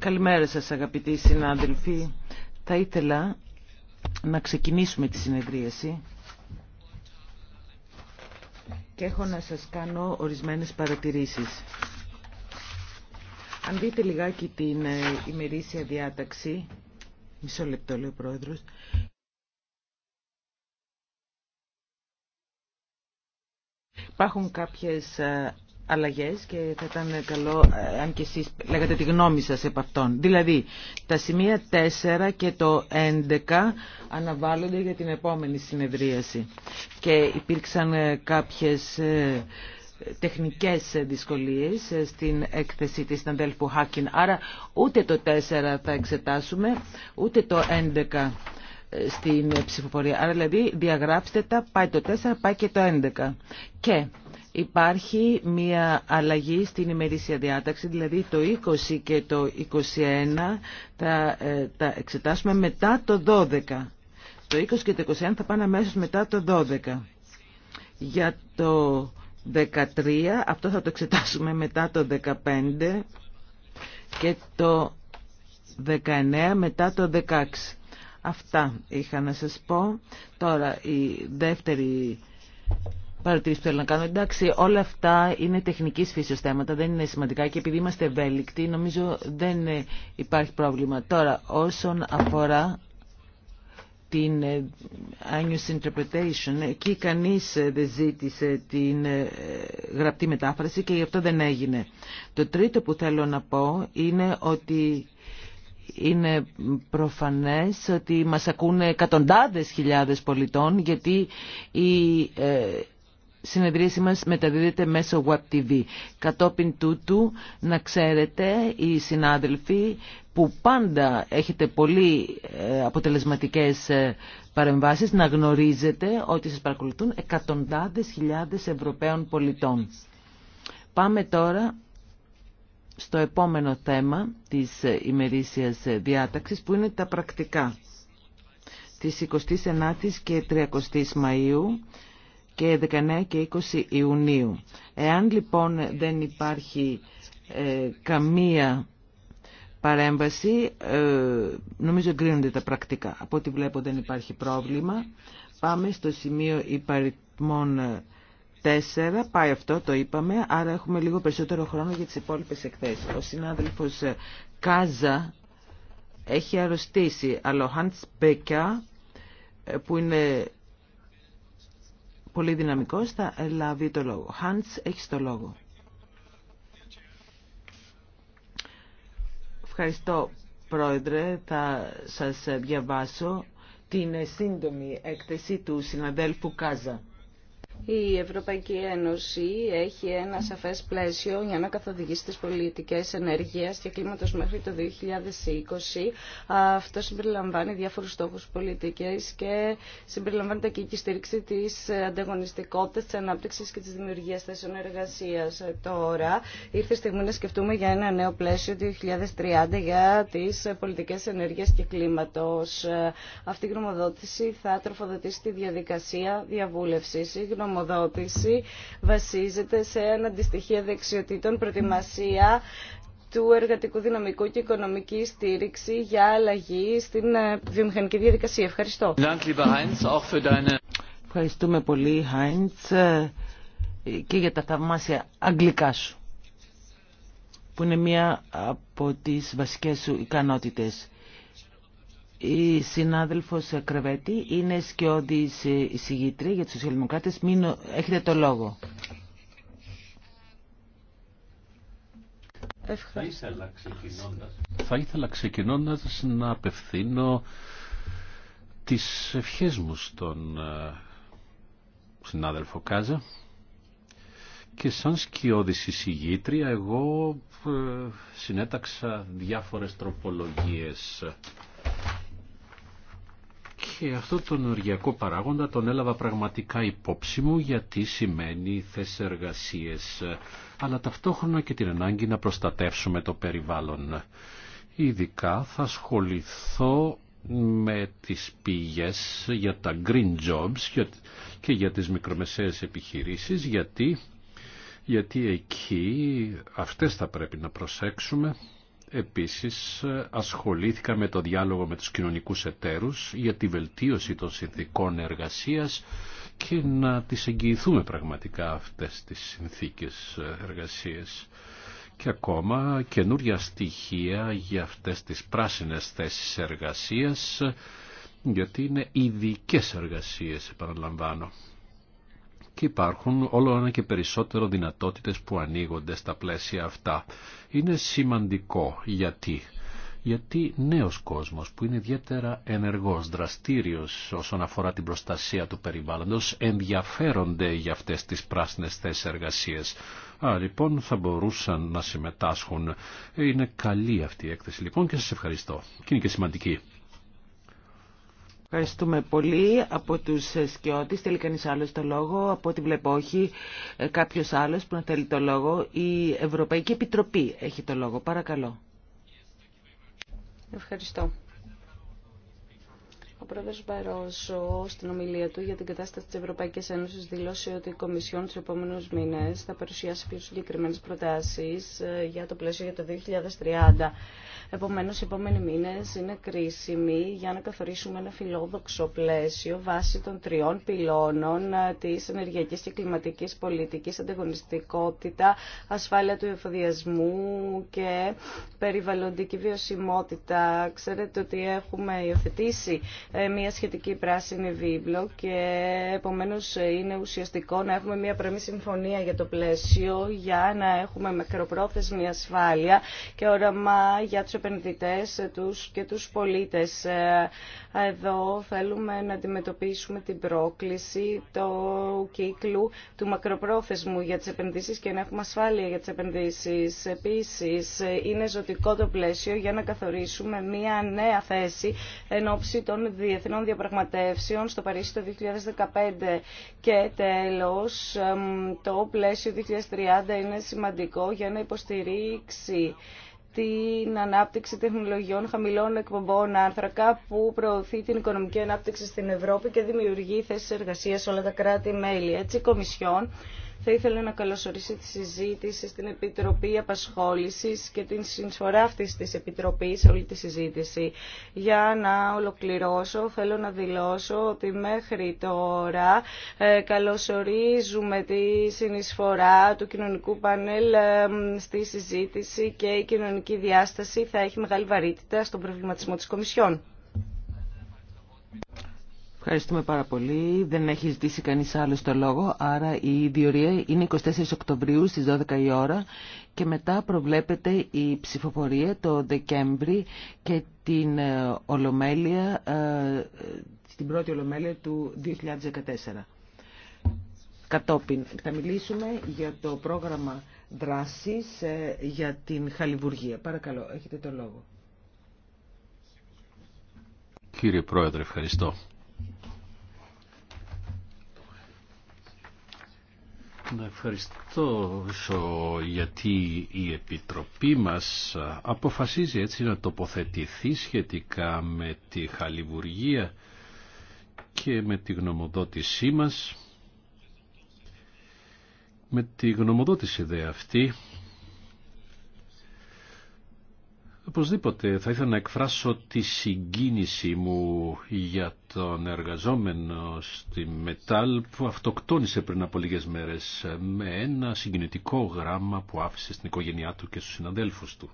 Καλημέρα σας αγαπητοί συνάδελφοι. Θα ήθελα να ξεκινήσουμε τη συνεδρίαση και έχω να σας κάνω ορισμένες παρατηρήσεις. Αν δείτε λιγάκι την ε, ημερήσια διάταξη, μισό λεπτό λέει ο Πρόεδρος, Υπάρχουν κάποιες ε, αλλαγές και θα ήταν καλό ε, αν και εσείς λέγατε τη γνώμη σας επ' αυτών. Δηλαδή, τα σημεία 4 και το 11 αναβάλλονται για την επόμενη συνεδρίαση και υπήρξαν ε, κάποιες ε, τεχνικές δυσκολίες στην έκθεση της συναδέλφου Χάκιν. Άρα ούτε το 4 θα εξετάσουμε, ούτε το 11 στην ψηφοφορία. Άρα δηλαδή διαγράψτε τα, πάει το 4, πάει και το 11. Και Υπάρχει μία αλλαγή στην ημερήσια διάταξη, δηλαδή το 20 και το 21 θα ε, τα εξετάσουμε μετά το 12. Το 20 και το 21 θα πάνε αμέσω μετά το 12. Για το 13, αυτό θα το εξετάσουμε μετά το 15 και το 19 μετά το 16. Αυτά είχα να σας πω. Τώρα η δεύτερη παρατηρήσει που θέλω να κάνω. Εντάξει, όλα αυτά είναι τεχνική φύση θέματα, δεν είναι σημαντικά και επειδή είμαστε ευέλικτοι, νομίζω δεν ε, υπάρχει πρόβλημα. Τώρα, όσον αφορά την ε, Annual Interpretation, εκεί κανεί ε, δεν ζήτησε την γραπτή μετάφραση και γι' αυτό δεν έγινε. Το τρίτο που θέλω να πω είναι ότι είναι προφανές ότι μας ακούνε εκατοντάδες χιλιάδες πολιτών γιατί η συνεδρίαση μας μεταδίδεται μέσω Web TV. Κατόπιν τούτου, να ξέρετε, οι συνάδελφοι που πάντα έχετε πολύ ε, αποτελεσματικές ε, παρεμβάσεις, να γνωρίζετε ότι σας παρακολουθούν εκατοντάδες χιλιάδες Ευρωπαίων πολιτών. Πάμε τώρα στο επόμενο θέμα της ε, ημερήσιας διάταξης που είναι τα πρακτικά της 29ης και 30ης Μαΐου και 19 και 20 Ιουνίου. Εάν λοιπόν δεν υπάρχει ε, καμία παρέμβαση, ε, νομίζω εγκρίνονται τα πρακτικά. Από ό,τι βλέπω δεν υπάρχει πρόβλημα. Πάμε στο σημείο υπαριθμών 4. Πάει αυτό, το είπαμε, άρα έχουμε λίγο περισσότερο χρόνο για τις υπόλοιπες εκθέσεις. Ο συνάδελφος Κάζα έχει αρρωστήσει, αλλά ο Hans Becker, ε, που είναι πολύ δυναμικός, θα λάβει το λόγο. Χάντς, έχεις το λόγο. Ευχαριστώ, Πρόεδρε. Θα σας διαβάσω την σύντομη έκθεση του συναδέλφου Κάζα. Η Ευρωπαϊκή Ένωση έχει ένα σαφές πλαίσιο για να καθοδηγήσει τις πολιτικές ενέργειας και κλίματος μέχρι το 2020. Αυτό συμπεριλαμβάνει διάφορους στόχους πολιτικές και συμπεριλαμβάνει και η στήριξη της ανταγωνιστικότητας, της ανάπτυξης και της δημιουργίας θέσεων εργασίας. Τώρα ήρθε η στιγμή να σκεφτούμε για ένα νέο πλαίσιο 2030 για τις πολιτικές ενέργειας και κλίματος. Αυτή η γνωμοδότηση θα τροφοδοτήσει τη διαδικασία διαβούλευσης ομοδότηση βασίζεται σε αντιστοιχεία δεξιοτήτων, προετοιμασία του εργατικού δυναμικού και οικονομική στήριξη για αλλαγή στην ε, βιομηχανική διαδικασία. Ευχαριστώ. Ευχαριστούμε πολύ, Χάιντς, ε, και για τα θαυμάσια αγγλικά σου, που είναι μία από τις βασικές σου ικανότητες. Η συνάδελφος Κρεβέτη είναι σκιώδης εισηγήτρια για τους σοσιαλδημοκράτες. Μην... Έχετε το λόγο. Θα ήθελα ξεκινώντα θα να απευθύνω τις ευχές μου στον ε, συνάδελφο Κάζα και σαν σκιώδης εισηγήτρια εγώ ε, συνέταξα διάφορες τροπολογίες και αυτό τον οργιακό παράγοντα τον έλαβα πραγματικά υπόψη μου γιατί σημαίνει θέσεις εργασίες αλλά ταυτόχρονα και την ανάγκη να προστατεύσουμε το περιβάλλον. Ειδικά θα ασχοληθώ με τις πηγές για τα green jobs και για τις μικρομεσαίες επιχειρήσεις γιατί, γιατί εκεί αυτές θα πρέπει να προσέξουμε Επίσης ασχολήθηκα με το διάλογο με τους κοινωνικούς εταίρους για τη βελτίωση των συνθήκων εργασίας και να τις εγγυηθούμε πραγματικά αυτές τις συνθήκες εργασίας και ακόμα καινούρια στοιχεία για αυτές τις πράσινες θέσεις εργασίας γιατί είναι ειδικέ εργασίες επαναλαμβάνω και υπάρχουν όλο ένα και περισσότερο δυνατότητες που ανοίγονται στα πλαίσια αυτά. Είναι σημαντικό γιατί γιατί νέος κόσμος που είναι ιδιαίτερα ενεργός, δραστήριος όσον αφορά την προστασία του περιβάλλοντος ενδιαφέρονται για αυτές τις πράσινες θέσεις εργασίες. Α, λοιπόν, θα μπορούσαν να συμμετάσχουν. Είναι καλή αυτή η έκθεση λοιπόν και σας ευχαριστώ. Και είναι και σημαντική. Ευχαριστούμε πολύ από τους σκιώτες. Θέλει κανείς άλλος το λόγο. Από ό,τι βλέπω όχι ε, κάποιος άλλος που να θέλει το λόγο. Η Ευρωπαϊκή Επιτροπή έχει το λόγο. Παρακαλώ. Ευχαριστώ. Ο πρόεδρο Μπαρόσο στην ομιλία του για την κατάσταση τη Ευρωπαϊκή Ένωση, δήλωσε ότι η Κομισιόν του Επόμενου Μήνε θα παρουσιάσει πιο συγκεκριμένε προτάσει ε, για το πλαίσιο για το 2030. Επομένω, οι επόμενοι μήνε είναι κρίσιμοι για να καθορίσουμε ένα φιλόδοξο πλαίσιο βάσει των τριών πυλώνων ε, τη ενεργειακή και κλιματική πολιτική, ανταγωνιστικότητα, ασφάλεια του εφοδιασμού και περιβαλλοντική βιωσιμότητα. Ξέρετε ότι έχουμε υιοθετήσει ε, μια σχετική πράσινη βίβλο και επομένως είναι ουσιαστικό να έχουμε μια πρώμη συμφωνία για το πλαίσιο για να έχουμε μακροπρόθεσμη ασφάλεια και όραμα για τους επενδυτές τους και τους πολίτες. Ε, εδώ θέλουμε να αντιμετωπίσουμε την πρόκληση του κύκλου του μακροπρόθεσμου για τις επενδύσεις και να έχουμε ασφάλεια για τις επενδύσεις. Επίσης, είναι ζωτικό το πλαίσιο για να καθορίσουμε μια νέα θέση εν ώψη διεθνών διαπραγματεύσεων στο Παρίσι το 2015. Και τέλος, το πλαίσιο 2030 είναι σημαντικό για να υποστηρίξει την ανάπτυξη τεχνολογιών χαμηλών εκπομπών άνθρακα που προωθεί την οικονομική ανάπτυξη στην Ευρώπη και δημιουργεί θέσεις εργασίας σε όλα τα κράτη-μέλη. Έτσι, η Κομισιόν θα ήθελα να καλωσορίσω τη συζήτηση στην Επιτροπή Απασχόλησης και την συνεισφορά αυτής της Επιτροπής σε όλη τη συζήτηση. Για να ολοκληρώσω, θέλω να δηλώσω ότι μέχρι τώρα ε, καλωσορίζουμε τη συνεισφορά του κοινωνικού πανέλ ε, στη συζήτηση και η κοινωνική διάσταση θα έχει μεγάλη βαρύτητα στον προβληματισμό της Κομισιόν. Ευχαριστούμε πάρα πολύ. Δεν έχει ζητήσει κανείς άλλο το λόγο, άρα η διορία είναι 24 Οκτωβρίου στις 12 η ώρα και μετά προβλέπεται η ψηφοφορία το Δεκέμβρη και την ε, Ολομέλεια, ε, την πρώτη Ολομέλεια του 2014. Κατόπιν θα μιλήσουμε για το πρόγραμμα δράσης ε, για την Χαλιβουργία. Παρακαλώ, έχετε το λόγο. Κύριε Πρόεδρε, ευχαριστώ. Να ευχαριστώ γιατί η Επιτροπή μας αποφασίζει έτσι να τοποθετηθεί σχετικά με τη χαλιβουργία και με τη γνωμοδότησή μας. Με τη γνωμοδότηση δε αυτή Οπωσδήποτε θα ήθελα να εκφράσω τη συγκίνησή μου για τον εργαζόμενο στη Μετάλ που αυτοκτόνησε πριν από λίγες μέρες με ένα συγκινητικό γράμμα που άφησε στην οικογένειά του και στους συναδέλφους του.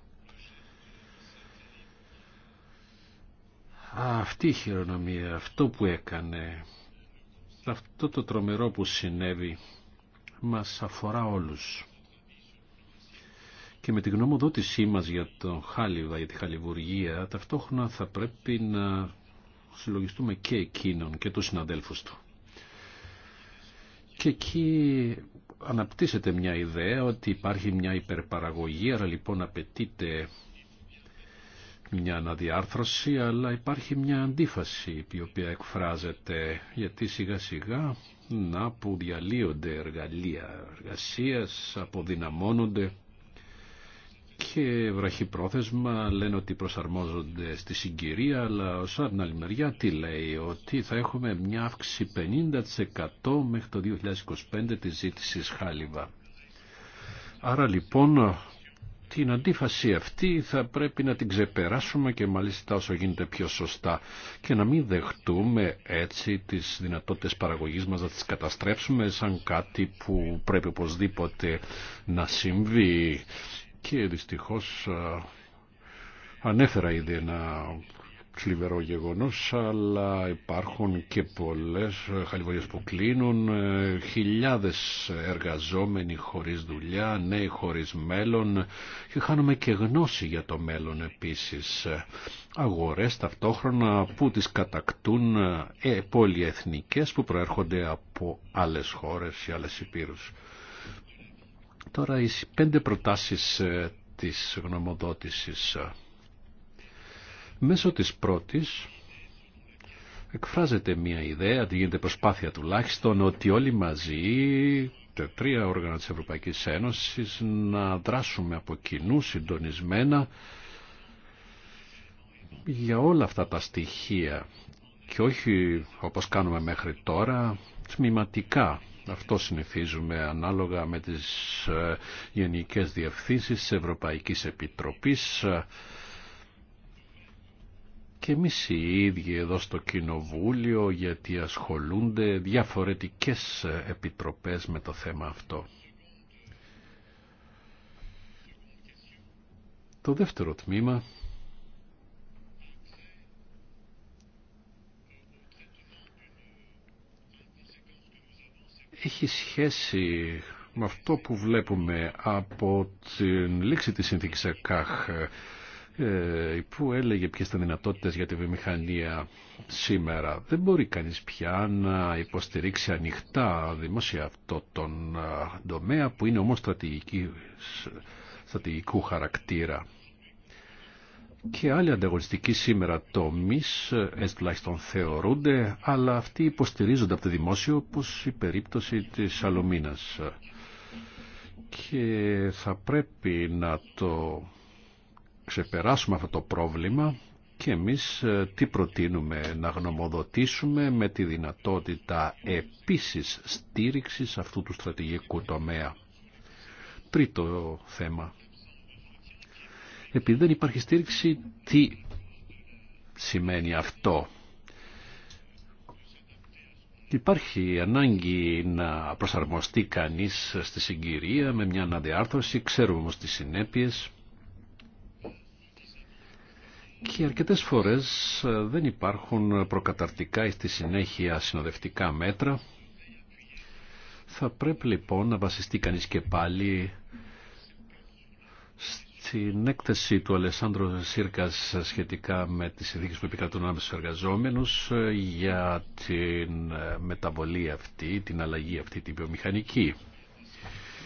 αυτή η χειρονομία, αυτό που έκανε, αυτό το τρομερό που συνέβη, μας αφορά όλους και με την γνωμοδότησή μας για το Χάλιβα, για τη Χαλιβουργία, ταυτόχρονα θα πρέπει να συλλογιστούμε και εκείνον και του συναδέλφους του. Και εκεί αναπτύσσεται μια ιδέα ότι υπάρχει μια υπερπαραγωγή, αλλά λοιπόν απαιτείται μια αναδιάρθρωση, αλλά υπάρχει μια αντίφαση η οποία εκφράζεται, γιατί σιγά σιγά να που διαλύονται εργαλεία εργασίας, αποδυναμώνονται και πρόθεσμα λένε ότι προσαρμόζονται στη συγκυρία, αλλά ως άλλη μεριά τι λέει, ότι θα έχουμε μια αύξηση 50% μέχρι το 2025 της ζήτησης χάλιβα. Άρα λοιπόν την αντίφαση αυτή θα πρέπει να την ξεπεράσουμε και μάλιστα όσο γίνεται πιο σωστά και να μην δεχτούμε έτσι τις δυνατότητες παραγωγής μας να τις καταστρέψουμε σαν κάτι που πρέπει οπωσδήποτε να συμβεί και δυστυχώς ανέφερα ήδη ένα σλιβερό γεγονός αλλά υπάρχουν και πολλές χαλιβολίες που κλείνουν ε, χιλιάδες εργαζόμενοι χωρίς δουλειά, νέοι χωρίς μέλλον και χάνουμε και γνώση για το μέλλον επίσης αγορές ταυτόχρονα που τις κατακτούν ε, που προέρχονται από άλλες χώρες ή άλλες υπήρους. Τώρα οι πέντε προτάσεις ε, της γνωμοδότησης. Μέσω της πρώτης εκφράζεται μια ιδέα, τη γίνεται προσπάθεια τουλάχιστον, ότι όλοι μαζί, τα τρία όργανα της Ευρωπαϊκής Ένωσης, να δράσουμε από κοινού συντονισμένα για όλα αυτά τα στοιχεία και όχι όπως κάνουμε μέχρι τώρα τμηματικά αυτό συνηθίζουμε ανάλογα με τις ε, γενικές διευθύνσεις της Ευρωπαϊκής Επιτροπής και εμεί οι ίδιοι εδώ στο Κοινοβούλιο γιατί ασχολούνται διαφορετικές ε, επιτροπές με το θέμα αυτό. Το δεύτερο τμήμα έχει σχέση με αυτό που βλέπουμε από την λήξη της συνθήκης ΕΚΑΧ ε, που έλεγε ποιες ήταν δυνατότητες για τη βιομηχανία σήμερα. Δεν μπορεί κανείς πια να υποστηρίξει ανοιχτά δημόσια αυτό τον ε, τομέα που είναι όμως στρατηγικού χαρακτήρα και άλλοι ανταγωνιστικοί σήμερα τομείς, έτσι ε, τουλάχιστον θεωρούνται, αλλά αυτοί υποστηρίζονται από το δημόσιο, όπως η περίπτωση της αλουμίνας. Και θα πρέπει να το ξεπεράσουμε αυτό το πρόβλημα και εμείς ε, τι προτείνουμε να γνωμοδοτήσουμε με τη δυνατότητα επίσης στήριξης αυτού του στρατηγικού τομέα. Τρίτο θέμα επειδή δεν υπάρχει στήριξη, τι σημαίνει αυτό. Υπάρχει ανάγκη να προσαρμοστεί κανείς στη συγκυρία με μια αναδιάρθρωση, ξέρουμε όμως τις συνέπειες. Και αρκετές φορές ε, δεν υπάρχουν προκαταρτικά ή στη συνέχεια συνοδευτικά μέτρα. Θα πρέπει λοιπόν να βασιστεί κανείς και πάλι την έκθεση του Αλεσάνδρου Σύρκας σχετικά με τις συνθήκε που επικρατούν ανάμεσα ε, για την ε, μεταβολή αυτή, την αλλαγή αυτή, την βιομηχανική.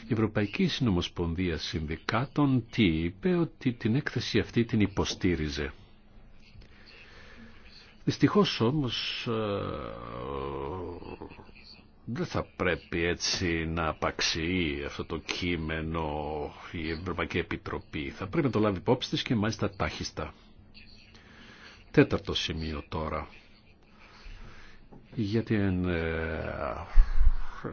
Η Ευρωπαϊκή Συνομοσπονδία Συνδικάτων τι είπε ότι την έκθεση αυτή την υποστήριζε. Δυστυχώς όμως ε, δεν θα πρέπει έτσι να απαξιεί αυτό το κείμενο η Ευρωπαϊκή Επιτροπή. Θα πρέπει να το λάβει υπόψη της και μάλιστα τάχιστα. Τέταρτο σημείο τώρα. Για, την, ε, ε,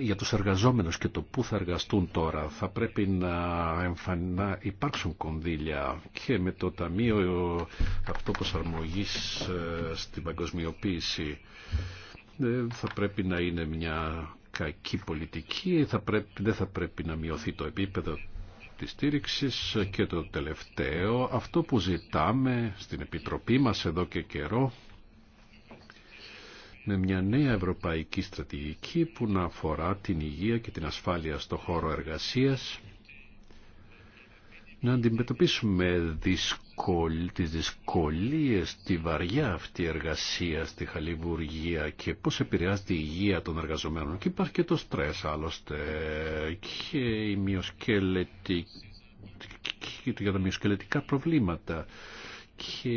για τους εργαζόμενους και το πού θα εργαστούν τώρα θα πρέπει να, εμφαν, να υπάρξουν κονδύλια και με το Ταμείο αυτό προσαρμογής ε, στην παγκοσμιοποίηση δεν θα πρέπει να είναι μια κακή πολιτική, θα πρέπει, δεν θα πρέπει να μειωθεί το επίπεδο της στήριξης και το τελευταίο, αυτό που ζητάμε στην Επιτροπή μας εδώ και καιρό, με μια νέα ευρωπαϊκή στρατηγική που να αφορά την υγεία και την ασφάλεια στο χώρο εργασίας, να αντιμετωπίσουμε δυσκολίες τις δυσκολίες, τη βαριά αυτή εργασία στη χαλιβουργία και πώς επηρεάζει η υγεία των εργαζομένων. Και υπάρχει και το στρες άλλωστε και η μειοσκελετική για τα προβλήματα και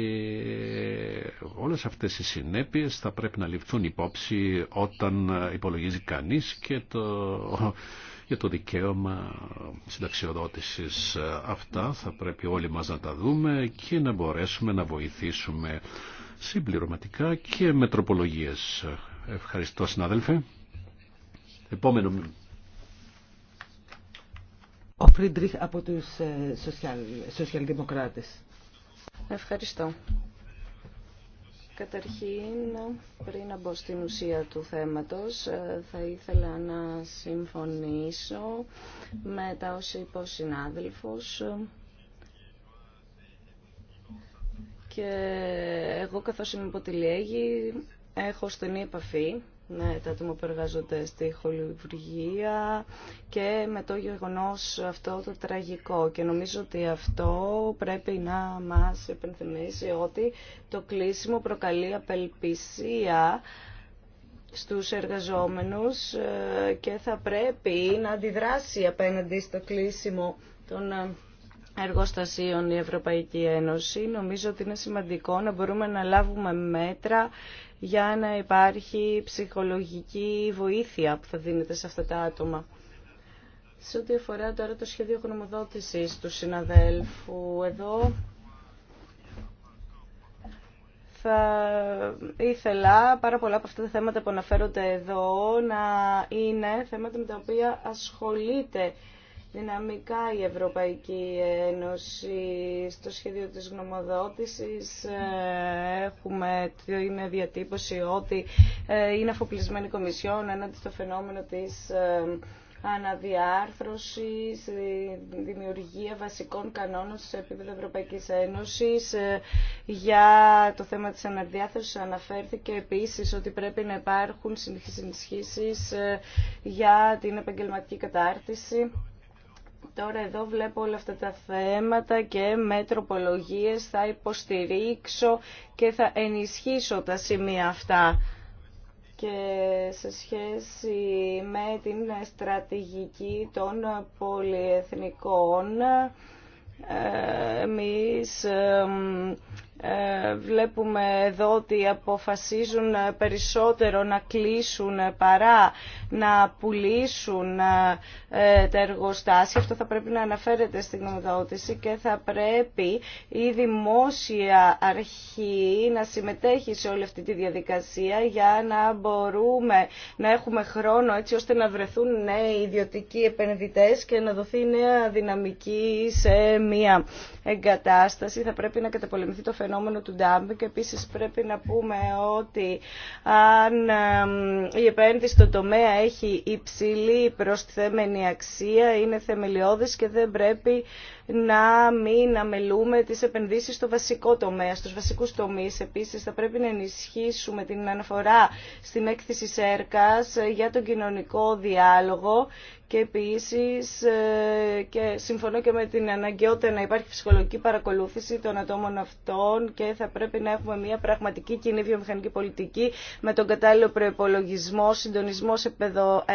όλες αυτές οι συνέπειες θα πρέπει να ληφθούν υπόψη όταν υπολογίζει κανείς και το για το δικαίωμα συνταξιοδότησης. Ε, αυτά θα πρέπει όλοι μας να τα δούμε και να μπορέσουμε να βοηθήσουμε συμπληρωματικά και με τροπολογίες. Ευχαριστώ συνάδελφε. Επόμενο ο Φρίντριχ από τους ε, σοσιαλ, σοσιαλδημοκράτες. Ευχαριστώ. Καταρχήν, πριν να μπω στην ουσία του θέματος, ε, θα ήθελα να συμφωνήσω με τα όσα είπε ο Και εγώ καθώς είμαι από έχω στενή επαφή με ναι, τα άτομα που εργάζονται στη χολιβουργία και με το γεγονός αυτό το τραγικό. Και νομίζω ότι αυτό πρέπει να μας επενθυμίσει ότι το κλείσιμο προκαλεί απελπισία στους εργαζόμενους ε, και θα πρέπει να αντιδράσει απέναντι στο κλείσιμο των ε, εργοστασίων η Ευρωπαϊκή Ένωση. Νομίζω ότι είναι σημαντικό να μπορούμε να λάβουμε μέτρα για να υπάρχει ψυχολογική βοήθεια που θα δίνεται σε αυτά τα άτομα. Σε ό,τι αφορά τώρα το σχέδιο γνωμοδότησης του συναδέλφου εδώ, θα ήθελα πάρα πολλά από αυτά τα θέματα που αναφέρονται εδώ να είναι θέματα με τα οποία ασχολείται δυναμικά η Ευρωπαϊκή Ένωση στο σχέδιο της γνωμοδότησης ε, έχουμε την διατύπωση ότι ε, είναι αφοπλισμένη κομισιόν έναντι στο φαινόμενο της ε, αναδιάρθρωση, δημιουργία βασικών κανόνων σε επίπεδο Ευρωπαϊκής Ένωσης. Για το θέμα της αναδιάρθρωσης αναφέρθηκε επίσης ότι πρέπει να υπάρχουν συνεχείς για την επαγγελματική κατάρτιση Τώρα εδώ βλέπω όλα αυτά τα θέματα και με θα υποστηρίξω και θα ενισχύσω τα σημεία αυτά. Και σε σχέση με την στρατηγική των πολυεθνικών, εμείς ε, βλέπουμε εδώ ότι αποφασίζουν περισσότερο να κλείσουν παρά να πουλήσουν ε, τα εργοστάσια. Αυτό θα πρέπει να αναφέρεται στην γνωμοδότηση και θα πρέπει η δημόσια αρχή να συμμετέχει σε όλη αυτή τη διαδικασία για να μπορούμε να έχουμε χρόνο έτσι ώστε να βρεθούν νέοι ιδιωτικοί επενδυτές και να δοθεί νέα δυναμική σε μια εγκατάσταση. Θα πρέπει να καταπολεμηθεί το φαινόμενο φαινόμενο του και Επίσης πρέπει να πούμε ότι αν η επένδυση στο τομέα έχει υψηλή προσθέμενη αξία, είναι θεμελιώδης και δεν πρέπει να μην αμελούμε τις επενδύσεις στο βασικό τομέα, στους βασικούς τομείς. Επίσης θα πρέπει να ενισχύσουμε την αναφορά στην έκθεση ΣΕΡΚΑΣ για τον κοινωνικό διάλογο και επίσης ε, και συμφωνώ και με την αναγκαιότητα να υπάρχει ψυχολογική παρακολούθηση των ατόμων αυτών και θα πρέπει να έχουμε μια πραγματική κοινή βιομηχανική πολιτική με τον κατάλληλο προπολογισμό, συντονισμό σε παιδό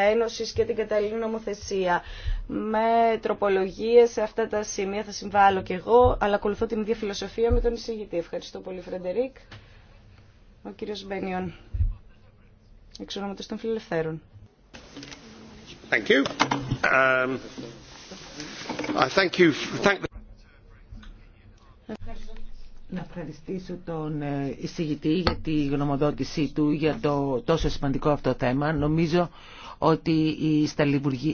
και την κατάλληλη νομοθεσία. Με τροπολογίε σε αυτά τα σημεία θα συμβάλλω και εγώ, αλλά ακολουθώ την ίδια φιλοσοφία με τον εισηγητή. Ευχαριστώ πολύ Φρεντερίκ. Ο κύριος Μπένιον, εξ των φιλελευθέρων. Um, Να ευχαριστήσω τον ε, εισηγητή για τη γνωμοδότησή του για το τόσο σημαντικό αυτό θέμα. Νομίζω ότι η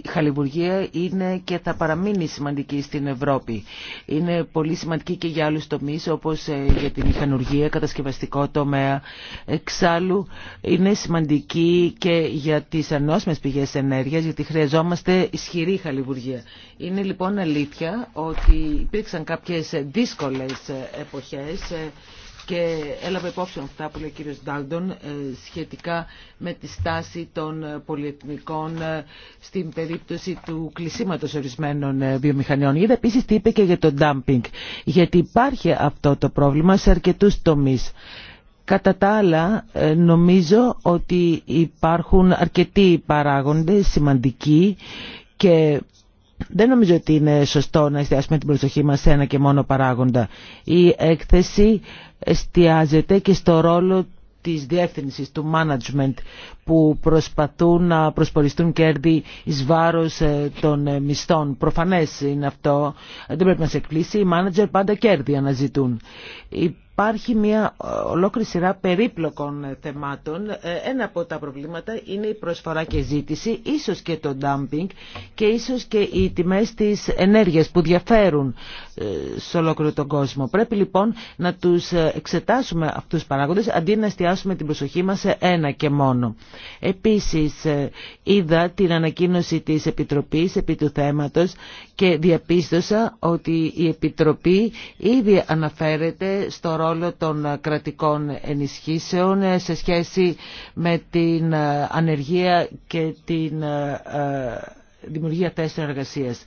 χαλιβουργία είναι και θα παραμείνει σημαντική στην Ευρώπη. Είναι πολύ σημαντική και για άλλους τομείς όπως ε, για την μηχανουργία, κατασκευαστικό τομέα. Εξάλλου είναι σημαντική και για τις ανώσμες πηγές ενέργειας γιατί χρειαζόμαστε ισχυρή χαλιβουργία. Είναι λοιπόν αλήθεια ότι υπήρξαν κάποιες δύσκολες ε, εποχές ε, και έλαβε υπόψη αυτά που λέει ο κύριος ε, σχετικά με τη στάση των ε, πολυεθνικών ε, στην περίπτωση του κλεισίματος ορισμένων βιομηχανιών. Είδα επίσης τι είπε και για το dumping, γιατί υπάρχει αυτό το πρόβλημα σε αρκετούς τομείς. Κατά τα άλλα, νομίζω ότι υπάρχουν αρκετοί παράγοντες σημαντικοί και δεν νομίζω ότι είναι σωστό να εστιάσουμε την προσοχή μας σε ένα και μόνο παράγοντα. Η έκθεση εστιάζεται και στο ρόλο της διεύθυνση του management που προσπαθούν να προσποριστούν κέρδη εις βάρος ε, των ε, μισθών. Προφανές είναι αυτό, δεν πρέπει να σε εκπλήσει, οι manager πάντα κέρδη αναζητούν υπάρχει μια ε, ολόκληρη σειρά περίπλοκων ε, θεμάτων. Ε, ένα από τα προβλήματα είναι η προσφορά και ζήτηση, ίσως και το dumping και ίσως και οι τιμές της ενέργειας που διαφέρουν σε ολόκληρο τον κόσμο. Πρέπει λοιπόν να τους εξετάσουμε αυτούς τους παράγοντες αντί να εστιάσουμε την προσοχή μας σε ένα και μόνο. Επίσης είδα την ανακοίνωση της Επιτροπής επί του θέματος και διαπίστωσα ότι η Επιτροπή ήδη αναφέρεται στο ρόλο των κρατικών ενισχύσεων ε, σε σχέση με την ε, ανεργία και την ε, δημιουργία θέσεων εργασίας.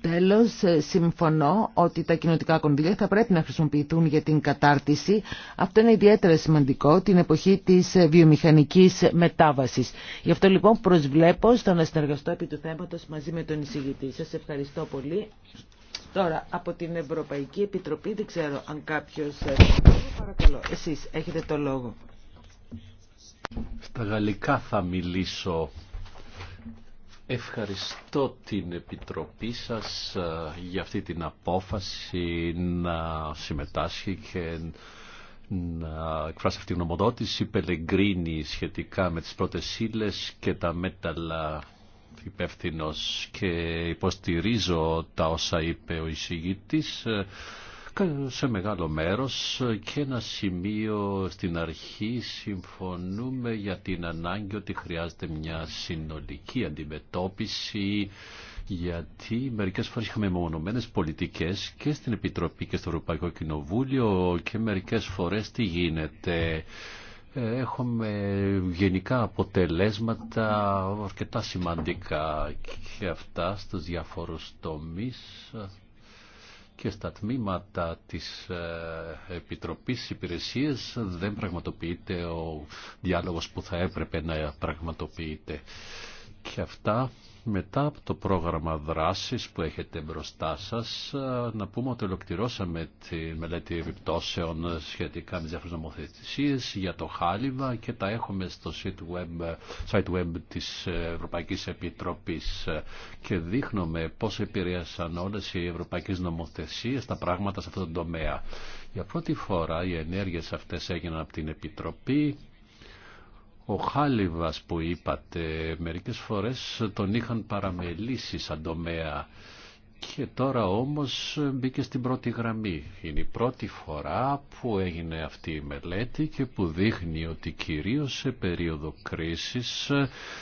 Τέλος, συμφωνώ ότι τα κοινωτικά κονδύλια θα πρέπει να χρησιμοποιηθούν για την κατάρτιση. Αυτό είναι ιδιαίτερα σημαντικό την εποχή της βιομηχανικής μετάβασης. Γι' αυτό λοιπόν προσβλέπω στο να συνεργαστώ επί του θέματος μαζί με τον εισηγητή. Σας ευχαριστώ πολύ. Τώρα, από την Ευρωπαϊκή Επιτροπή δεν ξέρω αν κάποιος... Ε, παρακαλώ, εσείς έχετε το λόγο. Στα γαλλικά θα μιλήσω. Ευχαριστώ την Επιτροπή σας ε, για αυτή την απόφαση να συμμετάσχει και να εκφράσει αυτή την νομοδότηση Πελεγκρίνη σχετικά με τις πρώτες και τα μέταλλα υπεύθυνο και υποστηρίζω τα όσα είπε ο εισηγητής ε, σε μεγάλο μέρος και ένα σημείο στην αρχή συμφωνούμε για την ανάγκη ότι χρειάζεται μια συνολική αντιμετώπιση γιατί μερικές φορές είχαμε μονομένες πολιτικές και στην Επιτροπή και στο Ευρωπαϊκό Κοινοβούλιο και μερικές φορές τι γίνεται έχουμε γενικά αποτελέσματα αρκετά σημαντικά και αυτά στους διάφορους τομείς και στα τμήματα της ε, Επιτροπής Υπηρεσίες δεν πραγματοποιείται ο διάλογος που θα έπρεπε να πραγματοποιείται. Και αυτά μετά από το πρόγραμμα δράσης που έχετε μπροστά σας, να πούμε ότι ολοκληρώσαμε τη μελέτη επιπτώσεων σχετικά με διάφορες νομοθεσίες για το χάλιβα και τα έχουμε στο site web, site web της Ευρωπαϊκής Επιτροπής και δείχνουμε πώς επηρέασαν όλες οι ευρωπαϊκές νομοθεσίες τα πράγματα σε αυτόν τον τομέα. Για πρώτη φορά οι ενέργειες αυτές έγιναν από την Επιτροπή ο Χάλιβας που είπατε μερικές φορές τον είχαν παραμελήσει σαν τομέα και τώρα όμως μπήκε στην πρώτη γραμμή. Είναι η πρώτη φορά που έγινε αυτή η μελέτη και που δείχνει ότι κυρίως σε περίοδο κρίσης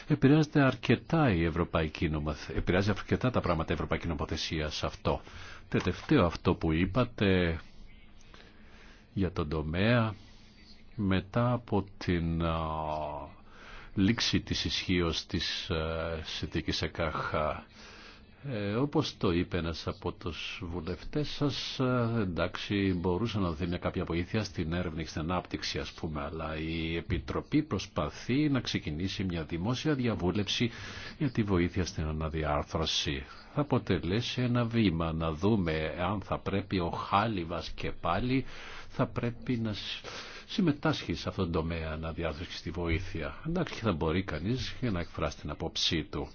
επηρεάζεται αρκετά η Ευρωπαϊκή επηρεάζει αρκετά τα πράγματα Ευρωπαϊκή νομοθεσία σε αυτό. Τελευταίο αυτό που είπατε για τον τομέα μετά από την λήξη της ισχύω της συνθήκης ΕΚΑΧ. Ε, όπως το είπε ένα από τους βουλευτές σας, εντάξει, μπορούσε να δίνει κάποια βοήθεια στην έρευνη, και στην ανάπτυξη, ας πούμε, αλλά η Επιτροπή προσπαθεί να ξεκινήσει μια δημόσια διαβούλευση για τη βοήθεια στην αναδιάρθρωση. Θα αποτελέσει ένα βήμα να δούμε αν θα πρέπει ο Χάλιβας και πάλι θα πρέπει να συμμετάσχει σε αυτόν τον τομέα να διάδοξει τη βοήθεια. Εντάξει και θα μπορεί κανείς για να εκφράσει την απόψή του.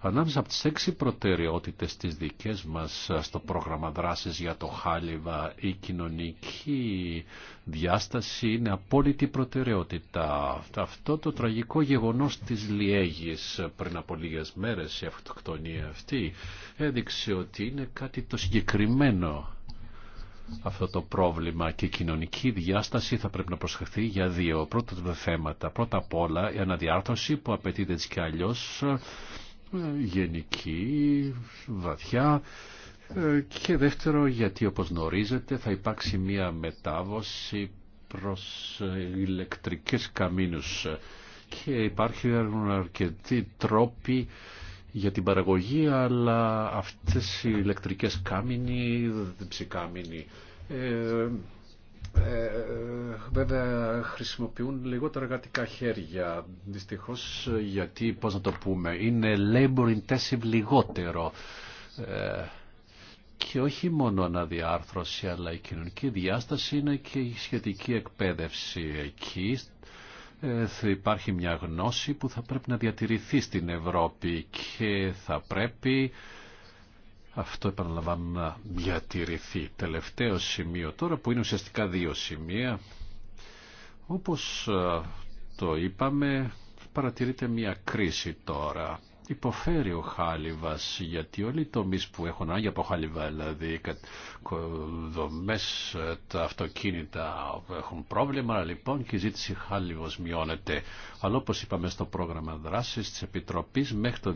Ανάμεσα από τις έξι προτεραιότητες της δικές μας στο πρόγραμμα δράσης για το Χάλιβα, η κοινωνική διάσταση είναι απόλυτη προτεραιότητα. Αυτό το τραγικό γεγονός της Λιέγης πριν από λίγες μέρες η αυτοκτονία αυτή έδειξε ότι είναι κάτι το συγκεκριμένο αυτό το πρόβλημα και η κοινωνική διάσταση θα πρέπει να προσχεθεί για δύο πρώτα θέματα. Πρώτα απ' όλα η αναδιάρθρωση που απαιτείται έτσι και αλλιώς ε, γενική, βαθιά ε, και δεύτερο γιατί όπως γνωρίζετε θα υπάρξει μία μετάβαση προς ε, ηλεκτρικές καμίνους και υπάρχουν αρκετοί τρόποι για την παραγωγή, αλλά αυτές οι ηλεκτρικές κάμινοι, δεν ε, ε, βέβαια χρησιμοποιούν λιγότερα εργατικά χέρια δυστυχώς γιατί πώς να το πούμε είναι labor intensive λιγότερο ε, και όχι μόνο αναδιάρθρωση αλλά η κοινωνική διάσταση είναι και η σχετική εκπαίδευση εκεί θα υπάρχει μια γνώση που θα πρέπει να διατηρηθεί στην Ευρώπη και θα πρέπει αυτό επαναλαμβάνω να διατηρηθεί. Τελευταίο σημείο τώρα που είναι ουσιαστικά δύο σημεία. Όπως ε, το είπαμε παρατηρείται μια κρίση τώρα υποφέρει ο χάλιβας γιατί όλοι οι τομείς που έχουν άγια από χάλιβα δηλαδή δομές, ε, τα αυτοκίνητα έχουν πρόβλημα λοιπόν και η ζήτηση χάλιβος μειώνεται αλλά όπως είπαμε στο πρόγραμμα δράσης της Επιτροπής μέχρι το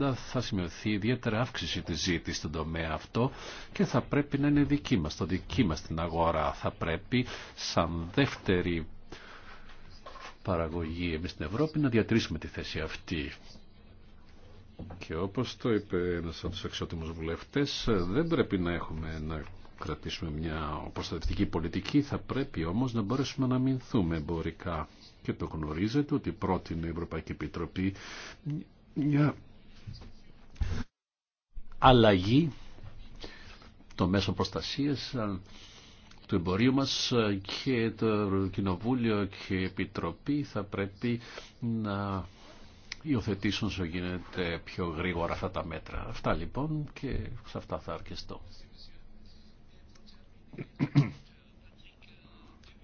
2030 θα σημειωθεί ιδιαίτερα αύξηση της ζήτησης στον τομέα αυτό και θα πρέπει να είναι δική μας, το δική μας την αγορά θα πρέπει σαν δεύτερη παραγωγή εμείς στην Ευρώπη να διατηρήσουμε τη θέση αυτή. Και όπως το είπε ένας από τους βουλευτές, δεν πρέπει να έχουμε να κρατήσουμε μια προστατευτική πολιτική, θα πρέπει όμως να μπορέσουμε να μηνθούμε εμπορικά. Και το γνωρίζετε ότι πρότεινε η Ευρωπαϊκή Επιτροπή μια αλλαγή των μέσων προστασίας ε, του εμπορίου μας και το Κοινοβούλιο και η Επιτροπή θα πρέπει να υιοθετήσουν όσο γίνεται πιο γρήγορα αυτά τα μέτρα. Αυτά λοιπόν και σε αυτά θα αρκεστώ.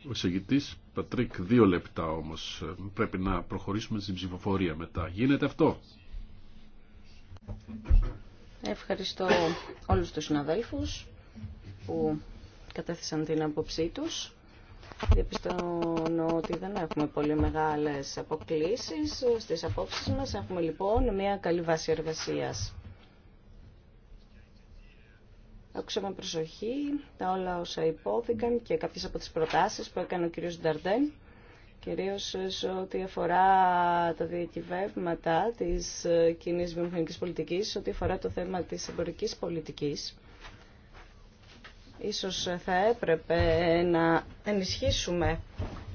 Ο εισηγητής Πατρίκ δύο λεπτά όμως πρέπει να προχωρήσουμε στην ψηφοφορία μετά. Γίνεται αυτό. Ευχαριστώ όλους τους συναδέλφους που κατέθεσαν την άποψή τους. Διαπιστώνω ότι δεν έχουμε πολύ μεγάλες αποκλήσεις στις απόψεις μας. Έχουμε λοιπόν μια καλή βάση εργασίας. Άκουσα με προσοχή τα όλα όσα υπόθηκαν και κάποιες από τις προτάσεις που έκανε ο κ. Νταρντέν, κυρίως ό,τι αφορά τα διακυβεύματα της ε, κοινή βιομηχανικής πολιτικής, ό,τι αφορά το θέμα της εμπορικής πολιτικής Ίσως θα έπρεπε να ενισχύσουμε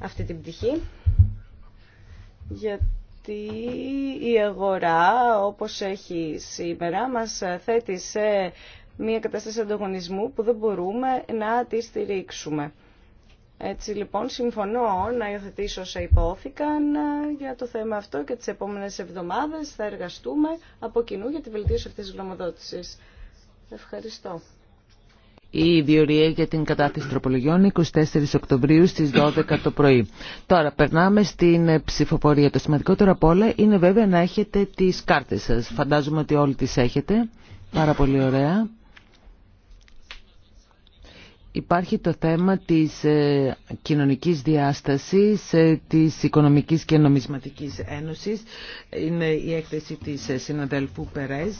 αυτή την πτυχή, γιατί η αγορά όπως έχει σήμερα μας θέτει σε μια κατάσταση ανταγωνισμού που δεν μπορούμε να τη στηρίξουμε. Έτσι λοιπόν συμφωνώ να υιοθετήσω όσα υπόθηκαν για το θέμα αυτό και τις επόμενες εβδομάδες θα εργαστούμε από κοινού για τη βελτίωση αυτής της γνωμοδότησης. Ευχαριστώ η διορία για την κατάθεση τροπολογιών 24 Οκτωβρίου στις 12 το πρωί. Τώρα περνάμε στην ε, ψηφοφορία. Το σημαντικότερο από όλα είναι βέβαια να έχετε τις κάρτες σας. Φαντάζομαι ότι όλοι τις έχετε. Πάρα πολύ ωραία. Υπάρχει το θέμα της ε, κοινωνικής διάστασης, ε, της Οικονομικής και Νομισματικής Ένωσης. Είναι η έκθεση της συναδέλφου Περές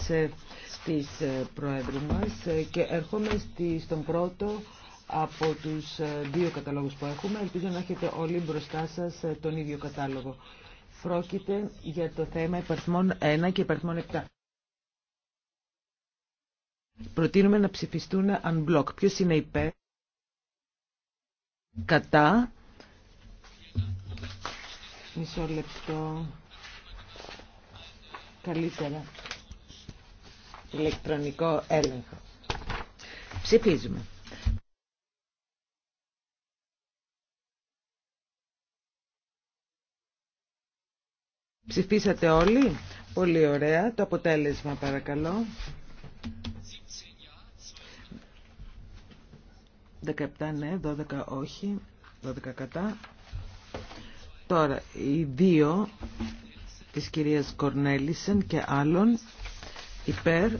της ε, Προέδρου μας ε, και έρχομαι στον πρώτο από τους ε, δύο καταλόγους που έχουμε. Ελπίζω να έχετε όλοι μπροστά σας τον ίδιο κατάλογο. Πρόκειται για το θέμα υπαρθμών 1 και υπαρθμών 7. Προτείνουμε να ψηφιστούν unblock. Ποιος είναι υπέρ, κατά, μισό λεπτό, καλύτερα ηλεκτρονικό έλεγχο. Ψηφίζουμε. Ψηφίσατε όλοι. Πολύ ωραία. Το αποτέλεσμα παρακαλώ. 17 ναι, 12 όχι, 12 κατά. Τώρα, οι δύο της κυρίας Κορνέλισεν και άλλων υπέρ,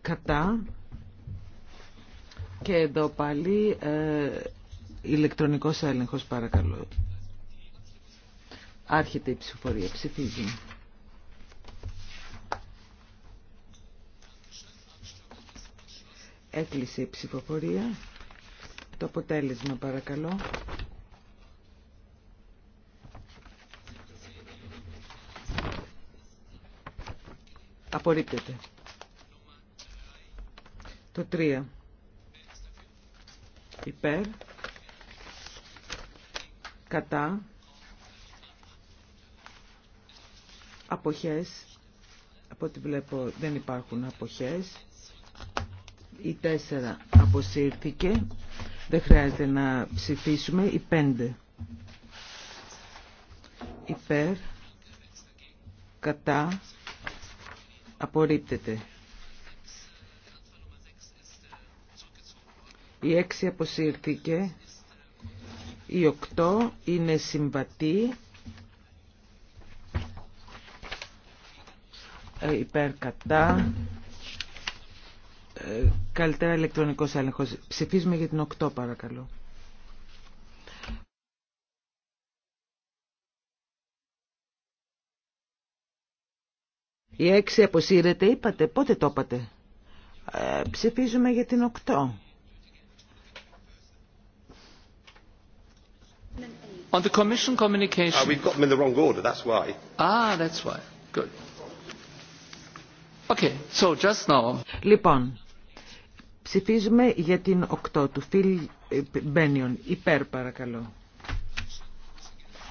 κατά και εδώ πάλι ε, ηλεκτρονικός έλεγχος παρακαλώ. Άρχεται η ψηφοφορία. ψηφίζει. Έκλεισε η ψηφοφορία. Το αποτέλεσμα παρακαλώ. Απορρίπτεται. Το 3. Υπέρ. Κατά. Αποχές. Από ό,τι βλέπω δεν υπάρχουν αποχές. Η 4 αποσύρθηκε. Δεν χρειάζεται να ψηφίσουμε. Η 5. Υπέρ. Κατά. Απορρίπτεται. Η 6 αποσύρθηκε. Η 8 είναι συμβατή. Ε, υπέρ ε, καλύτερα ηλεκτρονικός έλεγχος. Ψηφίζουμε για την 8 παρακαλώ. Η έξι αποσύρεται, είπατε. Πότε το είπατε. Ε, ψηφίζουμε για την Οκτώ. On the Commission communication. Uh, we've got them in the wrong order, that's why. Ah, that's why. Good. Okay, so just now. Λοιπόν, ψηφίζουμε για την Οκτώ του Φιλ Μπένιον. Υπέρ παρακαλώ.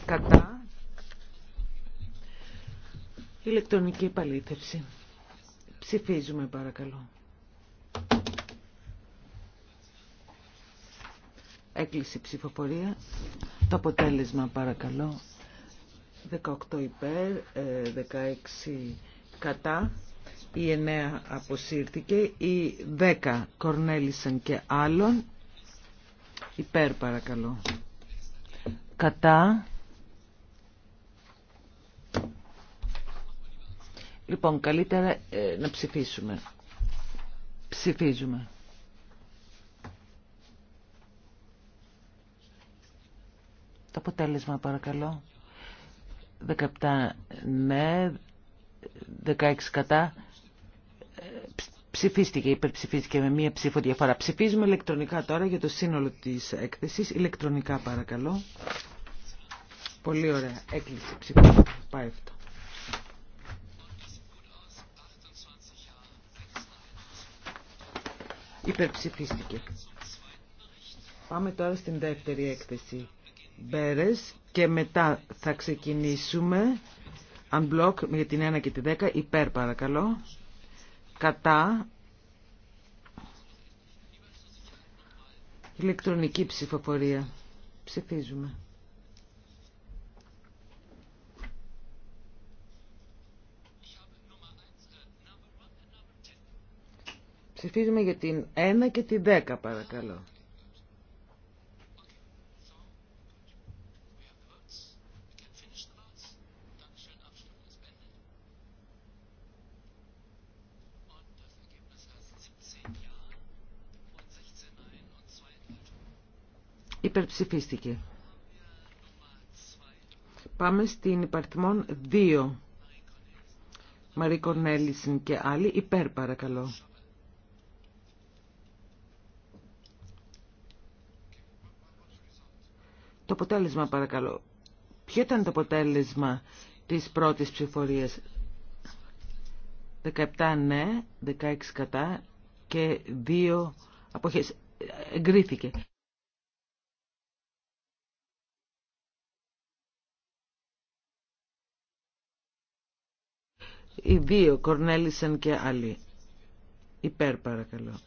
Κατά. Ηλεκτρονική επαλήθευση. Ψηφίζουμε παρακαλώ. Έκλεισε ψηφοφορία. Το αποτέλεσμα παρακαλώ. 18 υπέρ, 16 ε, κατά. Η 9 αποσύρθηκε. Η 10 κορνέλησαν και άλλων. Υπέρ παρακαλώ. Κατά. Λοιπόν, καλύτερα ε, να ψηφίσουμε. Ψηφίζουμε. Το αποτέλεσμα παρακαλώ. 17 ναι, 16 κατά. Ε, ψηφίστηκε, υπερψηφίστηκε με μία ψήφο διαφορά. Ψηφίζουμε ηλεκτρονικά τώρα για το σύνολο της έκθεσης. Ηλεκτρονικά παρακαλώ. Πολύ ωραία. Έκλεισε Ψηφίστηκε. Πάει αυτό. υπερψηφίστηκε. Πάμε τώρα στην δεύτερη έκθεση. Μπέρες και μετά θα ξεκινήσουμε unblock για την 1 και τη 10 υπέρ παρακαλώ κατά ηλεκτρονική ψηφοφορία ψηφίζουμε Ψηφίζουμε για την 1 και την 10 παρακαλώ. Υπερψηφίστηκε. Πάμε στην υπαρτιμόν 2. Μαρή Κορνέλησιν και άλλοι. Υπέρ παρακαλώ. Το αποτέλεσμα παρακαλώ. Ποιο ήταν το αποτέλεσμα της πρώτης ψηφορίας. 17 ναι, 16 κατά και 2 αποχές. Εγκρίθηκε. Οι δύο, Κορνέλισεν και άλλοι. Υπέρ παρακαλώ.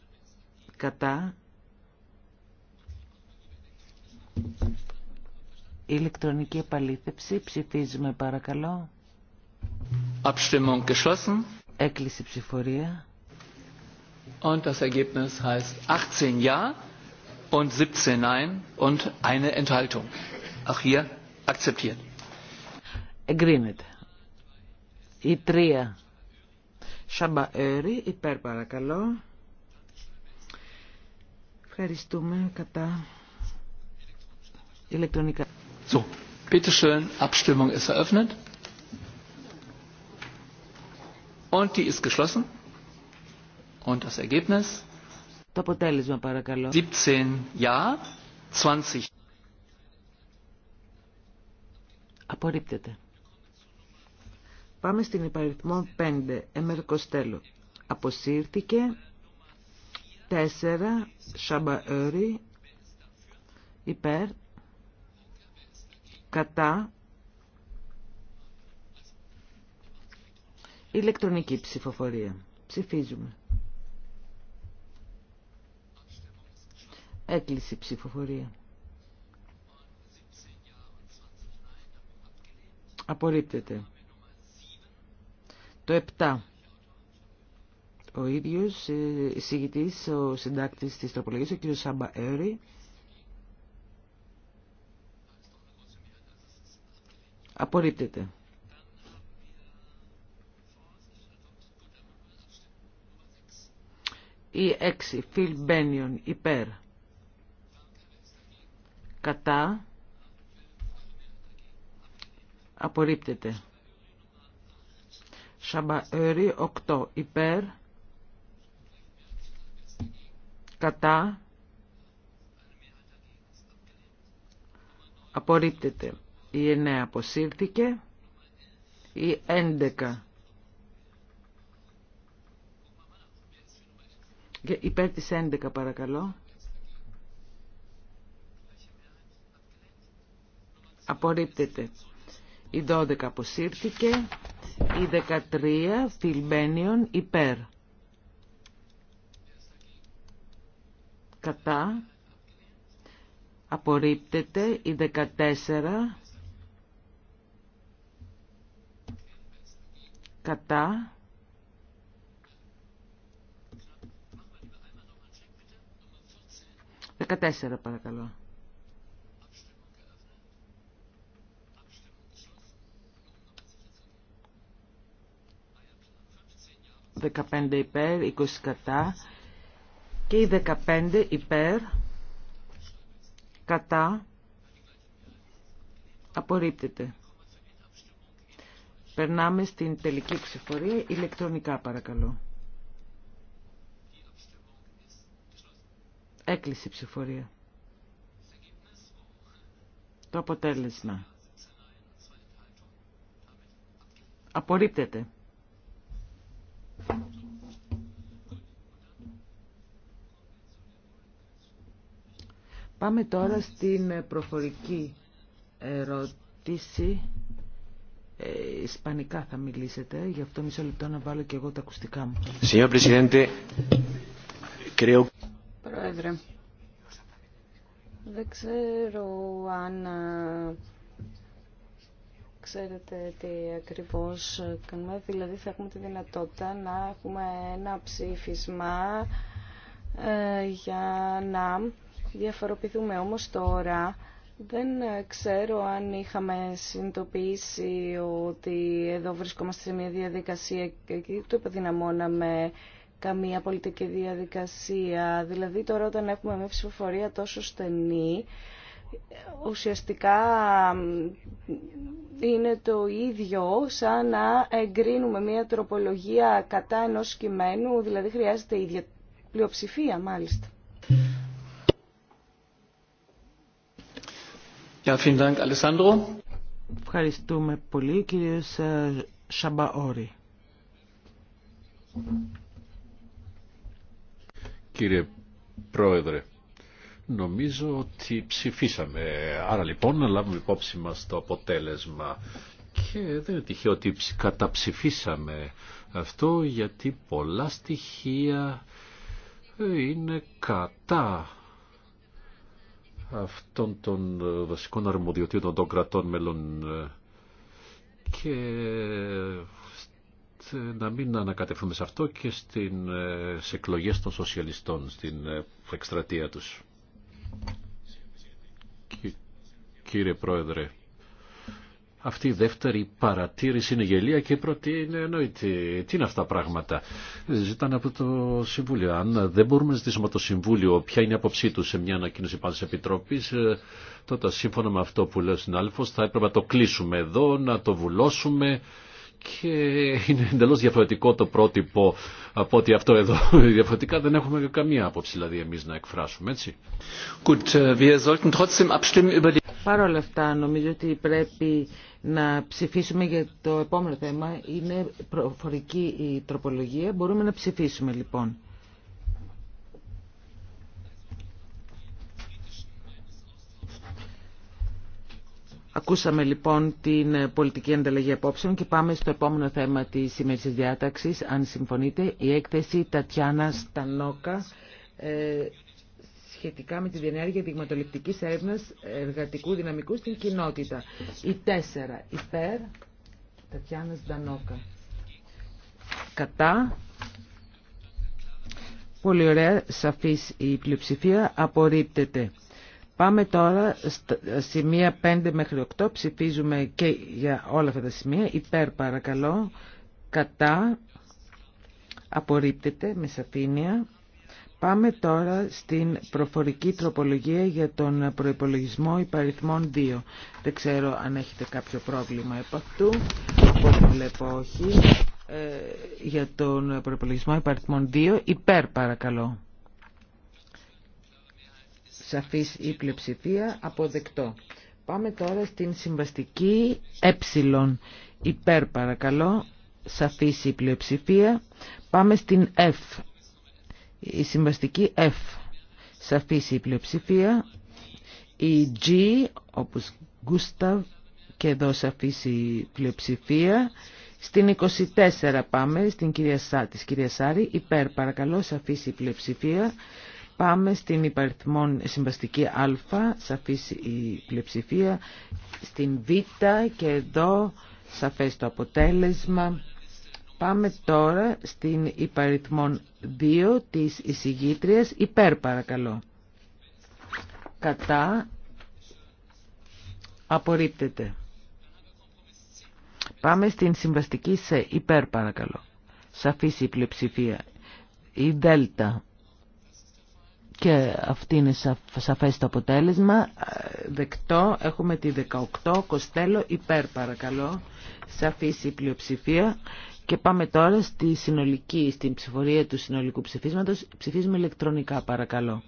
Κατά ηλεκτρονική επαλήθευση. Ψηφίζουμε παρακαλώ. Abstimmung geschlossen. Έκλεισε ψηφορία. Und das Ergebnis heißt 18 Ja und 17 Nein und eine Enthaltung. Auch hier akzeptiert. Εγκρίνεται. Η τρία. Σαμπαέρι, υπέρ παρακαλώ. Ευχαριστούμε κατά ηλεκτρονικά. So, bitte schön, Abstimmung ist eröffnet. Und die ist geschlossen. Und das Ergebnis? Το αποτέλεσμα παρακαλώ. 17 ja, 20. Απορρίπτεται. Πάμε στην υπαριθμό 5, Εμερ Αποσύρθηκε 4, Σαμπαέρι, υπέρ, κατά ηλεκτρονική ψηφοφορία. Ψηφίζουμε. Έκλεισε ψηφοφορία. Απορρίπτεται. Το 7. Ο ίδιος ε, εισηγητής, ο συντάκτης της τροπολογίας, ο κ. Σάμπα Έρη, Απορρίπτεται. Η 6. Φιλ Μπένιον. Υπέρ. Κατά. Απορρίπτεται. Σαμπαέρι 8. Υπέρ. Κατά. Απορρίπτεται. Η 9 αποσύρθηκε. Η 11 Υπέρ της 11 παρακαλώ. Απορρίπτεται. Η 12 αποσύρθηκε. Η 13 Φιλμπένιον υπέρ. Κατά. Απορρίπτεται. Η 14 κατά. Δεκατέσσερα παρακαλώ. Δεκαπέντε υπέρ, είκοσι κατά και οι δεκαπέντε υπέρ κατά απορρίπτεται. Περνάμε στην τελική ψηφορία ηλεκτρονικά παρακαλώ. Έκλεισε η ψηφορία. Το αποτέλεσμα. Απορρίπτεται. Πάμε τώρα στην προφορική ερώτηση ε, ισπανικά θα μιλήσετε, γι' αυτό μισό λεπτό να βάλω και εγώ τα ακουστικά μου. Πρόεδρε, δεν ξέρω αν ε, ξέρετε τι ακριβώς κάνουμε, δηλαδή θα έχουμε τη δυνατότητα να έχουμε ένα ψήφισμα ε, για να διαφοροποιηθούμε. Όμως τώρα δεν ε, ξέρω αν είχαμε συνειδητοποιήσει ότι εδώ βρισκόμαστε σε μια διαδικασία και το επιδυναμώναμε καμία πολιτική διαδικασία. Δηλαδή τώρα όταν έχουμε μια ψηφοφορία τόσο στενή, ουσιαστικά είναι το ίδιο σαν να εγκρίνουμε μια τροπολογία κατά ενός κειμένου, δηλαδή χρειάζεται η ίδια πλειοψηφία μάλιστα. Ευχαριστούμε πολύ κύριε Σαμπαόρη. Κύριε Πρόεδρε, νομίζω ότι ψηφίσαμε. Άρα λοιπόν να λάβουμε υπόψη μας το αποτέλεσμα. Και δεν είναι τυχαίο ότι καταψηφίσαμε αυτό γιατί πολλά στοιχεία ε, είναι κατά αυτών των ε, βασικών αρμοδιοτήτων των κρατών μελών ε, και ε, να μην ανακατευθούμε σε αυτό και στην, σε εκλογέ των σοσιαλιστών στην εκστρατεία τους. Κύριε Πρόεδρε, αυτή η δεύτερη παρατήρηση είναι γελία και η πρώτη είναι εννοητή. Τι είναι αυτά τα πράγματα. Ζητάνε από το Συμβούλιο. Αν δεν μπορούμε να ζητήσουμε από το Συμβούλιο ποια είναι η άποψή του σε μια ανακοίνωση πάνω τη Επιτροπή, ε, τότε σύμφωνα με αυτό που λέει ο Συνάλφος θα έπρεπε να το κλείσουμε εδώ, να το βουλώσουμε και είναι εντελώ διαφορετικό το πρότυπο από ότι αυτό εδώ. Διαφορετικά δεν έχουμε καμία άποψη δηλαδή εμείς να εκφράσουμε, έτσι. Παρ' όλα αυτά νομίζω ότι πρέπει να ψηφίσουμε για το επόμενο θέμα. Είναι προφορική η τροπολογία. Μπορούμε να ψηφίσουμε λοιπόν. Ακούσαμε λοιπόν την πολιτική ανταλλαγή απόψεων και πάμε στο επόμενο θέμα της σημερινής διάταξης. Αν συμφωνείτε, η έκθεση Τατιάνα Στανόκα ε, σχετικά με τη διενέργεια δειγματοληπτικής έρευνα εργατικού δυναμικού στην κοινότητα. Η τέσσερα υπέρ Τατιάνα Στανόκα. Κατά. Πολύ ωραία, σαφής η πλειοψηφία, απορρίπτεται. Πάμε τώρα στα σημεία 5 μέχρι 8. Ψηφίζουμε και για όλα αυτά τα σημεία. Υπέρ παρακαλώ. Κατά. Απορρίπτεται με σαφήνεια. Πάμε τώρα στην προφορική τροπολογία για τον προϋπολογισμό υπαριθμών 2. Δεν ξέρω αν έχετε κάποιο πρόβλημα επ' αυτού. Από βλέπω όχι. Ε, για τον προϋπολογισμό υπαριθμών 2. Υπέρ παρακαλώ σαφής η πλειοψηφία, αποδεκτό. Πάμε τώρα στην συμβαστική ε, υπέρ παρακαλώ, σαφής η πλειοψηφία. Πάμε στην F, η συμβαστική F, σαφής η πλειοψηφία. Η G, όπως Gustav, και εδώ σαφής η πλειοψηφία. Στην 24 πάμε, στην κυρία κυρία Σάρη, υπέρ παρακαλώ, σαφής η πλειοψηφία. Πάμε στην υπαριθμόν συμβαστική Α, σαφής η πλειοψηφία, στην Β και εδώ σαφές το αποτέλεσμα. Πάμε τώρα στην υπαριθμόν 2 της εισηγήτριας, υπέρ παρακαλώ. Κατά απορρίπτεται. Πάμε στην συμβαστική σε υπέρ παρακαλώ. Σαφής η πλειοψηφία. Η δέλτα και αυτή είναι σαφές το αποτέλεσμα. Ε, δεκτό, έχουμε τη 18, Κοστέλο, υπέρ παρακαλώ, σαφής η πλειοψηφία. Και πάμε τώρα στη συνολική, στην ψηφορία του συνολικού ψηφίσματος. Ψηφίζουμε ηλεκτρονικά παρακαλώ.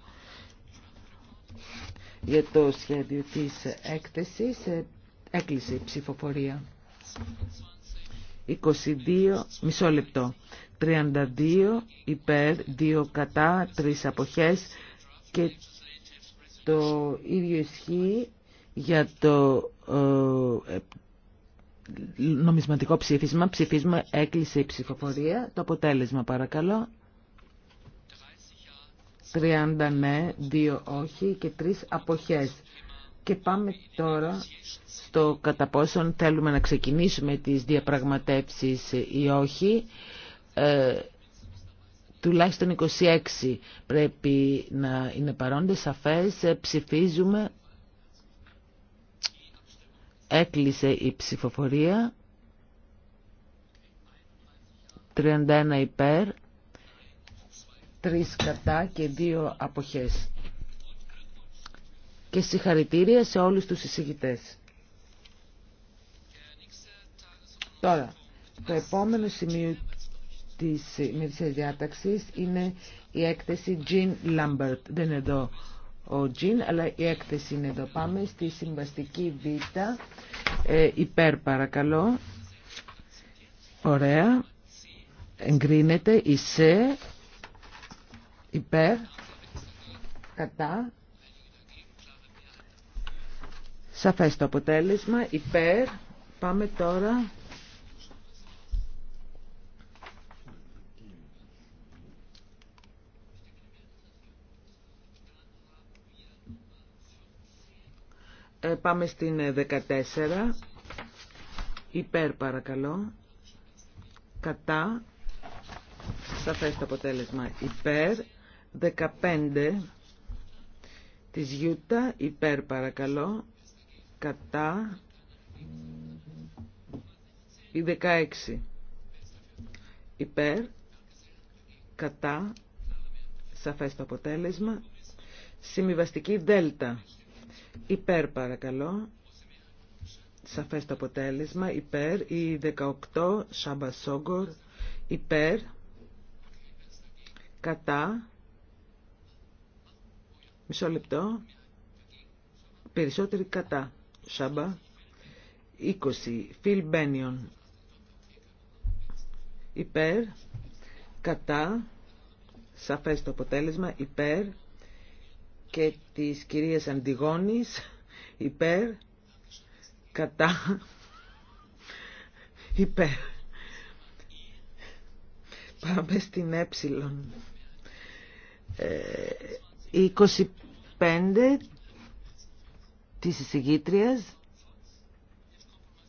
Για το σχέδιο της έκθεσης ε, έκλεισε η ψηφοφορία. 22, μισό λεπτό, 32 υπέρ, 2 κατά, 3 αποχές και το ίδιο ισχύει για το ε, ε, νομισματικό ψήφισμα. Ψήφισμα έκλεισε η ψηφοφορία. Το αποτέλεσμα παρακαλώ. 30 ναι, 2 όχι και 3 αποχές. Και πάμε τώρα στο κατά πόσον θέλουμε να ξεκινήσουμε τις διαπραγματεύσεις ή όχι. Ε, τουλάχιστον 26 πρέπει να είναι παρόντες, σαφές, ε, ψηφίζουμε. Έκλεισε η οχι τουλαχιστον 26 πρεπει να ειναι παροντες σαφες ψηφιζουμε εκλεισε η ψηφοφορια 31 υπέρ, 3 κατά και 2 αποχές και συγχαρητήρια σε όλους τους εισηγητές. Τώρα, το επόμενο σημείο της ημερησίας διάταξης είναι η έκθεση Jean Lambert. Δεν είναι εδώ ο Jean, αλλά η έκθεση είναι εδώ. Πάμε στη συμβαστική Β, ε, υπέρ παρακαλώ. Ωραία. Εγκρίνεται η ΣΕ, υπέρ, κατά, Σαφές το αποτέλεσμα. Υπέρ. Πάμε τώρα. Ε, πάμε στην 14. Ε, Υπέρ παρακαλώ. Κατά. Σαφές το αποτέλεσμα. Υπέρ. 15 της Γιούτα. Υπέρ παρακαλώ κατά η 16 υπέρ κατά σαφές το αποτέλεσμα συμβιβαστική δέλτα υπέρ παρακαλώ σαφές το αποτέλεσμα υπέρ η 18 Σαμπασόγκορ υπέρ κατά μισό λεπτό περισσότερη κατά Σάμπα. 20. Φιλ Μπένιον. Υπέρ. Κατά. Σαφές το αποτέλεσμα. Υπέρ. Και της κυρίας Αντιγόνης. Υπέρ. Κατά. Υπέρ. Πάμε στην ε. 25 ε, της εισηγήτριας.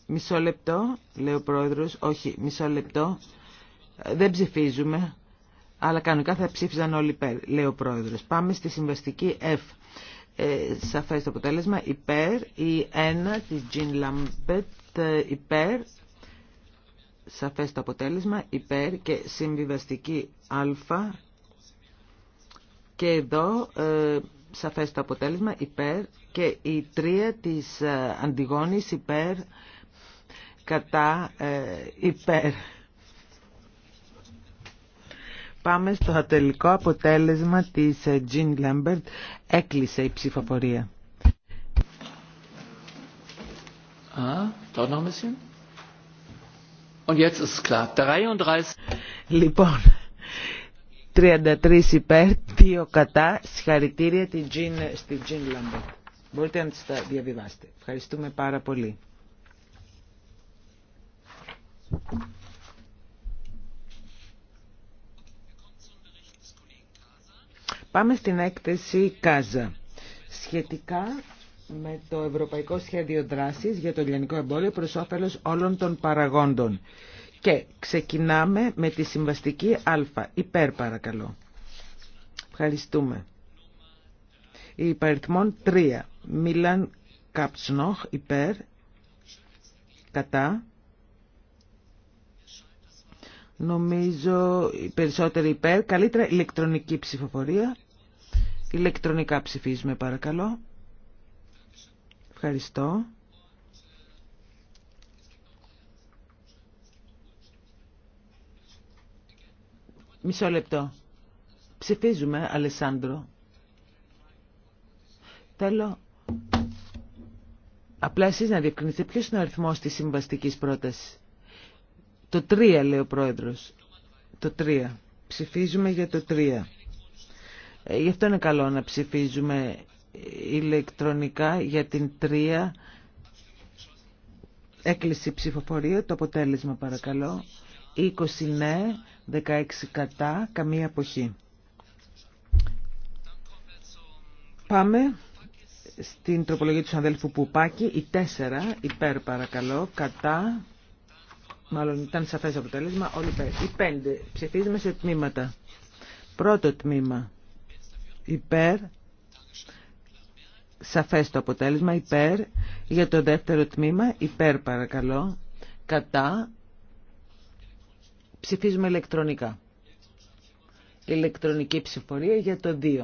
Μισό λεπτό, λέει ο πρόεδρος. Όχι, μισό λεπτό. Δεν ψηφίζουμε, αλλά κανονικά θα ψήφιζαν όλοι υπέρ, λέει ο πρόεδρος. Πάμε στη συμβαστική F. Ε, σαφές το αποτέλεσμα, υπέρ, η 1 της Jean Lambert, ε, υπέρ, σαφές το αποτέλεσμα, υπέρ και συμβιβαστική α. Και εδώ ε, σαφές το αποτέλεσμα υπέρ και οι τρία της ε, Αντιγόνης υπέρ κατά ε, υπέρ. Πάμε στο τελικό αποτέλεσμα της ε, Jean Lambert. Έκλεισε η ψηφοφορία. Λοιπόν, 33 υπέρ, 2 κατά. Συγχαρητήρια στην Τζιν Λαμπερτ. Μπορείτε να τις διαβιβάσετε. Ευχαριστούμε πάρα πολύ. Πάμε στην έκθεση Κάζα. Σχετικά με το Ευρωπαϊκό Σχέδιο Δράσης για το Ελληνικό Εμπόλιο προς όφελος όλων των παραγόντων. Και ξεκινάμε με τη συμβαστική α. Υπέρ παρακαλώ. Ευχαριστούμε. Η υπαριθμόν 3. Μίλαν καπτσνοχ, υπέρ. Κατά. Νομίζω περισσότερο περισσότεροι υπέρ. Καλύτερα ηλεκτρονική ψηφοφορία. Ηλεκτρονικά ψηφίζουμε παρακαλώ. Ευχαριστώ. Μισό λεπτό. Ψηφίζουμε, Αλεσάνδρο. Θέλω απλά εσείς να διευκρινίσετε ποιος είναι ο αριθμός της συμβαστικής πρότασης. Το 3 λέει ο πρόεδρος. Το 3. Ψηφίζουμε για το 3. Ε, γι' αυτό είναι καλό να ψηφίζουμε ηλεκτρονικά για την 3. Έκλειση ψηφοφορία. Το αποτέλεσμα παρακαλώ. 20 ναι, 16 κατά, καμία αποχή. Πάμε στην τροπολογία του αδέλφου Πουπάκη, η 4 υπέρ παρακαλώ, κατά, μάλλον ήταν σαφές αποτέλεσμα, όλοι υπέρ. Η 5 ψηφίζουμε σε τμήματα. Πρώτο τμήμα υπέρ, σαφές το αποτέλεσμα, υπέρ, για το δεύτερο τμήμα, υπέρ παρακαλώ, κατά, Ψηφίζουμε ηλεκτρονικά. Ηλεκτρονική ψηφοφορία για το 2.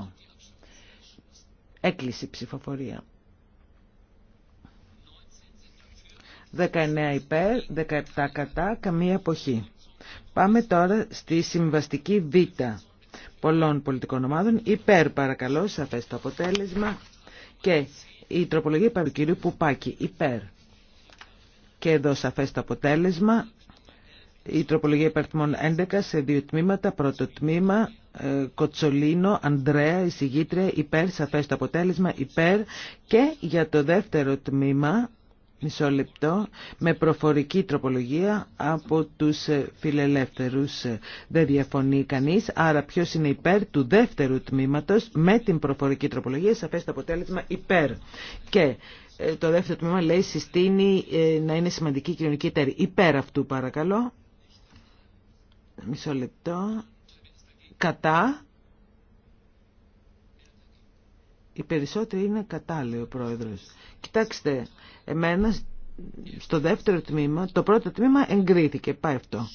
Έκλειση ψηφοφορία. 19 υπέρ, 17 κατά, καμία εποχή. Πάμε τώρα στη συμβαστική Β πολλών πολιτικών ομάδων. Υπέρ παρακαλώ, σαφές το αποτέλεσμα. Και η τροπολογία υπέρ του κυρίου Πουπάκη, υπέρ. Και εδώ σαφές το αποτέλεσμα η τροπολογία υπαριθμών 11 σε δύο τμήματα. Πρώτο τμήμα, ε, Κοτσολίνο, Ανδρέα, εισηγήτρια, υπέρ, σαφές το αποτέλεσμα, υπέρ. Και για το δεύτερο τμήμα, μισό λεπτό, με προφορική τροπολογία από τους ε, φιλελεύθερους. Ε, δεν διαφωνεί κανείς, άρα ποιος είναι υπέρ του δεύτερου τμήματος με την προφορική τροπολογία, σαφές το αποτέλεσμα, υπέρ. Και το δεύτερο τμήμα λέει συστήνει να είναι σημαντική κοινωνική εταίρη. Υπέρ αυτού παρακαλώ. Μισό λεπτό. Κατά. Οι περισσότεροι είναι κατά, λέει ο πρόεδρος. Κοιτάξτε, εμένα στο δεύτερο τμήμα, το πρώτο τμήμα εγκρίθηκε, πάει αυτό.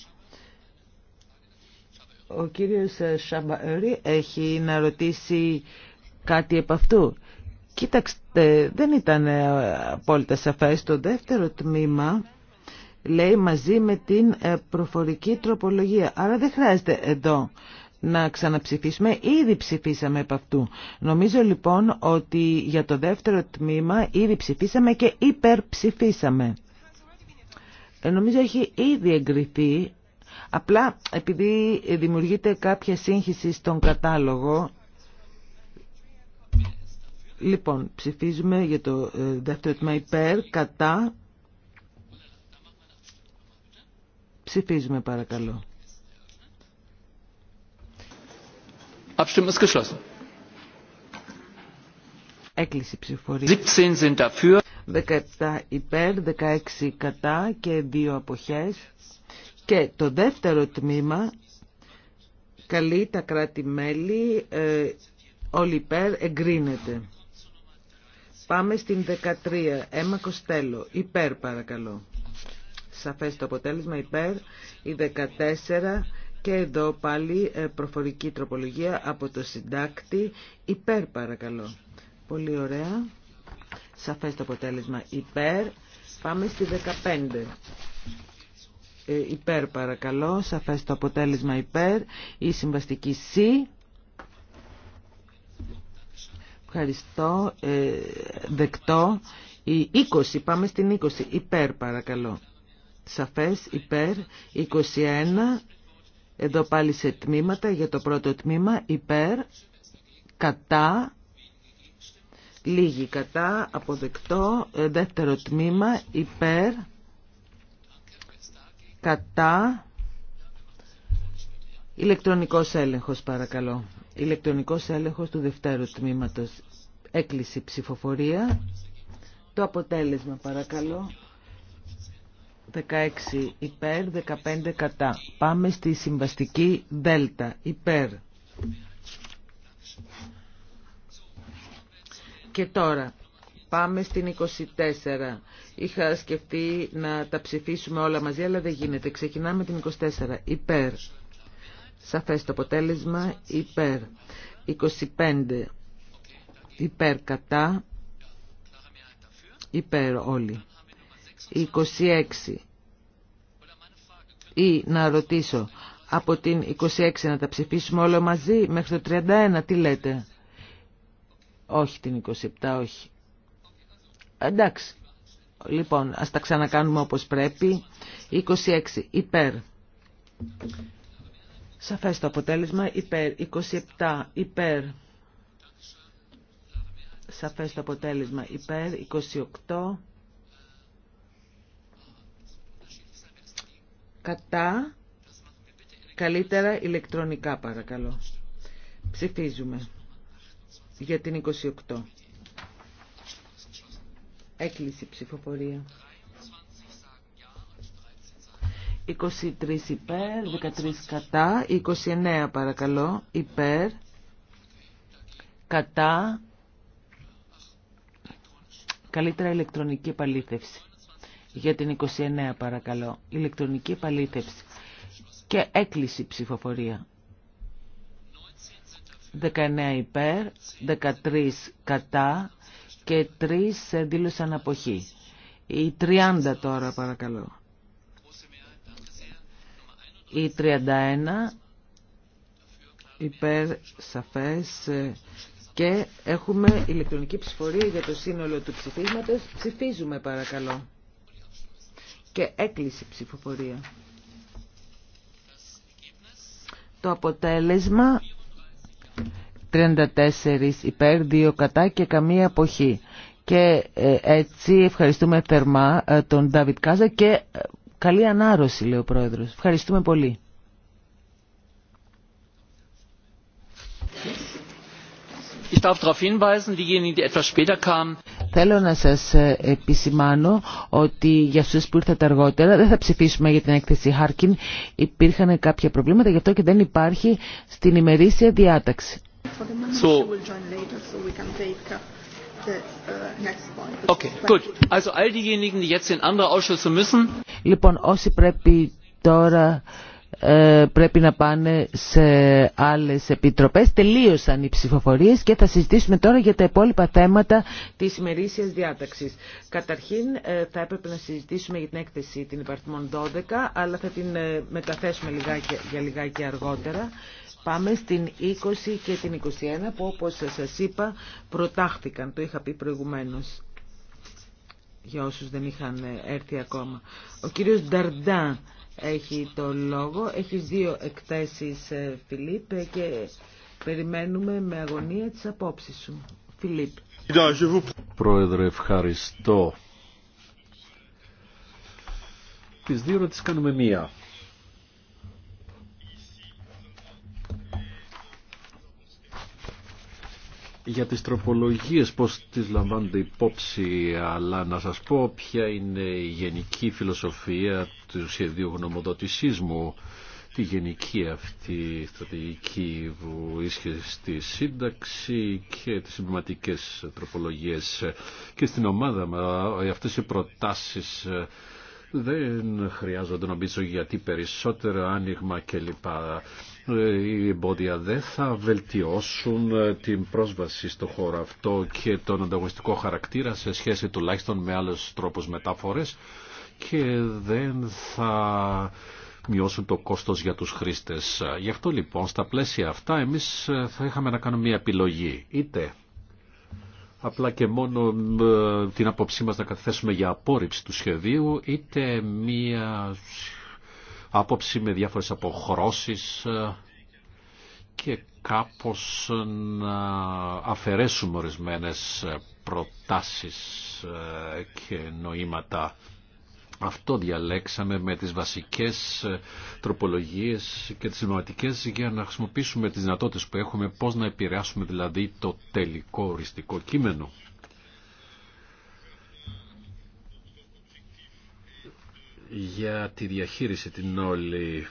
Ο κύριος Σαμπαερή έχει να ρωτήσει κάτι επ' αυτού. Κοίταξτε, δεν ήταν απόλυτα σαφές. Το δεύτερο τμήμα λέει μαζί με την ε, προφορική τροπολογία. Άρα δεν χρειάζεται εδώ να ξαναψηφίσουμε. Ήδη ψηφίσαμε επ' αυτού. Νομίζω λοιπόν ότι για το δεύτερο τμήμα ήδη ψηφίσαμε και υπερψηφίσαμε. Ε, νομίζω έχει ήδη εγκριθεί. Απλά επειδή δημιουργείται κάποια σύγχυση στον κατάλογο, Λοιπόν, ψηφίζουμε για το ε, δεύτερο τμήμα υπέρ, κατά, Ψηφίζουμε παρακαλώ. Έκλεισε η ψηφορία. 17 υπέρ, 16 κατά και 2 απόχέ. Και το δεύτερο τμήμα καλεί τα κράτη-μέλη, ε, όλοι υπέρ, εγκρίνεται. Πάμε στην 13, Έμα Κοστέλο, υπέρ παρακαλώ σαφές το αποτέλεσμα υπέρ η 14 και εδώ πάλι ε, προφορική τροπολογία από το συντάκτη υπέρ παρακαλώ. Πολύ ωραία. Σαφές το αποτέλεσμα υπέρ. Πάμε στη 15. Ε, υπέρ παρακαλώ, σαφές το αποτέλεσμα υπέρ, η συμβαστική C. Ευχαριστώ, ε, δεκτό. Η 20, πάμε στην 20, υπέρ παρακαλώ σαφές υπέρ 21 εδώ πάλι σε τμήματα για το πρώτο τμήμα υπέρ κατά λίγη κατά αποδεκτό δεύτερο τμήμα υπέρ κατά ηλεκτρονικός έλεγχος παρακαλώ ηλεκτρονικός έλεγχος του δευτέρου τμήματος έκλειση ψηφοφορία το αποτέλεσμα παρακαλώ 16 υπέρ, 15 κατά. Πάμε στη συμβαστική δέλτα υπέρ. Και τώρα πάμε στην 24. Είχα σκεφτεί να τα ψηφίσουμε όλα μαζί, αλλά δεν γίνεται. Ξεκινάμε την 24. Υπέρ. Σαφές το αποτέλεσμα. Υπέρ. 25. Υπέρ κατά. Υπέρ όλοι. 26 ή να ρωτήσω από την 26 να τα ψηφίσουμε όλα μαζί μέχρι το 31 τι λέτε όχι την 27 όχι εντάξει λοιπόν ας τα ξανακάνουμε όπως πρέπει 26 υπέρ σαφές το αποτέλεσμα υπέρ 27 υπέρ σαφές το αποτέλεσμα υπέρ 28 Κατά. Καλύτερα ηλεκτρονικά παρακαλώ. Ψηφίζουμε για την 28. Έκλεισε ψηφοφορία. 23 υπέρ, 13 κατά, 29 παρακαλώ, υπέρ, κατά, καλύτερα ηλεκτρονική επαλήθευση για την 29 παρακαλώ. Ηλεκτρονική επαλήθευση και έκλειση ψηφοφορία. 19 υπέρ, 13 κατά και 3 δήλωσαν αποχή. Η 30 τώρα παρακαλώ. Η 31 υπέρ σαφές και έχουμε ηλεκτρονική ψηφορία για το σύνολο του ψηφίσματος. Ψηφίζουμε παρακαλώ και έκλεισε ψηφοφορία. Το αποτέλεσμα 34 υπέρ, 2 κατά και καμία αποχή. Και ε, έτσι ευχαριστούμε θερμά ε, τον Ντάβιτ Κάζα και ε, καλή ανάρρωση λέει ο Πρόεδρος. Ευχαριστούμε πολύ. Ich darf darauf hinweisen, die etwas später kamen, Θέλω να σας ε, επισημάνω ότι για αυτούς που ήρθατε αργότερα δεν θα ψηφίσουμε για την έκθεση Χάρκιν. Υπήρχαν κάποια προβλήματα, γι' αυτό και δεν υπάρχει στην ημερήσια διάταξη. Λοιπόν, όσοι πρέπει τώρα ε, πρέπει να πάνε σε άλλες επιτροπές. Τελείωσαν οι ψηφοφορίες και θα συζητήσουμε τώρα για τα υπόλοιπα θέματα της ημερήσιας διάταξης. Καταρχήν ε, θα έπρεπε να συζητήσουμε για την έκθεση την υπαρθμών 12, αλλά θα την ε, μεταθέσουμε λιγάκι, για λιγάκι αργότερα. Πάμε στην 20 και την 21 που όπως σας είπα προτάχθηκαν, το είχα πει προηγουμένως για όσους δεν είχαν έρθει ακόμα. Ο κύριος Νταρντάν έχει το λόγο. Έχεις δύο εκθέσεις, ε, Φιλίπ, ε, και περιμένουμε με αγωνία τις απόψεις σου. Φιλίπ. Πρόεδρε, ευχαριστώ. Τις δύο να τις κάνουμε μία. για τις τροπολογίες πώς τις λαμβάνονται υπόψη αλλά να σας πω ποια είναι η γενική φιλοσοφία του σχεδίου γνωμοδοτησής μου τη γενική αυτή στρατηγική που στη σύνταξη και τις συμπληματικές τροπολογίες και στην ομάδα αυτές οι προτάσεις ε, δεν χρειάζονται να μπήσω γιατί περισσότερο άνοιγμα κλπ. Ε, οι εμπόδια δεν θα βελτιώσουν ε, την πρόσβαση στο χώρο αυτό και τον ανταγωνιστικό χαρακτήρα σε σχέση τουλάχιστον με άλλους τρόπους μετάφορες και δεν θα μειώσουν το κόστος για τους χρήστες. Γι' αυτό λοιπόν στα πλαίσια αυτά εμείς ε, θα είχαμε να κάνουμε μια επιλογή. Είτε απλά και μόνο την απόψή μας να καθέσουμε για απόρριψη του σχεδίου, είτε μια άποψη, με διάφορες αποχρώσεις ε, και κάπως να αφαιρέσουμε ορισμένες προτάσεις ε, και νοήματα. Αυτό διαλέξαμε με τις βασικές ε, τροπολογίες και τις νοηματικές για να χρησιμοποιήσουμε τις δυνατότητες που έχουμε, πώς να επηρεάσουμε δηλαδή το τελικό οριστικό κείμενο. για τη διαχείριση την όλη.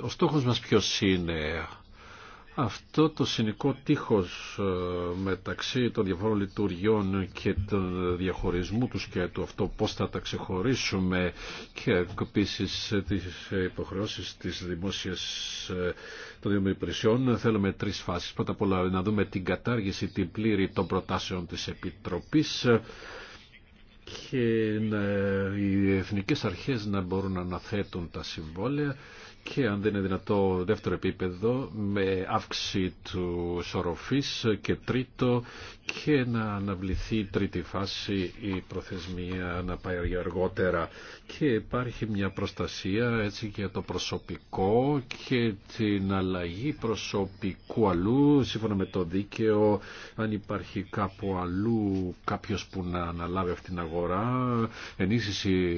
Ο στόχος μας ποιος είναι αυτό το συνικό τείχος ε, μεταξύ των διαφόρων λειτουργιών και του διαχωρισμού τους και του αυτό πώς θα τα ξεχωρίσουμε και επίση τις υποχρεώσεις της δημόσιας ε, των δύο υπηρεσιών θέλουμε τρεις φάσεις. Πρώτα απ' όλα να δούμε την κατάργηση, την πλήρη των προτάσεων της Επιτροπής και οι εθνικές αρχές να μπορούν να αναθέτουν τα συμβόλαια και αν δεν είναι δυνατό δεύτερο επίπεδο με αύξηση του σωροφής και τρίτο και να αναβληθεί τρίτη φάση η προθεσμία να πάει αργότερα και υπάρχει μια προστασία έτσι και για το προσωπικό και την αλλαγή προσωπικού αλλού σύμφωνα με το δίκαιο αν υπάρχει κάπου αλλού κάποιος που να αναλάβει αυτήν την αγορά ενίσχυση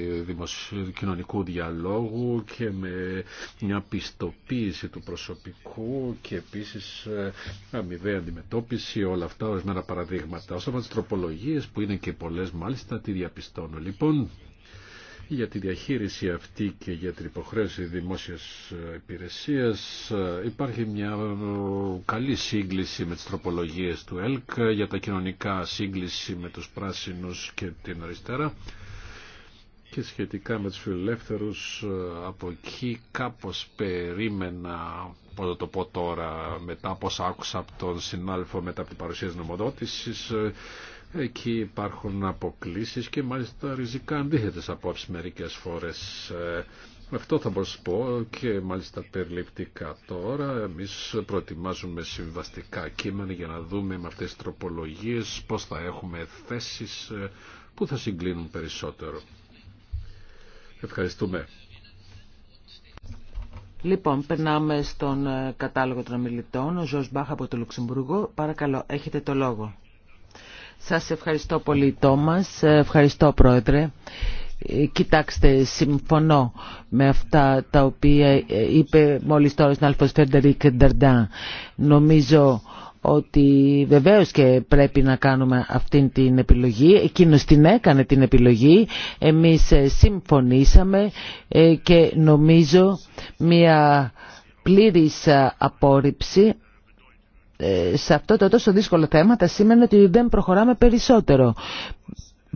κοινωνικού διαλόγου και με μια πιστοποίηση του προσωπικού και επίσης ε, αμοιβαία αντιμετώπιση, όλα αυτά ορισμένα παραδείγματα. Όσο με τις τροπολογίες που είναι και πολλές μάλιστα τη διαπιστώνω. Λοιπόν, για τη διαχείριση αυτή και για την υποχρέωση δημόσιας ε, υπηρεσίας ε, υπάρχει μια καλή σύγκληση με τις τροπολογίες του ΕΛΚ για τα κοινωνικά σύγκληση με τους πράσινους και την αριστερά και σχετικά με τους φιλελεύθερους ε, από εκεί κάπως περίμενα πώς το πω τώρα μετά από όσα άκουσα από τον συνάδελφο μετά από την παρουσίαση νομοδότησης ε, εκεί υπάρχουν αποκλήσεις και μάλιστα ριζικά αντίθετες απόψεις μερικές φορές ε, αυτό θα να πω και μάλιστα περιληπτικά τώρα. Εμείς προετοιμάζουμε συμβαστικά κείμενα για να δούμε με αυτές τις τροπολογίες πώς θα έχουμε θέσεις που θα συγκλίνουν περισσότερο. Ευχαριστούμε. Λοιπόν, περνάμε στον ε, κατάλογο των ομιλητών. Ο Ζως Μπάχ από το Λουξεμβούργο. Παρακαλώ, έχετε το λόγο. Σας ευχαριστώ πολύ, Τόμας. Ε, ευχαριστώ, Πρόεδρε. Ε, κοιτάξτε, συμφωνώ με αυτά τα οποία είπε μόλις τώρα στην Αλφος Φεντερίκ Νομίζω ότι βεβαίως και πρέπει να κάνουμε αυτήν την επιλογή. Εκείνος την έκανε την επιλογή. Εμείς ε, συμφωνήσαμε ε, και νομίζω μια πλήρης ε, απόρριψη σε αυτό το τόσο δύσκολο θέμα θα σήμαινε ότι δεν προχωράμε περισσότερο.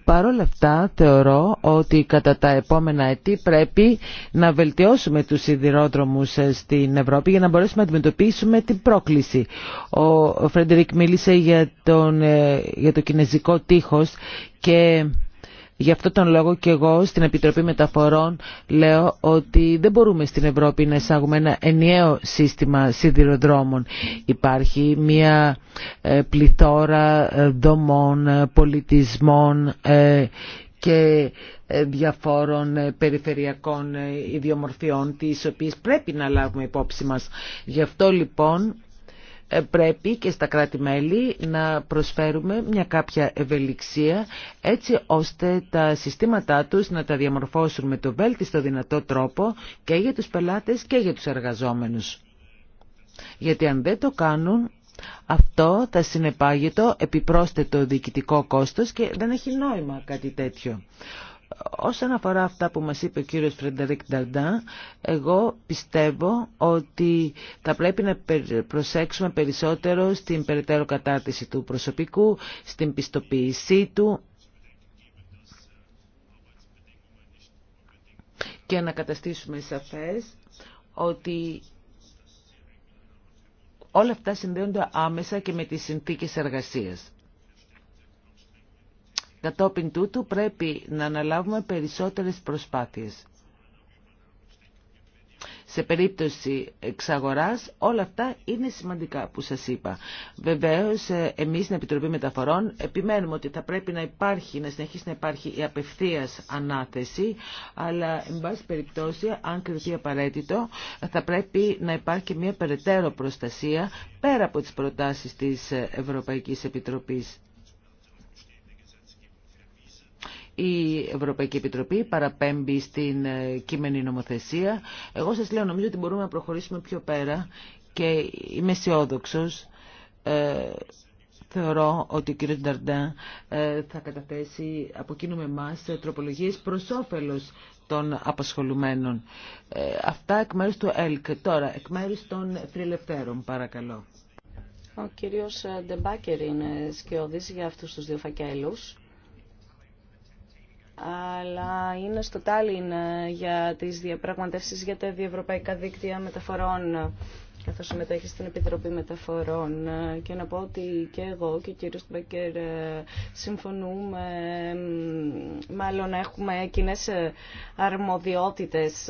Παρ' όλα αυτά θεωρώ ότι κατά τα επόμενα ετή πρέπει να βελτιώσουμε τους σιδηρόδρομους ε, στην Ευρώπη για να μπορέσουμε να αντιμετωπίσουμε την πρόκληση. Ο Φρεντερικ μίλησε για, τον, ε, για το κινέζικο τείχος και Γι' αυτό τον λόγο και εγώ στην Επιτροπή Μεταφορών λέω ότι δεν μπορούμε στην Ευρώπη να εισάγουμε ένα ενιαίο σύστημα σιδηροδρόμων. Υπάρχει μια ε, πληθώρα ε, δομών, ε, πολιτισμών και διαφόρων περιφερειακών ιδιομορφιών τις οποίες πρέπει να λάβουμε υπόψη μας. Γι' αυτό λοιπόν ε, πρέπει και στα κράτη-μέλη να προσφέρουμε μια κάποια ευελιξία έτσι ώστε τα συστήματά τους να τα διαμορφώσουν με το βέλτιστο δυνατό τρόπο και για τους πελάτες και για τους εργαζόμενους. Γιατί αν δεν το κάνουν αυτό θα συνεπάγεται το επιπρόσθετο διοικητικό κόστος και δεν έχει νόημα κάτι τέτοιο. Όσον αφορά αυτά που μας είπε ο κύριος Φρεντερίκ Νταρντά, εγώ πιστεύω ότι θα πρέπει να προσέξουμε περισσότερο στην περαιτέρω κατάρτιση του προσωπικού, στην πιστοποίησή του και να καταστήσουμε σαφές ότι όλα αυτά συνδέονται άμεσα και με τις συνθήκες εργασίας. Κατόπιν τούτου πρέπει να αναλάβουμε περισσότερες προσπάθειες. Σε περίπτωση εξαγοράς όλα αυτά είναι σημαντικά που σας είπα. Βεβαίως ε, εμείς στην Επιτροπή Μεταφορών επιμένουμε ότι θα πρέπει να υπάρχει, να συνεχίσει να υπάρχει η απευθείας ανάθεση, αλλά εν πάση περιπτώσει αν κρυθεί απαραίτητο θα πρέπει να υπάρχει μια περαιτέρω προστασία πέρα από τις προτάσεις της Ευρωπαϊκής Επιτροπής. η Ευρωπαϊκή Επιτροπή παραπέμπει στην ε, κείμενη νομοθεσία. Εγώ σας λέω νομίζω ότι μπορούμε να προχωρήσουμε πιο πέρα και είμαι αισιόδοξο. Ε, θεωρώ ότι ο κύριος Νταρντά ε, θα καταθέσει από εκείνο με εμάς τροπολογίες προς όφελος των απασχολουμένων. Ε, αυτά εκ μέρους του ΕΛΚ. Τώρα, εκ μέρους των Θρηλευτέρων, παρακαλώ. Ο κύριος Ντεμπάκερ είναι σκιώδης για αυτούς τους δύο φακέλους αλλά είναι στο Τάλιν ε, για τις διαπραγματεύσεις για τα διευρωπαϊκά δίκτυα μεταφορών καθώς συμμετέχει στην Επιτροπή Μεταφορών ε, και να πω ότι και εγώ και ο κύριος Μπέκερ ε, συμφωνούμε μάλλον έχουμε κοινέ αρμοδιότητες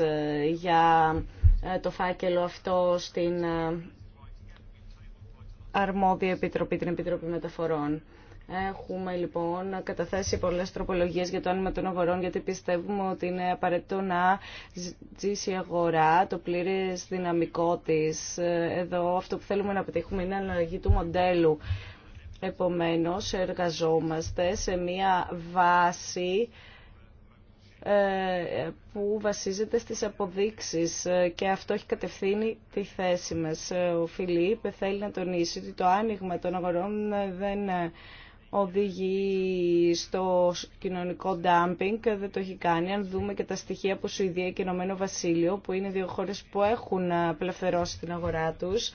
για το φάκελο αυτό στην αρμόδια Επιτροπή, την Επιτροπή Μεταφορών. Έχουμε λοιπόν καταθέσει πολλέ τροπολογίε για το άνοιγμα των αγορών, γιατί πιστεύουμε ότι είναι απαραίτητο να ζήσει η αγορά το πλήρε δυναμικό τη. Εδώ αυτό που θέλουμε να πετύχουμε είναι αλλαγή του μοντέλου. Επομένω, εργαζόμαστε σε μία βάση ε, που βασίζεται στις αποδείξεις ε, και αυτό έχει κατευθύνει τη θέση μας. Ε, ο Φιλίπ θέλει να τονίσει ότι το άνοιγμα των αγορών δεν οδηγεί στο κοινωνικό ντάμπινγκ, δεν το έχει κάνει. Αν δούμε και τα στοιχεία από Σουηδία και Ηνωμένο Βασίλειο, που είναι δύο χώρες που έχουν απελευθερώσει την αγορά τους,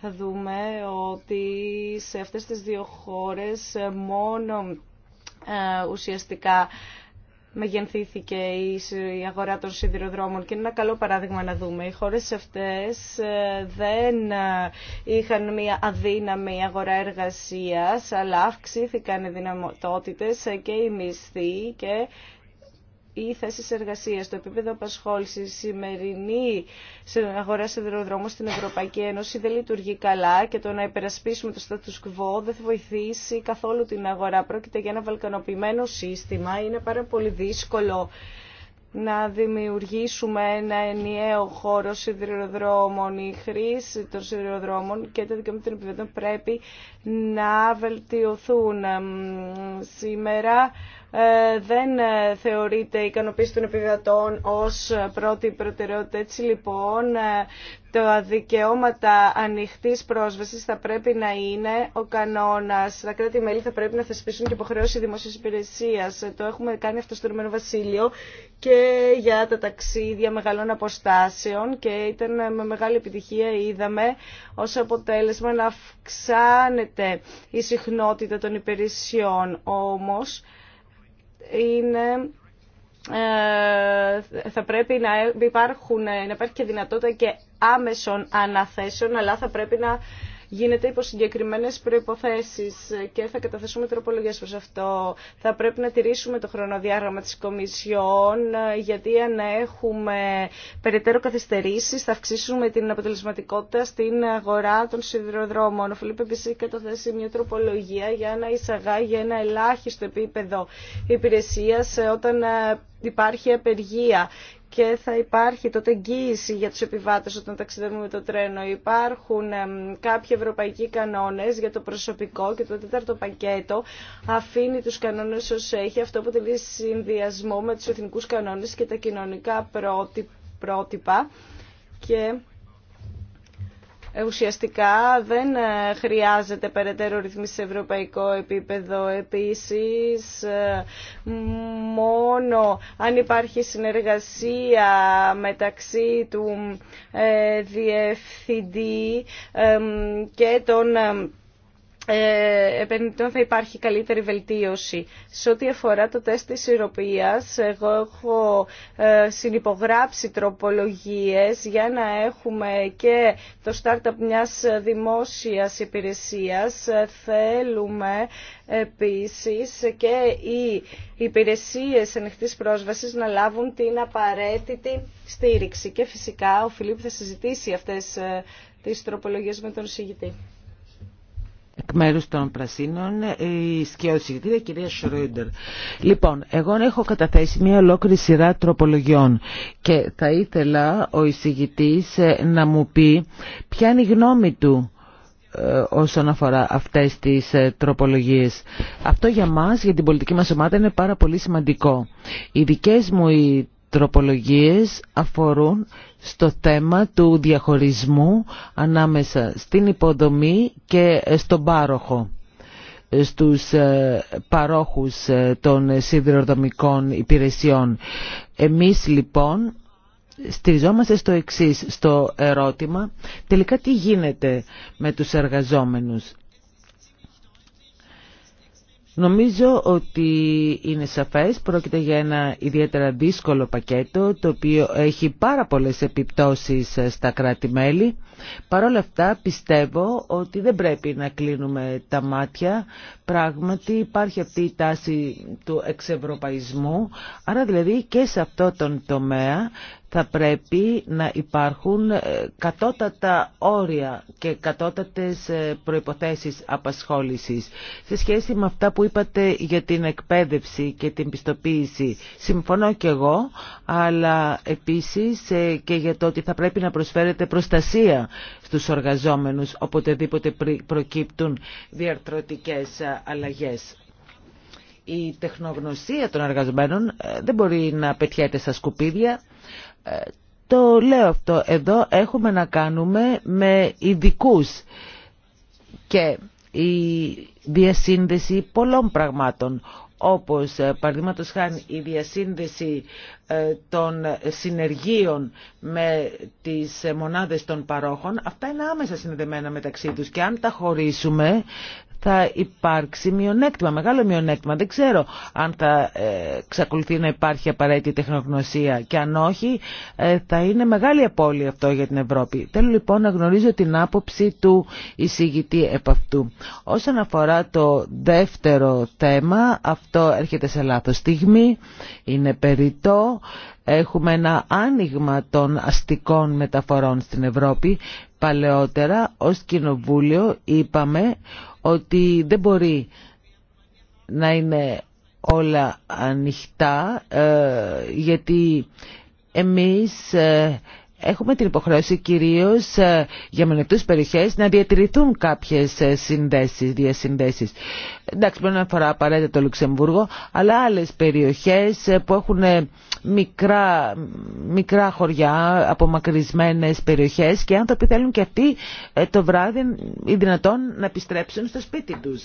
θα δούμε ότι σε αυτές τις δύο χώρες μόνο ε, ουσιαστικά μεγενθήθηκε η αγορά των σιδηροδρόμων και είναι ένα καλό παράδειγμα να δούμε. Οι χώρες αυτές ε, δεν ε, είχαν μια αδύναμη αγορά εργασίας, αλλά αυξήθηκαν οι δυνατότητες ε, και οι μισθοί και η θέσει εργασία, το επίπεδο απασχόληση, η σημερινή αγορά σιδηροδρόμων στην Ευρωπαϊκή Ένωση δεν λειτουργεί καλά και το να υπερασπίσουμε το status quo δεν θα βοηθήσει καθόλου την αγορά. Πρόκειται για ένα βαλκανοποιημένο σύστημα. Είναι πάρα πολύ δύσκολο να δημιουργήσουμε ένα ενιαίο χώρο σιδηροδρόμων, η χρήση των σιδηροδρόμων και τα δικαιώματα των επιβατών πρέπει να βελτιωθούν. Σήμερα ε, δεν ε, θεωρείται η ικανοποίηση των επιβατών ως πρώτη προτεραιότητα. Έτσι λοιπόν ε, τα δικαιώματα ανοιχτή πρόσβαση θα πρέπει να είναι ο κανόνα. Τα κράτη-μέλη θα πρέπει να θεσπίσουν και δημόσιας υπηρεσίας. υπηρεσία. Το έχουμε κάνει αυτό στο Ρωμένο Βασίλειο και για τα ταξίδια μεγάλων αποστάσεων και ήταν με μεγάλη επιτυχία. Είδαμε ω αποτέλεσμα να αυξάνεται η συχνότητα των υπηρεσιών. Όμως, είναι ε, θα πρέπει να, υπάρχουν, να υπάρχει και δυνατότητα και άμεσων αναθέσεων, αλλά θα πρέπει να γίνεται υπό συγκεκριμένε προποθέσει και θα καταθέσουμε τροπολογίε προ αυτό. Θα πρέπει να τηρήσουμε το χρονοδιάγραμμα τη Κομισιόν, γιατί αν έχουμε περαιτέρω καθυστερήσει, θα αυξήσουμε την αποτελεσματικότητα στην αγορά των σιδηροδρόμων. Ο Φιλίπ επίση καταθέσει μια τροπολογία για να εισαγάγει ένα ελάχιστο επίπεδο υπηρεσία ε, όταν ε, υπάρχει απεργία και θα υπάρχει τότε εγγύηση για τους επιβάτες όταν ταξιδεύουμε με το τρένο. Υπάρχουν κάποιοι ευρωπαϊκοί κανόνες για το προσωπικό και το τέταρτο πακέτο αφήνει τους κανόνες ως έχει. Αυτό αποτελεί συνδυασμό με τους εθνικούς κανόνες και τα κοινωνικά πρότυπα και ουσιαστικά δεν ε, χρειάζεται περαιτέρω ρυθμίση σε ευρωπαϊκό επίπεδο. Επίσης, ε, μόνο αν υπάρχει συνεργασία μεταξύ του ε, διευθυντή και των ε, επενδυτών θα υπάρχει καλύτερη βελτίωση. Σε ό,τι αφορά το τεστ της ηρωπίας, εγώ έχω ε, συνυπογράψει τροπολογίες για να έχουμε και το startup μιας δημόσιας υπηρεσίας. Θέλουμε επίσης και οι υπηρεσίες ανοιχτής πρόσβασης να λάβουν την απαραίτητη στήριξη. Και φυσικά ο Φιλίπ θα συζητήσει αυτές ε, τις τροπολογίες με τον συγητή εκ μέρου των Πρασίνων, η η κυρία Σρόιντερ. Λοιπόν, εγώ έχω καταθέσει μια ολόκληρη σειρά τροπολογιών και θα ήθελα ο εισηγητή ε, να μου πει ποια είναι η γνώμη του ε, όσον αφορά αυτές τις ε, τροπολογίες. Αυτό για μας, για την πολιτική μας ομάδα, είναι πάρα πολύ σημαντικό. Οι δικές μου οι τροπολογίες αφορούν στο θέμα του διαχωρισμού ανάμεσα στην υποδομή και στον πάροχο στους ε, παρόχους ε, των σιδηροδομικών υπηρεσιών. Εμείς λοιπόν στηριζόμαστε στο εξής, στο ερώτημα τελικά τι γίνεται με τους εργαζόμενους. Νομίζω ότι είναι σαφές, πρόκειται για ένα ιδιαίτερα δύσκολο πακέτο το οποίο έχει πάρα πολλές επιπτώσεις στα κράτη-μέλη. Παρ' όλα αυτά πιστεύω ότι δεν πρέπει να κλείνουμε τα μάτια. Πράγματι υπάρχει αυτή η τάση του εξευρωπαϊσμού, άρα δηλαδή και σε αυτό τον τομέα θα πρέπει να υπάρχουν ε, κατώτατα όρια και κατώτατες ε, προϋποθέσεις απασχόλησης. Σε σχέση με αυτά που είπατε για την εκπαίδευση και την πιστοποίηση, συμφωνώ και εγώ, αλλά επίσης ε, και για το ότι θα πρέπει να προσφέρετε προστασία στους οργαζόμενους οποτεδήποτε προκύπτουν διαρθρωτικές αλλαγές η τεχνογνωσία των εργαζομένων δεν μπορεί να πετιέται στα σκουπίδια. Το λέω αυτό. Εδώ έχουμε να κάνουμε με ειδικού και η διασύνδεση πολλών πραγμάτων όπως ε, παραδείγματο χάνει η διασύνδεση ε, των συνεργείων με τις μονάδες των παρόχων, αυτά είναι άμεσα συνδεμένα μεταξύ τους και αν τα χωρίσουμε θα υπάρξει μειονέκτημα, μεγάλο μειονέκτημα. Δεν ξέρω αν θα ε, ξακολουθεί να υπάρχει απαραίτητη τεχνογνωσία και αν όχι ε, θα είναι μεγάλη απώλεια αυτό για την Ευρώπη. Θέλω λοιπόν να γνωρίζω την άποψη του εισηγητή επ' αυτού. Όσον αφορά το δεύτερο θέμα, αυτό έρχεται σε λάθος στιγμή, είναι περιττό. Έχουμε ένα άνοιγμα των αστικών μεταφορών στην Ευρώπη. Παλαιότερα ως κοινοβούλιο είπαμε ότι δεν μπορεί να είναι όλα ανοιχτά ε, γιατί εμείς ε, έχουμε την υποχρέωση κυρίως ε, για μελετού περιοχές να διατηρηθούν κάποιες ε, συνδέσεις, διασυνδέσεις. Εντάξει, μπορεί αφορά απαραίτητα το Λουξεμβούργο, αλλά άλλες περιοχές ε, που έχουν μικρά, μικρά χωριά, απομακρυσμένες περιοχές και άνθρωποι το θέλουν και αυτοί το βράδυ ή δυνατόν να επιστρέψουν στο σπίτι τους.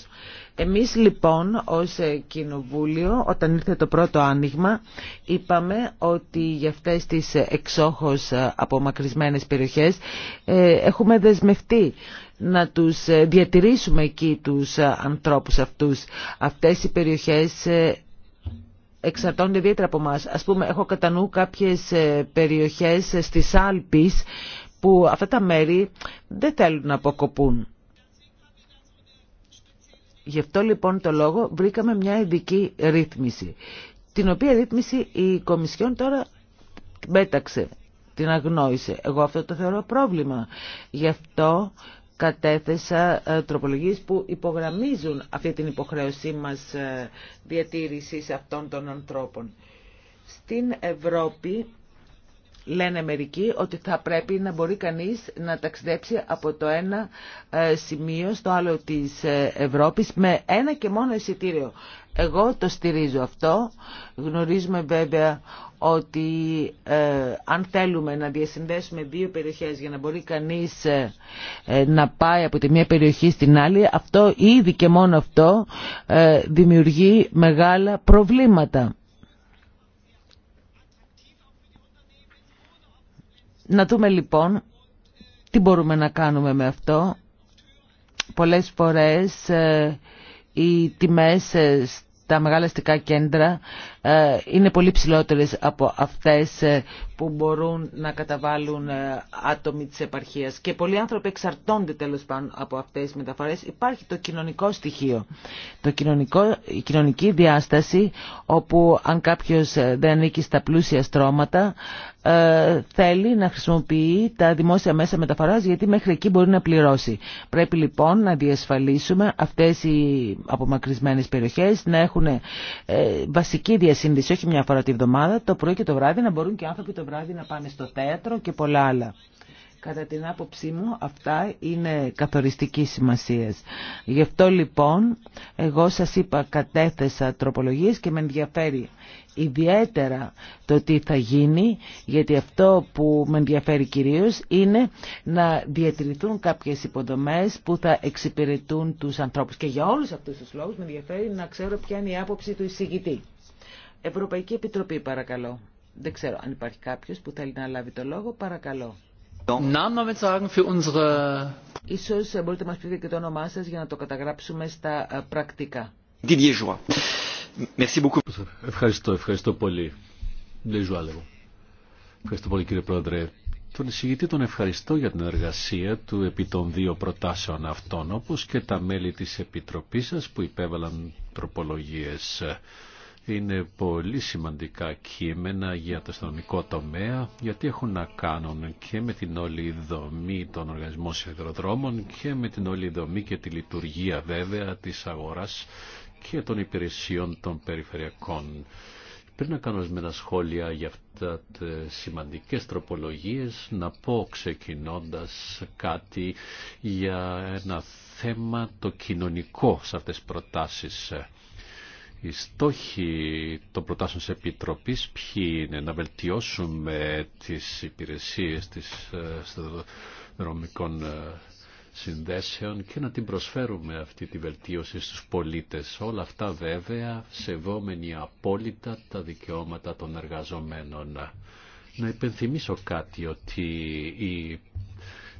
Εμείς λοιπόν ως Κοινοβούλιο όταν ήρθε το πρώτο άνοιγμα είπαμε ότι για αυτές τις εξόχως απομακρυσμένες περιοχές ε, έχουμε δεσμευτεί να τους διατηρήσουμε εκεί τους ανθρώπους αυτούς. Αυτές οι περιοχές ε, εξαρτώνται ιδιαίτερα από μας Ας πούμε, έχω κατά νου κάποιες ε, περιοχές στις Άλπεις που αυτά τα μέρη δεν θέλουν να αποκοπούν. Γι' αυτό λοιπόν το λόγο βρήκαμε μια ειδική ρύθμιση, την οποία ρύθμιση η Κομισιόν τώρα πέταξε, την αγνόησε. Εγώ αυτό το θεωρώ πρόβλημα. Γι' αυτό κατέθεσα ε, τροπολογίες που υπογραμμίζουν αυτή την υποχρέωσή μας ε, διατήρησης αυτών των ανθρώπων. Στην Ευρώπη Λένε μερικοί ότι θα πρέπει να μπορεί κανείς να ταξιδέψει από το ένα ε, σημείο στο άλλο της ε, Ευρώπης με ένα και μόνο εισιτήριο. Εγώ το στηρίζω αυτό. Γνωρίζουμε βέβαια ότι ε, αν θέλουμε να διασυνδέσουμε δύο περιοχές για να μπορεί κανείς να πάει από τη μία περιοχή στην άλλη, αυτό ήδη και μόνο αυτό δημιουργεί μεγάλα προβλήματα. Να δούμε λοιπόν τι μπορούμε να κάνουμε με αυτό. Πολλές φορές ε, οι τιμές ε, στα μεγάλα αστικά κέντρα ε, είναι πολύ ψηλότερες από αυτές που μπορούν να καταβάλουν άτομοι της επαρχίας και πολλοί άνθρωποι εξαρτώνται τέλος πάντων από αυτές τις μεταφορές. Υπάρχει το κοινωνικό στοιχείο, το κοινωνικό, η κοινωνική διάσταση όπου αν κάποιος δεν ανήκει στα πλούσια στρώματα ε, θέλει να χρησιμοποιεί τα δημόσια μέσα μεταφοράς γιατί μέχρι εκεί μπορεί να πληρώσει. Πρέπει λοιπόν να διασφαλίσουμε αυτές οι απομακρυσμένες περιοχές να έχουν ε, βασική διασύνδεση όχι μια φορά τη βδομάδα, το πρωί και το βράδυ να μπορούν και οι άνθρωποι το βράδυ να πάνε στο θέατρο και πολλά άλλα. Κατά την άποψή μου αυτά είναι καθοριστική σημασία. Γι' αυτό λοιπόν εγώ σας είπα κατέθεσα τροπολογίες και με ενδιαφέρει ιδιαίτερα το τι θα γίνει γιατί αυτό που με ενδιαφέρει κυρίως είναι να διατηρηθούν κάποιες υποδομές που θα εξυπηρετούν τους ανθρώπους και για όλους αυτούς τους λόγους με ενδιαφέρει να ξέρω ποια είναι η άποψη του εισηγητή. Ευρωπαϊκή Επιτροπή παρακαλώ. Δεν ξέρω αν υπάρχει κάποιος που θέλει να λάβει το λόγο. Παρακαλώ. Ίσως μπορείτε να μας πείτε και το όνομά σας για να το καταγράψουμε στα ε, πρακτικά. Ευχαριστώ, ευχαριστώ πολύ. κύριε Πρόεδρε. Τον εισηγητή τον ευχαριστώ για την εργασία του επί των δύο προτάσεων αυτών, όπως και τα μέλη της Επιτροπής σας που υπέβαλαν τροπολογίες. Είναι πολύ σημαντικά κείμενα για το αστυνομικό τομέα, γιατί έχουν να κάνουν και με την όλη δομή των οργανισμών σιδηροδρόμων και με την όλη δομή και τη λειτουργία βέβαια της αγοράς και των υπηρεσιών των περιφερειακών. Πριν να κάνω εσμένα σχόλια για αυτά τι σημαντικές τροπολογίες, να πω ξεκινώντας κάτι για ένα θέμα το κοινωνικό σε αυτές τις προτάσεις. Οι στόχοι των προτάσεων της Επιτροπής ποιοι είναι να βελτιώσουμε τις υπηρεσίες της ε, δρομικών ε, συνδέσεων και να την προσφέρουμε αυτή τη βελτίωση στους πολίτες. Όλα αυτά βέβαια σεβόμενοι απόλυτα τα δικαιώματα των εργαζομένων. Να υπενθυμίσω κάτι ότι η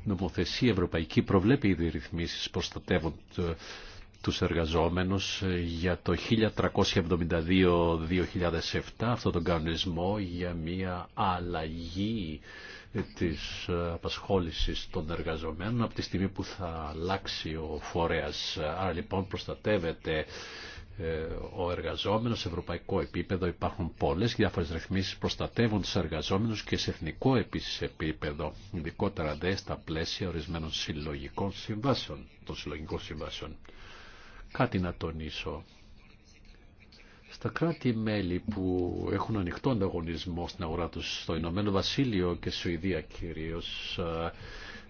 νομοθεσία ευρωπαϊκή προβλέπει ήδη ρυθμίσεις προστατεύουν ε, τους εργαζόμενους για το 1372-2007 αυτόν τον κανονισμό για μια αλλαγή της απασχόλησης των εργαζομένων από τη στιγμή που θα αλλάξει ο φορέας. Άρα λοιπόν προστατεύεται ε, ο εργαζόμενος σε ευρωπαϊκό επίπεδο υπάρχουν πολλές διάφορες ρυθμίσεις προστατεύουν τους εργαζόμενους και σε εθνικό επίσης επίπεδο ειδικότερα δε στα πλαίσια ορισμένων συλλογικών συμβάσεων των συλλογικών συμβάσεων κάτι να τονίσω τα κράτη-μέλη που έχουν ανοιχτό ανταγωνισμό στην αγορά τους στο Ηνωμένο Βασίλειο και Σουηδία κυρίως ε,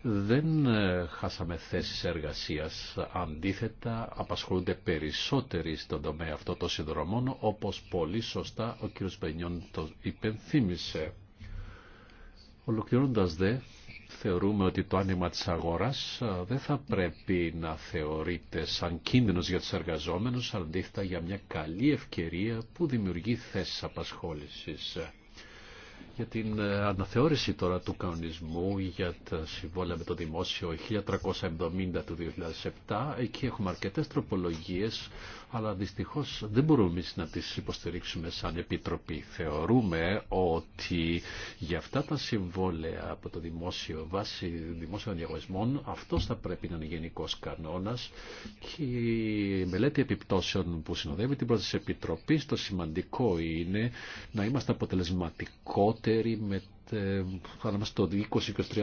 δεν ε, χάσαμε θέσεις εργασίας. Αντίθετα, απασχολούνται περισσότεροι στον τομέα αυτό το συνδρομών, όπως πολύ σωστά ο κ. Πενιών το υπενθύμησε. Ολοκληρώνοντας δε, θεωρούμε ότι το άνοιγμα της αγοράς δεν θα πρέπει να θεωρείται σαν κίνδυνος για τους εργαζόμενους, αντίθετα για μια καλή ευκαιρία που δημιουργεί θέσεις απασχόλησης. Για την ε, αναθεώρηση τώρα του κανονισμού για τα συμβόλαια με το δημόσιο 1370 του 2007, εκεί έχουμε αρκετές τροπολογίες αλλά δυστυχώς δεν μπορούμε εμείς να τις υποστηρίξουμε σαν Επιτροπή. Θεωρούμε ότι για αυτά τα συμβόλαια από το δημόσιο βάση δημόσιων διαγωνισμών αυτός θα πρέπει να είναι γενικός κανόνας και η μελέτη επιπτώσεων που συνοδεύει την πρόταση Επιτροπής το σημαντικό είναι να είμαστε αποτελεσματικότεροι με ε, θα στο 20-30%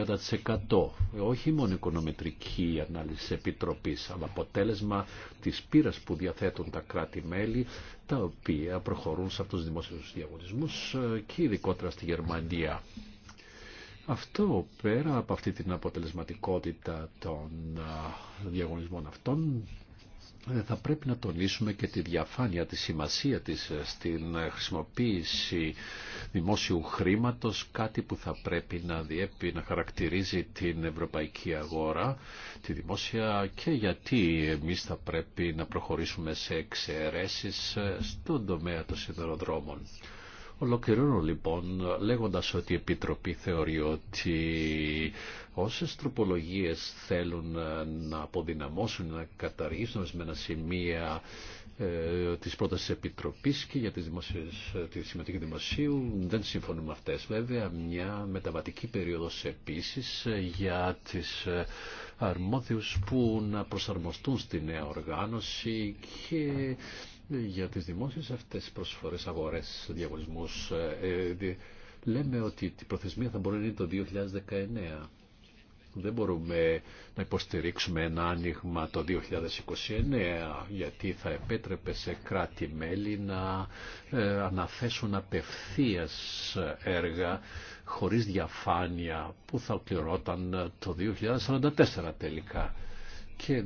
ε, όχι μόνο οικονομετρική ανάλυση επιτροπής αλλά αποτέλεσμα της πείρας που διαθέτουν τα κράτη-μέλη τα οποία προχωρούν σε αυτούς τους δημόσιους διαγωνισμούς ε, και ειδικότερα στη Γερμανία. Αυτό πέρα από αυτή την αποτελεσματικότητα των διαγωνισμών αυτών ε, θα πρέπει να τονίσουμε και τη διαφάνεια, τη σημασία της ε, στην ε, χρησιμοποίηση δημόσιου χρήματος, κάτι που θα πρέπει να διέπει, να χαρακτηρίζει την ευρωπαϊκή αγορά, τη δημόσια και γιατί εμείς θα πρέπει να προχωρήσουμε σε εξαιρέσεις στον τομέα των σιδεροδρόμων. Ολοκληρώνω λοιπόν λέγοντας ότι η Επιτροπή θεωρεί ότι όσες τροπολογίες θέλουν να αποδυναμώσουν, να καταργήσουν ένα σημεία ε, της πρότασης Επιτροπής και για τις δημοσίες, τη συμμετοχή δημοσίου δεν συμφωνούμε με αυτές. Βέβαια μια μεταβατική περίοδος επίσης για τις ε, αρμόδιους που να προσαρμοστούν στη νέα οργάνωση και για τις δημόσιες αυτές προσφορές αγορές, διαγωνισμούς. Ε, ε, λέμε ότι η προθεσμία θα μπορεί να είναι το 2019. Δεν μπορούμε να υποστηρίξουμε ένα άνοιγμα το 2029 γιατί θα επέτρεπε σε κράτη-μέλη να ε, αναθέσουν απευθείας έργα χωρίς διαφάνεια που θα οκληρώταν το 2044 τελικά και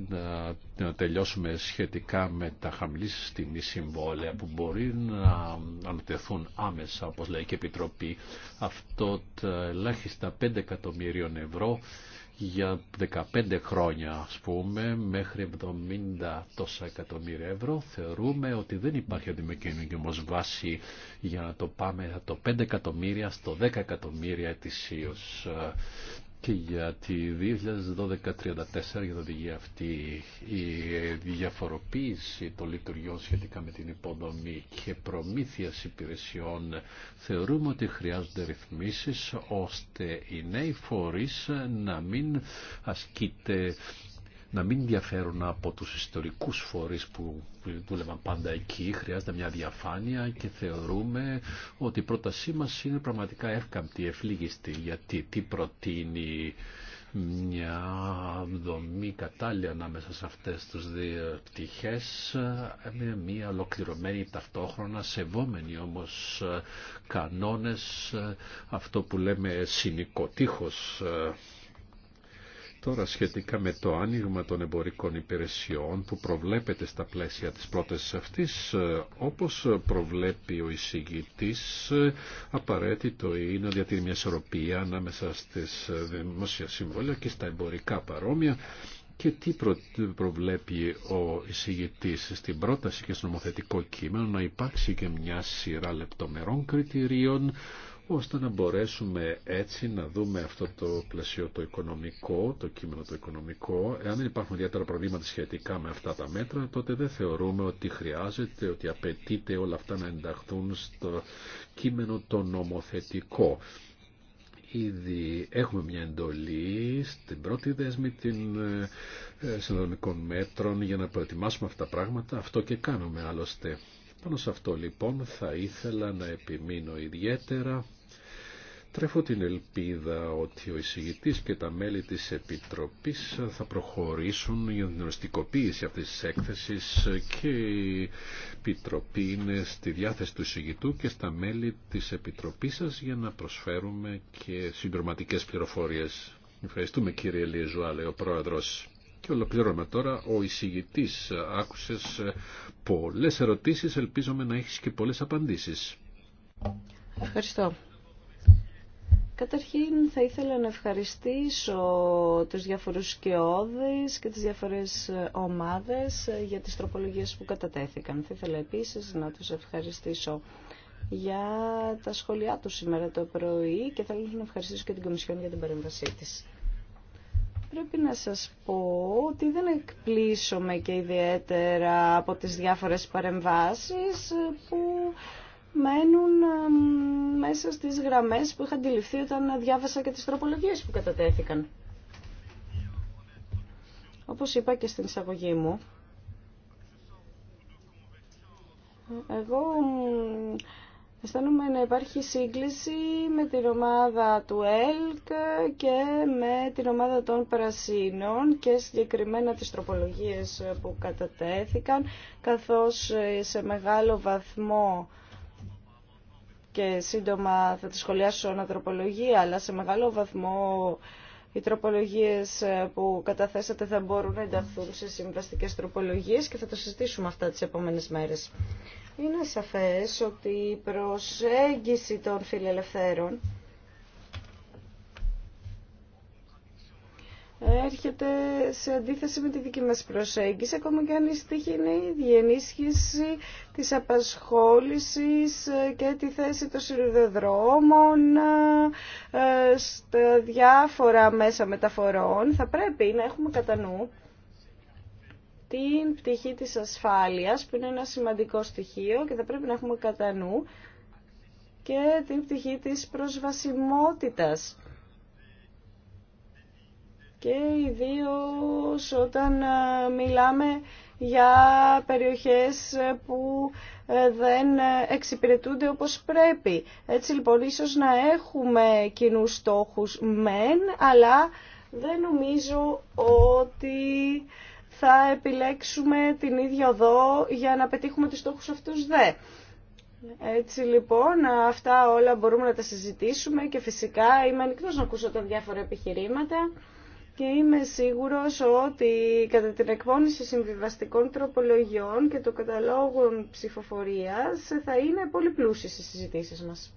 να, τελειώσουμε σχετικά με τα χαμηλή στιγμή συμβόλαια που μπορεί να ανατεθούν άμεσα, όπως λέει και η Επιτροπή, αυτό τα ελάχιστα 5 εκατομμυρίων ευρώ για 15 χρόνια, ας πούμε, μέχρι 70 τόσα εκατομμύρια ευρώ, θεωρούμε ότι δεν υπάρχει αντιμεκίνηση βάση για να το πάμε από το 5 εκατομμύρια στο 10 εκατομμύρια ετησίως και για τη 2012-34 για την οδηγία αυτή η διαφοροποίηση των λειτουργιών σχετικά με την υποδομή και προμήθεια υπηρεσιών θεωρούμε ότι χρειάζονται ρυθμίσεις ώστε οι νέοι φορείς να μην ασκείται να μην διαφέρουν από τους ιστορικούς φορείς που δούλευαν πάντα εκεί. Χρειάζεται μια διαφάνεια και θεωρούμε ότι η πρότασή μας είναι πραγματικά εύκαμπτη, ευλίγιστη, γιατί τι προτείνει μια δομή κατάλληλη ανάμεσα σε αυτές τις δύο πτυχές με μια ολοκληρωμένη ταυτόχρονα σεβόμενη όμως κανόνες αυτό που λέμε συνοικοτήχος ε, Τώρα σχετικά με το άνοιγμα των εμπορικών υπηρεσιών που προβλέπεται στα πλαίσια της πρότασης αυτής, ε, όπως προβλέπει ο εισηγητής, ε, απαραίτητο είναι να διατηρεί μια ισορροπία ανάμεσα στις ε, δημόσια συμβόλαια και στα εμπορικά παρόμοια και τι προβλέπει ο εισηγητής στην πρόταση και στο νομοθετικό κείμενο να υπάρξει και μια σειρά λεπτομερών κριτηρίων ώστε να μπορέσουμε έτσι να δούμε αυτό το πλαίσιο το οικονομικό, το κείμενο το οικονομικό. Εάν δεν υπάρχουν ιδιαίτερα προβλήματα σχετικά με αυτά τα μέτρα, τότε δεν θεωρούμε ότι χρειάζεται, ότι απαιτείται όλα αυτά να ενταχθούν στο κείμενο το νομοθετικό. Ήδη έχουμε μια εντολή στην πρώτη δέσμη των ε, συνδρομικών μέτρων για να προετοιμάσουμε αυτά τα πράγματα. Αυτό και κάνουμε άλλωστε. Πάνω σε αυτό λοιπόν θα ήθελα να επιμείνω ιδιαίτερα. Τρέφω την ελπίδα ότι ο εισηγητής και τα μέλη της Επιτροπής θα προχωρήσουν για την οριστικοποίηση αυτής της έκθεσης και η Επιτροπή είναι στη διάθεση του εισηγητού και στα μέλη της Επιτροπής σας για να προσφέρουμε και συγκροματικές πληροφορίες. Ευχαριστούμε κύριε Λίζουα, ο Πρόεδρος. Και ολοκληρώνουμε τώρα. Ο εισηγητή άκουσες ε, πολλές ερωτήσεις. Ελπίζομαι να έχεις και πολλές απαντήσεις. Ευχαριστώ. Καταρχήν θα ήθελα να ευχαριστήσω τους διαφορούς σκαιώδε και τις διάφορες ομάδες ε, για τις τροπολογίες που κατατέθηκαν. Θα ήθελα επίσης να τους ευχαριστήσω για τα σχόλιά τους σήμερα το πρωί και θα ήθελα να ευχαριστήσω και την Κομισιόν για την παρέμβασή της πρέπει να σας πω ότι δεν εκπλήσωμαι και ιδιαίτερα από τις διάφορες παρεμβάσεις που μένουν μέσα στις γραμμές που είχα αντιληφθεί όταν διάβασα και τις τροπολογίες που κατατέθηκαν. Όπως είπα και στην εισαγωγή μου, εγώ Αισθάνομαι να υπάρχει σύγκληση με την ομάδα του ΕΛΚ και με την ομάδα των Πρασίνων και συγκεκριμένα τις τροπολογίες που κατατέθηκαν, καθώς ε, σε μεγάλο βαθμό και σύντομα θα τη σχολιάσω ανατροπολογία, αλλά σε μεγάλο βαθμό οι τροπολογίες ε, που καταθέσατε θα μπορούν να ενταχθούν σε συμβαστικές τροπολογίες και θα το συζητήσουμε αυτά τις επόμενες μέρες. Είναι σαφές ότι η προσέγγιση των φιλελευθέρων έρχεται σε αντίθεση με τη δική μας προσέγγιση, ακόμα και αν η είναι η της απασχόλησης και τη θέση των σιρουδοδρόμων ε, στα διάφορα μέσα μεταφορών. Θα πρέπει να έχουμε κατά νου την πτυχή της ασφάλειας, που είναι ένα σημαντικό στοιχείο και θα πρέπει να έχουμε κατά νου και την πτυχή της προσβασιμότητας και ιδίω όταν ε, μιλάμε για περιοχές που ε, δεν ε, εξυπηρετούνται όπως πρέπει. Έτσι λοιπόν ίσως να έχουμε κοινού στόχους μεν, αλλά δεν νομίζω ότι θα επιλέξουμε την ίδια οδό για να πετύχουμε τους στόχους αυτούς δε. Έτσι λοιπόν, αυτά όλα μπορούμε να τα συζητήσουμε και φυσικά είμαι ανοιχτός να ακούσω τα διάφορα επιχειρήματα και είμαι σίγουρος ότι κατά την εκπόνηση συμβιβαστικών τροπολογιών και των καταλόγων ψηφοφορίας θα είναι πολύ πλούσιες οι συζητήσεις μας.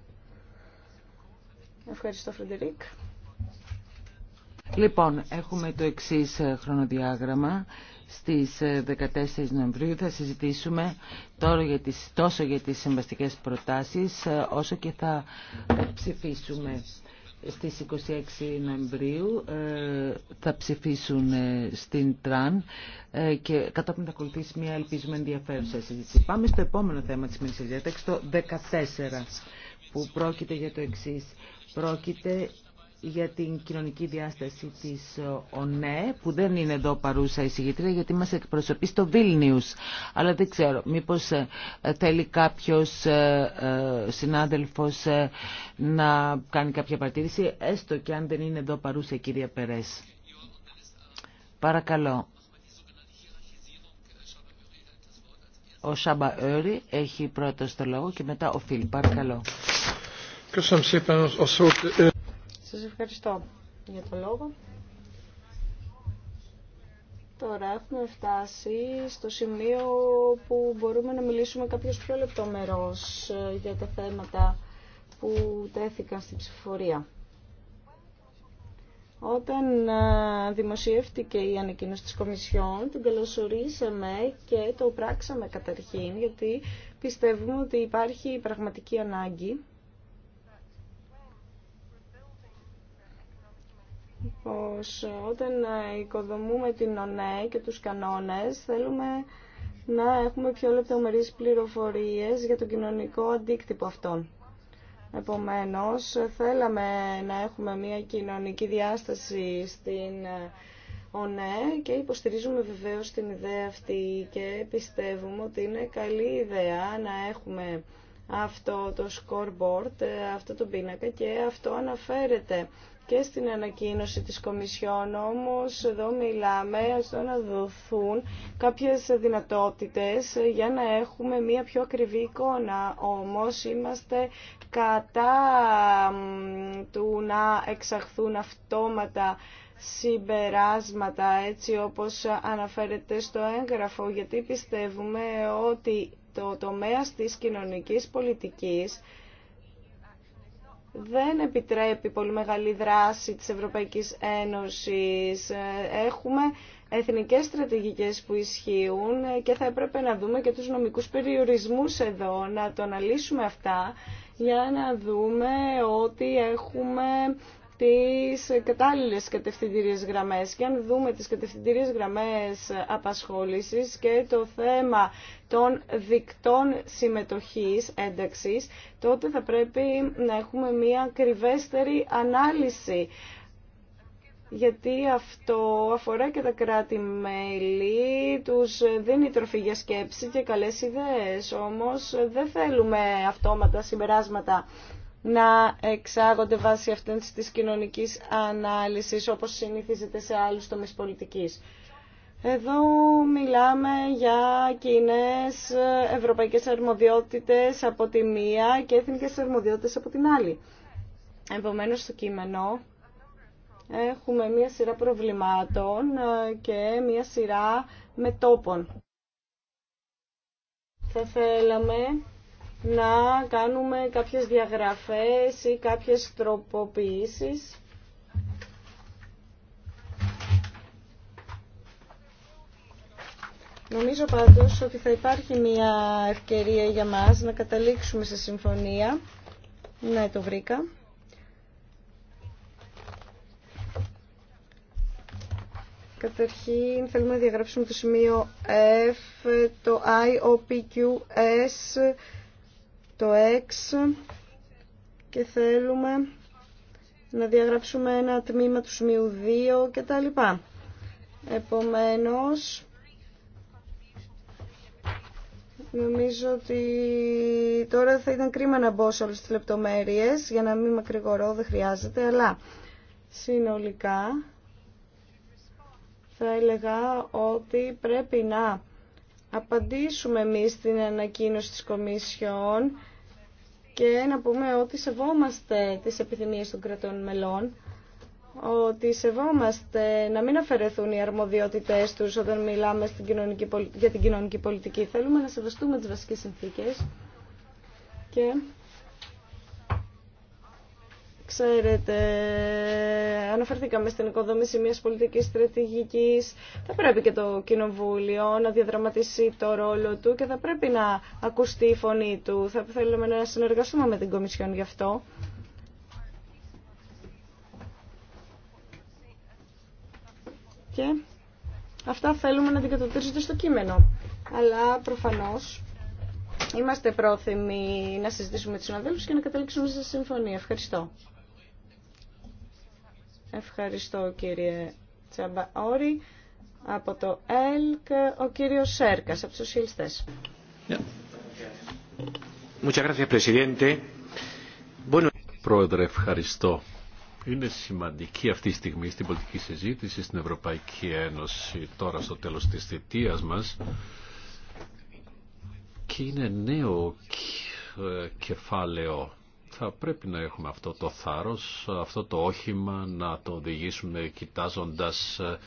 Ευχαριστώ, Φρεντερίκ. Λοιπόν, έχουμε το εξής ε, χρονοδιάγραμμα. Στις 14 ε, Νοεμβρίου θα συζητήσουμε τώρα για τις, τόσο για τις συμβαστικές προτάσεις ε, όσο και θα ψηφίσουμε στις 26 Νοεμβρίου ε, θα ψηφίσουν ε, στην Τραν ε, και κατόπιν θα ακολουθήσει μια ελπίζουμε ενδιαφέρουσα συζήτηση. Πάμε στο επόμενο θέμα της μεσης το 14, που πρόκειται για το εξής. Πρόκειται για την κοινωνική διάσταση της ε, ΟΝΕ που δεν είναι εδώ παρούσα η συγγετρία γιατί μας εκπροσωπεί στο Βίλνιους αλλά δεν ξέρω μήπως ε, ε, θέλει κάποιος συνάδελφος να κάνει κάποια παρατήρηση έστω και αν δεν είναι εδώ παρούσα η κυρία Περές Παρακαλώ Ο Σάμπα Έρη έχει πρώτος το λόγο και μετά ο Φίλ. Παρακαλώ. Σας ευχαριστώ για το λόγο. Τώρα έχουμε φτάσει στο σημείο που μπορούμε να μιλήσουμε κάποιος πιο λεπτομερώς ε, για τα θέματα που τέθηκαν στην ψηφορία. Όταν ε, δημοσιεύτηκε η ανακοίνωση της Κομισιόν, την καλωσορίσαμε και το πράξαμε καταρχήν, γιατί πιστεύουμε ότι υπάρχει πραγματική ανάγκη πως όταν ε, οικοδομούμε την ΟΝΕ και τους κανόνες θέλουμε να έχουμε πιο λεπτομερείς πληροφορίες για τον κοινωνικό αντίκτυπο αυτών. Επομένως, θέλαμε να έχουμε μια κοινωνική διάσταση στην ε, ΟΝΕ και υποστηρίζουμε βεβαίως την ιδέα αυτή και πιστεύουμε ότι είναι καλή ιδέα να έχουμε αυτό το scoreboard, ε, αυτό το πίνακα και αυτό αναφέρεται και στην ανακοίνωση της Κομισιόν, όμως εδώ μιλάμε στο να δοθούν κάποιες δυνατότητες για να έχουμε μία πιο ακριβή εικόνα. Όμως είμαστε κατά του να εξαχθούν αυτόματα συμπεράσματα έτσι όπως αναφέρεται στο έγγραφο γιατί πιστεύουμε ότι το τομέα της κοινωνικής πολιτικής δεν επιτρέπει πολύ μεγάλη δράση της Ευρωπαϊκής Ένωσης. Έχουμε εθνικές στρατηγικές που ισχύουν και θα έπρεπε να δούμε και τους νομικούς περιορισμούς εδώ, να το αναλύσουμε αυτά για να δούμε ότι έχουμε τις κατάλληλες κατευθυντήριες γραμμές και αν δούμε τις κατευθυντήριες γραμμές απασχόλησης και το θέμα των δικτών συμμετοχής, ένταξης, τότε θα πρέπει να έχουμε μια ακριβέστερη ανάλυση γιατί αυτό αφορά και τα κράτη-μέλη, τους δίνει τροφή για σκέψη και καλές ιδέες. Όμως δεν θέλουμε αυτόματα συμπεράσματα να εξάγονται βάσει αυτής της κοινωνικής ανάλυσης όπως συνηθίζεται σε άλλους τομείς πολιτικής. Εδώ μιλάμε για κοινέ ευρωπαϊκές αρμοδιότητες από τη μία και εθνικές αρμοδιότητες από την άλλη. Επομένως, στο κείμενο έχουμε μία σειρά προβλημάτων και μία σειρά μετόπων. Θα θέλαμε να κάνουμε κάποιες διαγραφές ή κάποιες τροποποιήσεις Νομίζω πάντως ότι θα υπάρχει μια ευκαιρία για μας να καταλήξουμε σε συμφωνία. Ναι, το βρήκα. Καταρχήν θέλουμε να διαγράψουμε το σημείο F, το I, το X και θέλουμε να διαγράψουμε ένα τμήμα του σημείου 2 κτλ. τα Επομένως, Νομίζω ότι τώρα θα ήταν κρίμα να μπω σε όλες τις λεπτομέρειες για να μην μακρηγορώ, δεν χρειάζεται, αλλά συνολικά θα έλεγα ότι πρέπει να απαντήσουμε εμείς στην ανακοίνωση της Κομίσιον και να πούμε ότι σεβόμαστε τις επιθυμίες των κρατών μελών ότι σεβόμαστε να μην αφαιρεθούν οι αρμοδιότητές τους όταν μιλάμε στην κοινωνική, για την κοινωνική πολιτική. Θέλουμε να σεβαστούμε τις βασικές συνθήκες και ξέρετε, αναφερθήκαμε στην οικοδόμηση μιας πολιτικής στρατηγικής. Θα πρέπει και το Κοινοβούλιο να διαδραματίσει το ρόλο του και θα πρέπει να ακουστεί η φωνή του. Θα θέλουμε να συνεργαστούμε με την Κομισιόν γι' αυτό. και αυτά θέλουμε να αντικατοπτρίζονται στο κείμενο. Αλλά προφανώς είμαστε πρόθυμοι να συζητήσουμε με του και να καταλήξουμε σε συμφωνία. Ευχαριστώ. Ευχαριστώ κύριε Τσαμπαόρη. Από το ΕΛΚ ο κύριο Σέρκα, από τους Yeah. Ναι. Πρόεδρε, ευχαριστώ είναι σημαντική αυτή τη στιγμή στην πολιτική συζήτηση στην Ευρωπαϊκή Ένωση τώρα στο τέλος της θητείας μας και είναι νέο κεφάλαιο. Θα πρέπει να έχουμε αυτό το θάρρος, αυτό το όχημα να το οδηγήσουμε κοιτάζοντας ε,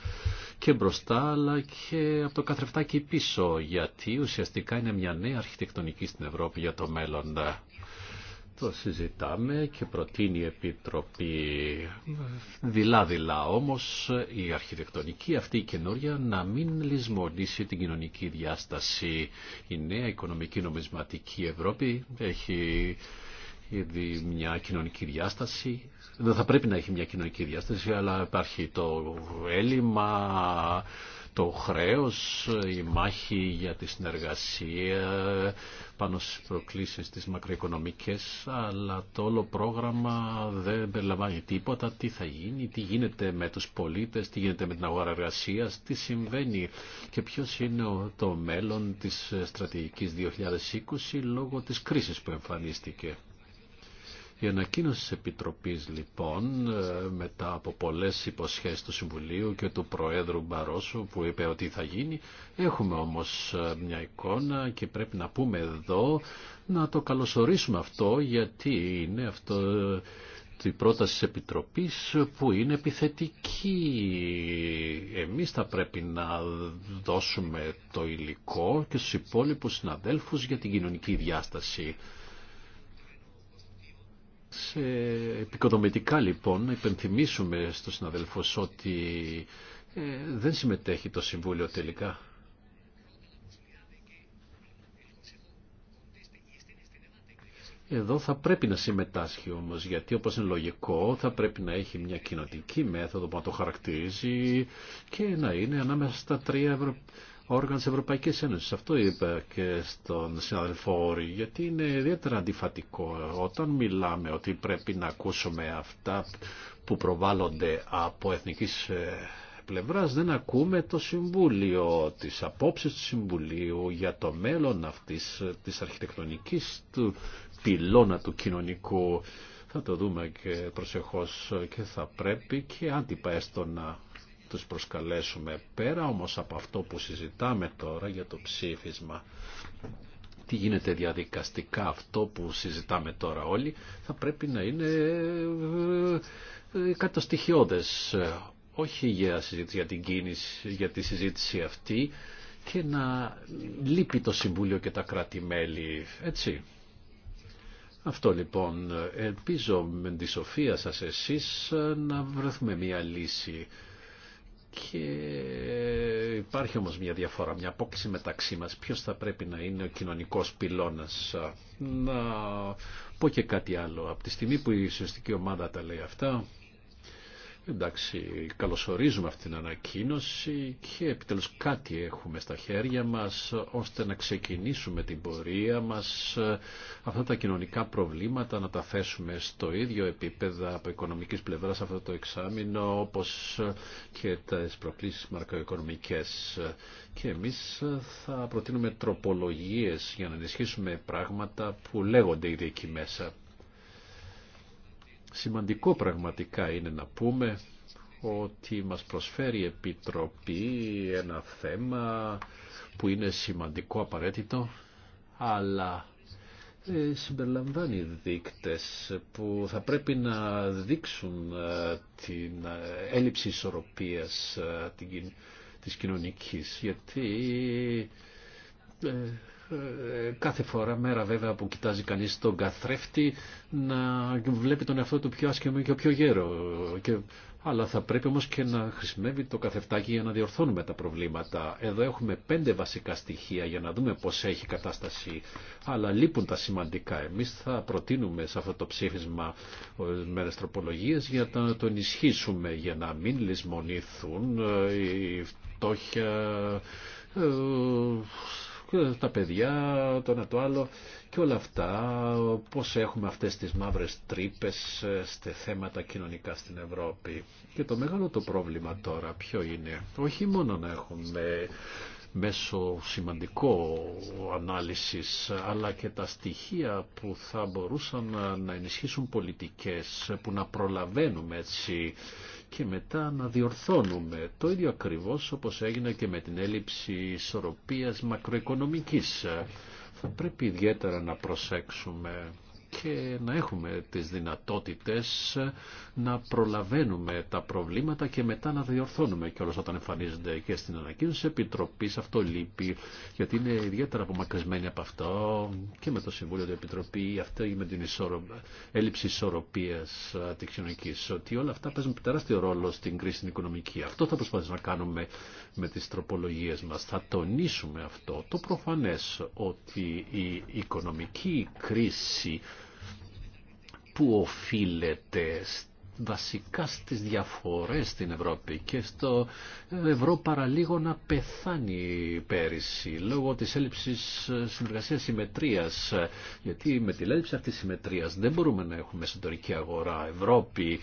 και μπροστά αλλά και από το καθρεφτάκι πίσω γιατί ουσιαστικά είναι μια νέα αρχιτεκτονική στην Ευρώπη για το μέλλον το συζητάμε και προτείνει η Επιτροπή δειλά-δειλά όμως η αρχιτεκτονική αυτή η καινούρια να μην λησμονήσει την κοινωνική διάσταση. Η νέα οικονομική νομισματική Ευρώπη έχει ήδη μια κοινωνική διάσταση. Δεν θα πρέπει να έχει μια κοινωνική διάσταση αλλά υπάρχει το έλλειμμα το χρέος, η μάχη για τη συνεργασία πάνω στις προκλήσεις τις μακροοικονομικές, αλλά το όλο πρόγραμμα δεν περιλαμβάνει τίποτα, τι θα γίνει, τι γίνεται με τους πολίτες, τι γίνεται με την αγορά εργασία, τι συμβαίνει και ποιος είναι το μέλλον της στρατηγικής 2020 λόγω της κρίσης που εμφανίστηκε. Η ανακοίνωση της Επιτροπής λοιπόν ε, μετά από πολλές υποσχέσεις του Συμβουλίου και του Προέδρου Μπαρόσου που είπε ότι θα γίνει έχουμε όμως ε, μια εικόνα και πρέπει να πούμε εδώ να το καλωσορίσουμε αυτό γιατί είναι αυτό ε, η πρόταση της Επιτροπής που είναι επιθετική. Εμείς θα πρέπει να δώσουμε το υλικό και στους υπόλοιπους συναδέλφους για την κοινωνική διάσταση. Σε επικοδομητικά λοιπόν να υπενθυμίσουμε στους συναδελφούς ότι ε, δεν συμμετέχει το Συμβούλιο τελικά. Εδώ θα πρέπει να συμμετάσχει όμως, γιατί όπως είναι λογικό θα πρέπει να έχει μια κοινοτική μέθοδο που να το χαρακτηρίζει και να είναι ανάμεσα στα τρία όργανα τη ευρωπαϊκή Ένωση. Αυτό είπα και στον συναδελφό Όρη, γιατί είναι ιδιαίτερα αντιφατικό όταν μιλάμε ότι πρέπει να ακούσουμε αυτά που προβάλλονται από εθνικής ε, πλευράς δεν ακούμε το Συμβούλιο, τις απόψεις του Συμβουλίου για το μέλλον αυτής της αρχιτεκτονικής του πυλώνα του κοινωνικού. Θα το δούμε και προσεχώς και θα πρέπει και άντυπα να τους προσκαλέσουμε. Πέρα όμως από αυτό που συζητάμε τώρα για το ψήφισμα, τι γίνεται διαδικαστικά αυτό που συζητάμε τώρα όλοι, θα πρέπει να είναι ε, ε, κατοστοιχειώδες. Όχι για, συζήτηση, για την κίνηση, για τη συζήτηση αυτή και να λείπει το Συμβούλιο και τα κράτη-μέλη, έτσι. Αυτό λοιπόν, ελπίζω με τη σοφία σας εσείς να βρεθούμε μια λύση και υπάρχει όμως μια διαφορά, μια απόκληση μεταξύ μας. Ποιος θα πρέπει να είναι ο κοινωνικός πυλώνας. Να πω και κάτι άλλο. Από τη στιγμή που η ουσιαστική ομάδα τα λέει αυτά, Εντάξει, καλωσορίζουμε αυτή την ανακοίνωση και επιτέλους κάτι έχουμε στα χέρια μας ώστε να ξεκινήσουμε την πορεία μας ε, αυτά τα κοινωνικά προβλήματα να τα θέσουμε στο ίδιο επίπεδο από οικονομικής πλευράς αυτό το εξάμεινο όπως ε, και τις προκλήσεις μαρκοοικονομικές και εμείς ε, θα προτείνουμε τροπολογίες για να ενισχύσουμε πράγματα που λέγονται ήδη εκεί μέσα. Σημαντικό πραγματικά είναι να πούμε ότι μας προσφέρει Επιτροπή ένα θέμα που είναι σημαντικό απαραίτητο, αλλά ε, συμπεριλαμβάνει δείκτες που θα πρέπει να δείξουν ε, την ε, έλλειψη ισορροπίας της κοινωνικής, γιατί ε, κάθε φορά, μέρα βέβαια που κοιτάζει κανείς τον καθρέφτη, να βλέπει τον εαυτό του πιο άσχημο και πιο γέρο. Και... Αλλά θα πρέπει όμως και να χρησιμεύει το καθεφτάκι για να διορθώνουμε τα προβλήματα. Εδώ έχουμε πέντε βασικά στοιχεία για να δούμε πώς έχει η κατάσταση. Αλλά λείπουν τα σημαντικά. Εμείς θα προτείνουμε σε αυτό το ψήφισμα μέρε τροπολογίες για να το ενισχύσουμε, για να μην λησμονηθούν η ε, φτώχεια ε, τα παιδιά, το ένα το άλλο και όλα αυτά, πώς έχουμε αυτές τις μαύρες τρύπες σε θέματα κοινωνικά στην Ευρώπη. Και το μεγάλο το πρόβλημα τώρα ποιο είναι, όχι μόνο να έχουμε μέσω σημαντικό ανάλυσης αλλά και τα στοιχεία που θα μπορούσαν να ενισχύσουν πολιτικές που να προλαβαίνουμε έτσι και μετά να διορθώνουμε. Το ίδιο ακριβώς όπως έγινε και με την έλλειψη ισορροπίας μακροοικονομικής. Θα πρέπει ιδιαίτερα να προσέξουμε και να έχουμε τις δυνατότητες να προλαβαίνουμε τα προβλήματα και μετά να διορθώνουμε και όλος όταν εμφανίζονται και στην ανακοίνωση Επιτροπής. Αυτό λείπει γιατί είναι ιδιαίτερα απομακρυσμένοι από αυτό και με το Συμβούλιο του Επιτροπή ή με την έλλειψη ισορροπίας ε, κοινωνική ότι όλα αυτά παίζουν τεράστιο ρόλο στην κρίση στην οικονομική. Αυτό θα προσπαθήσουμε να κάνουμε με τις τροπολογίες μας. Θα τονίσουμε αυτό. Το προφανές ότι η οικονομική κρίση που οφείλεται βασικά στις διαφορές στην Ευρώπη και στο ευρώ παραλίγο να πεθάνει πέρυσι λόγω της έλλειψης συνεργασίας συμμετρίας γιατί με τη έλλειψη αυτής συμμετρίας δεν μπορούμε να έχουμε εσωτερική αγορά Ευρώπη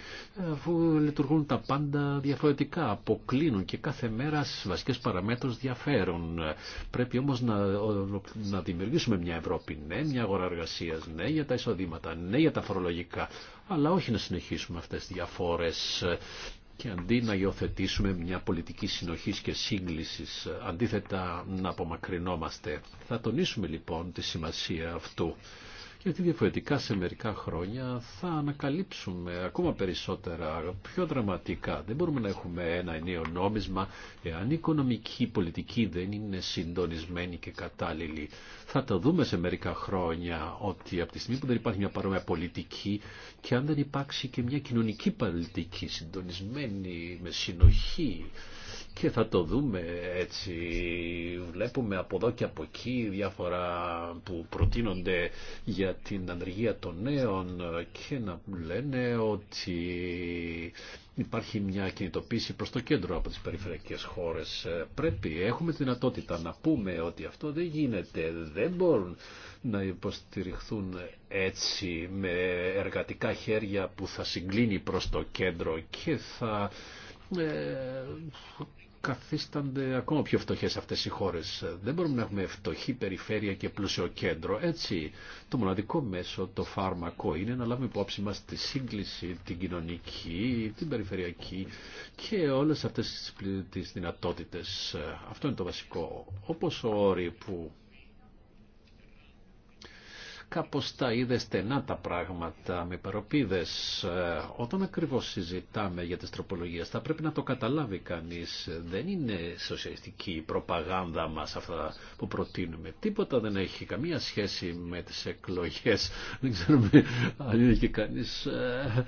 αφού λειτουργούν τα πάντα διαφορετικά αποκλίνουν και κάθε μέρα στις βασικές παραμέτρους διαφέρουν πρέπει όμως να, να δημιουργήσουμε μια Ευρώπη ναι, μια αγορά εργασίας ναι για τα εισοδήματα, ναι για τα φορολογικά αλλά όχι να συνεχίσουμε αυτές διαφόρες ε, και αντί να υιοθετήσουμε μια πολιτική συνοχής και σύγκλησης, ε, αντίθετα να απομακρυνόμαστε. Θα τονίσουμε λοιπόν τη σημασία αυτού γιατί διαφορετικά σε μερικά χρόνια θα ανακαλύψουμε ακόμα περισσότερα, πιο δραματικά. Δεν μπορούμε να έχουμε ένα ενίο νόμισμα εάν η οικονομική πολιτική δεν είναι συντονισμένη και κατάλληλη. Θα τα δούμε σε μερικά χρόνια ότι από τη στιγμή που δεν υπάρχει μια παρόμοια πολιτική και αν δεν υπάρξει και μια κοινωνική πολιτική συντονισμένη με συνοχή και θα το δούμε έτσι. Βλέπουμε από εδώ και από εκεί διάφορα που προτείνονται για την ανεργία των νέων και να λένε ότι υπάρχει μια κινητοποίηση προς το κέντρο από τις περιφερειακές χώρες. Πρέπει, έχουμε τη δυνατότητα να πούμε ότι αυτό δεν γίνεται, δεν μπορούν να υποστηριχθούν έτσι με εργατικά χέρια που θα συγκλίνει προς το κέντρο και θα ε, καθίστανται ακόμα πιο φτωχές αυτές οι χώρες. Δεν μπορούμε να έχουμε φτωχή περιφέρεια και πλούσιο κέντρο. Έτσι, το μοναδικό μέσο, το φάρμακο, είναι να λάβουμε υπόψη μας τη σύγκληση, την κοινωνική, την περιφερειακή και όλες αυτές τις δυνατότητες. Αυτό είναι το βασικό. Όπως ο όροι που Κάπως τα είδε στενά τα πράγματα, με παροπίδες. Ε, όταν ακριβώς συζητάμε για τις τροπολογίες, θα πρέπει να το καταλάβει κανείς. Δεν είναι σοσιαλιστική η προπαγάνδα μας αυτά που προτείνουμε. Τίποτα δεν έχει καμία σχέση με τις εκλογές. Δεν ξέρουμε αν είναι και κανείς ε,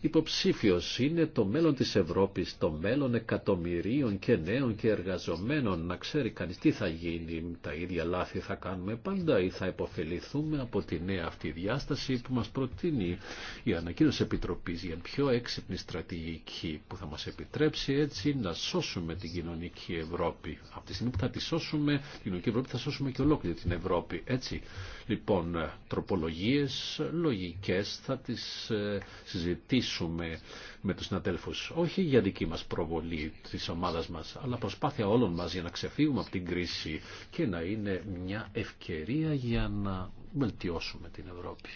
υποψήφιος είναι το μέλλον της Ευρώπης, το μέλλον εκατομμυρίων και νέων και εργαζομένων. Να ξέρει κανείς τι θα γίνει, τα ίδια λάθη θα κάνουμε πάντα ή θα υποφεληθούμε από τη νέα αυτή διάσταση που μας προτείνει η ανακοίνωση Επιτροπής για πιο έξυπνη στρατηγική που θα μας επιτρέψει έτσι να σώσουμε την κοινωνική Ευρώπη. Από τη στιγμή που θα τη σώσουμε, την κοινωνική Ευρώπη θα σώσουμε και ολόκληρη την Ευρώπη. Έτσι. Λοιπόν, ε, τροπολογίες λογικές θα τις ε, συζητήσουμε με τους συναδέλφους. Όχι για δική μας προβολή της ομάδας μας, αλλά προσπάθεια όλων μας για να ξεφύγουμε από την κρίση και να είναι μια ευκαιρία για να βελτιώσουμε την Ευρώπη.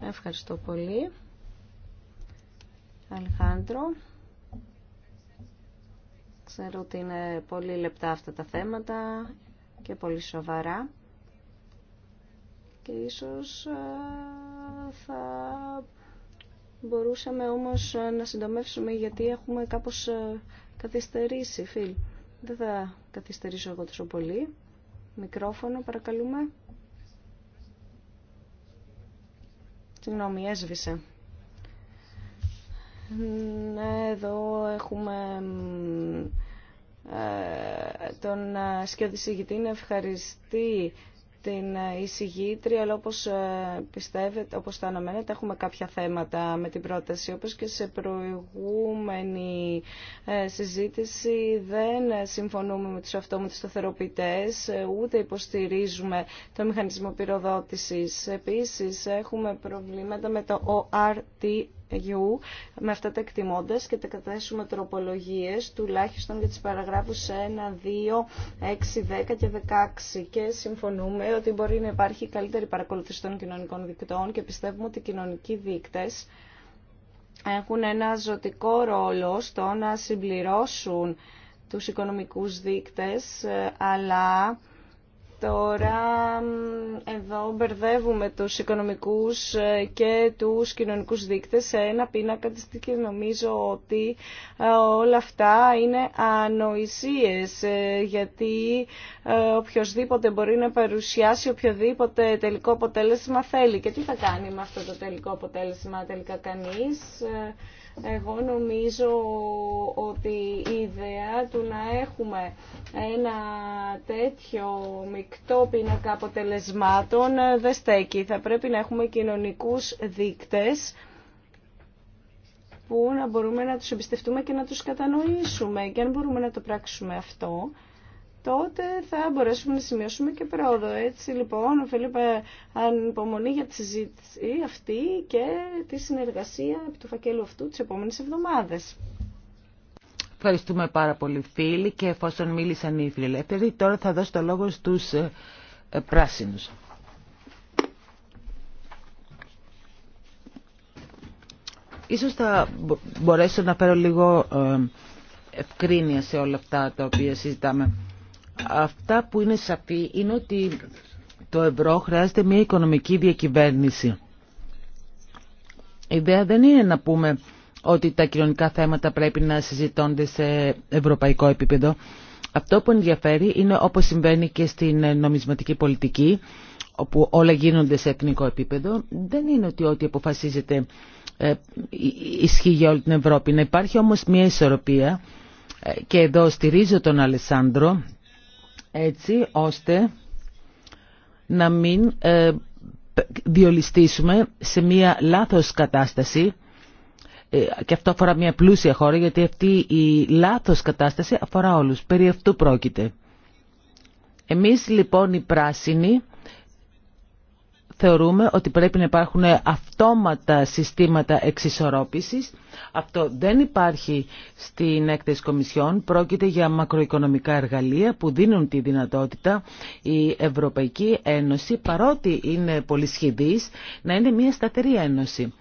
Ευχαριστώ πολύ. Ξέρω ότι είναι πολύ λεπτά αυτά τα θέματα και πολύ σοβαρά και ίσως ε, θα μπορούσαμε όμως ε, να συντομεύσουμε γιατί έχουμε κάπως ε, καθυστερήσει, Φιλ. Δεν θα καθυστερήσω εγώ τόσο πολύ. Μικρόφωνο, παρακαλούμε. Συγγνώμη, έσβησε. Ναι, εδώ έχουμε ε, τον ε, σκιώδη να ευχαριστεί την ε, εισηγήτρια, αλλά όπως πιστεύετε, όπως τα αναμένετε, έχουμε κάποια θέματα με την πρόταση. Όπως και σε προηγούμενη συζήτηση δεν συμφωνούμε με τους αυτόμετους σταθεροποιητές, ούτε υποστηρίζουμε το μηχανισμό πυροδότησης. Επίσης, έχουμε προβλήματα με το ORT με αυτά τα εκτιμώντας και τα καθέσουμε τροπολογίες τουλάχιστον για τις παραγράφους 1, 2, 6, 10 και 16 και συμφωνούμε ότι μπορεί να υπάρχει καλύτερη παρακολουθήση των κοινωνικών δικτών και πιστεύουμε ότι οι κοινωνικοί δείκτες έχουν ένα ζωτικό ρόλο στο να συμπληρώσουν τους οικονομικούς δείκτες ε, αλλά Τώρα εδώ μπερδεύουμε τους οικονομικούς ε, και τους κοινωνικούς δείκτες σε ένα πίνακα της και νομίζω ότι ε, όλα αυτά είναι ανοησίες ε, γιατί οποιοδήποτε μπορεί να παρουσιάσει οποιοδήποτε τελικό αποτέλεσμα θέλει. Και τι θα κάνει με αυτό το τελικό αποτέλεσμα τελικά κανείς. Εγώ νομίζω ότι η ιδέα του να έχουμε ένα τέτοιο μεικτό πίνακα αποτελεσμάτων δεν στέκει. Θα πρέπει να έχουμε κοινωνικούς δείκτες που να μπορούμε να τους εμπιστευτούμε και να τους κατανοήσουμε. Και αν μπορούμε να το πράξουμε αυτό, τότε θα μπορέσουμε να σημειώσουμε και πρόοδο. Έτσι λοιπόν, ο Φίλιππ ανυπομονεί για τη συζήτηση αυτή και τη συνεργασία επί του φακέλου αυτού τις επόμενες εβδομάδες. Ευχαριστούμε πάρα πολύ φίλοι και εφόσον μίλησαν οι φιλελεύθεροι, τώρα θα δώσω το λόγο στους ε, ε, πράσινους. Ίσως θα μπορέσω να φέρω λίγο ε, ευκρίνεια σε όλα αυτά τα οποία συζητάμε. Αυτά που είναι σαφή είναι ότι το ευρώ χρειάζεται μια οικονομική διακυβέρνηση. Η ιδέα δεν είναι να πούμε ότι τα κοινωνικά θέματα πρέπει να συζητώνται σε ευρωπαϊκό επίπεδο. Αυτό που ενδιαφέρει είναι όπως συμβαίνει και στην νομισματική πολιτική, όπου όλα γίνονται σε εθνικό επίπεδο. Δεν είναι ότι ό,τι αποφασίζεται ε, ισχύει για όλη την Ευρώπη. Να υπάρχει όμως μια ισορροπία ε, και εδώ στηρίζω τον Αλεσάνδρο έτσι ώστε να μην ε, διολιστήσουμε σε μία λάθος κατάσταση ε, και αυτό αφορά μια πλούσια χώρα γιατί αυτή η λάθος κατάσταση αφορά όλους. Περί αυτού πρόκειται. Εμείς λοιπόν οι πράσινοι θεωρούμε ότι πρέπει να υπάρχουν αυτόματα συστήματα εξισορρόπησης. Αυτό δεν υπάρχει στην έκθεση Κομισιόν. Πρόκειται για μακροοικονομικά εργαλεία που δίνουν τη δυνατότητα η Ευρωπαϊκή Ένωση, παρότι είναι πολυσχηδής, να είναι μια σταθερή ένωση.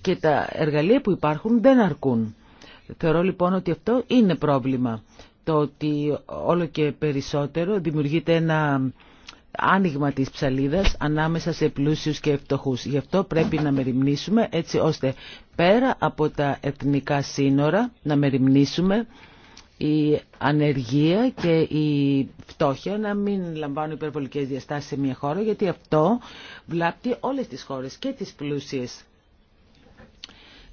Και τα εργαλεία που υπάρχουν δεν αρκούν. Θεωρώ λοιπόν ότι αυτό είναι πρόβλημα. Το ότι όλο και περισσότερο δημιουργείται ένα άνοιγμα της ψαλίδας ανάμεσα σε πλούσιους και φτωχούς. Γι' αυτό πρέπει να μεριμνήσουμε έτσι ώστε πέρα από τα εθνικά σύνορα να μεριμνήσουμε η ανεργία και η φτώχεια να μην λαμβάνουν υπερβολικές διαστάσεις σε μια χώρα γιατί αυτό βλάπτει όλες τις χώρες και τις πλούσιες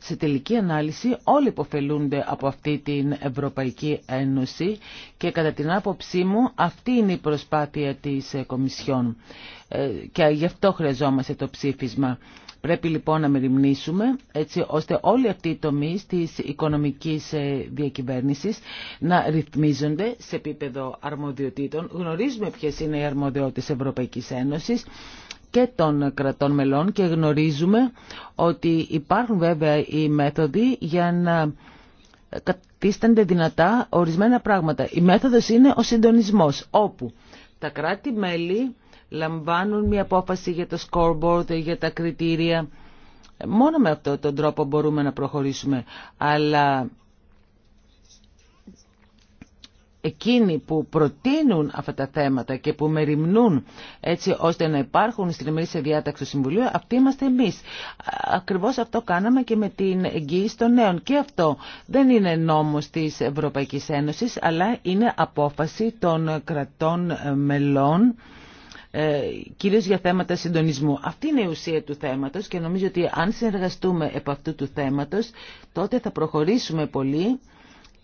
σε τελική ανάλυση όλοι υποφελούνται από αυτή την Ευρωπαϊκή Ένωση και κατά την άποψή μου αυτή είναι η προσπάθεια της ε, Κομισιόν ε, και γι' αυτό χρειαζόμαστε το ψήφισμα. Πρέπει λοιπόν να μεριμνήσουμε έτσι ώστε όλοι αυτοί οι τομείς της οικονομικής ε, διακυβέρνησης να ρυθμίζονται σε επίπεδο αρμοδιοτήτων. Γνωρίζουμε ποιες είναι οι αρμοδιότητες Ευρωπαϊκής Ένωσης και των κρατών μελών και γνωρίζουμε ότι υπάρχουν βέβαια οι μέθοδοι για να κατίστανται δυνατά ορισμένα πράγματα. Η μέθοδος είναι ο συντονισμός, όπου τα κράτη-μέλη λαμβάνουν μια απόφαση για το scoreboard, για τα κριτήρια. Μόνο με αυτόν τον τρόπο μπορούμε να προχωρήσουμε. Αλλά εκείνοι που προτείνουν αυτά τα θέματα και που μεριμνούν έτσι ώστε να υπάρχουν στην σε διάταξη του Συμβουλίου, αυτοί είμαστε εμείς. Ακριβώς αυτό κάναμε και με την εγγύηση των νέων. Και αυτό δεν είναι νόμος της Ευρωπαϊκής Ένωσης, αλλά είναι απόφαση των κρατών μελών ε, κυρίως για θέματα συντονισμού. Αυτή είναι η ουσία του θέματος και νομίζω ότι αν συνεργαστούμε επ' αυτού του θέματος τότε θα προχωρήσουμε πολύ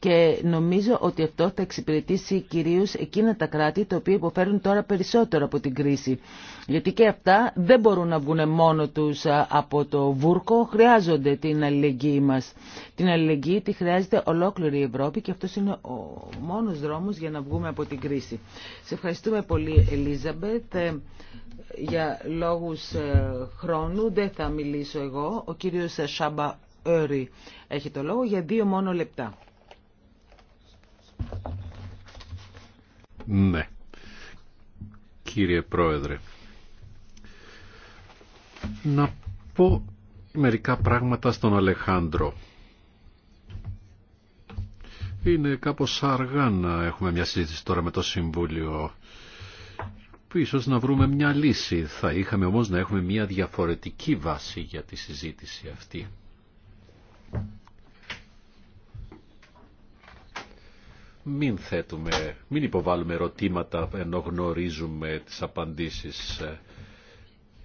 και νομίζω ότι αυτό θα εξυπηρετήσει κυρίως εκείνα τα κράτη τα οποία υποφέρουν τώρα περισσότερο από την κρίση. Γιατί και αυτά δεν μπορούν να βγουν μόνο τους από το βούρκο, χρειάζονται την αλληλεγγύη μας. Την αλληλεγγύη τη χρειάζεται ολόκληρη η Ευρώπη και αυτός είναι ο μόνος δρόμος για να βγούμε από την κρίση. Σε ευχαριστούμε πολύ Ελίζαμπετ. Ε, για λόγους ε, χρόνου δεν θα μιλήσω εγώ. Ο κύριος ε, Σάμπα έχει το λόγο για δύο μόνο λεπτά. Ναι. Κύριε Πρόεδρε, να πω μερικά πράγματα στον Αλεχάνδρο. Είναι κάπως αργά να έχουμε μια συζήτηση τώρα με το Συμβούλιο. Ίσως να βρούμε μια λύση. Θα είχαμε όμως να έχουμε μια διαφορετική βάση για τη συζήτηση αυτή. μην θέτουμε, μην υποβάλουμε ερωτήματα ενώ γνωρίζουμε τις απαντήσεις.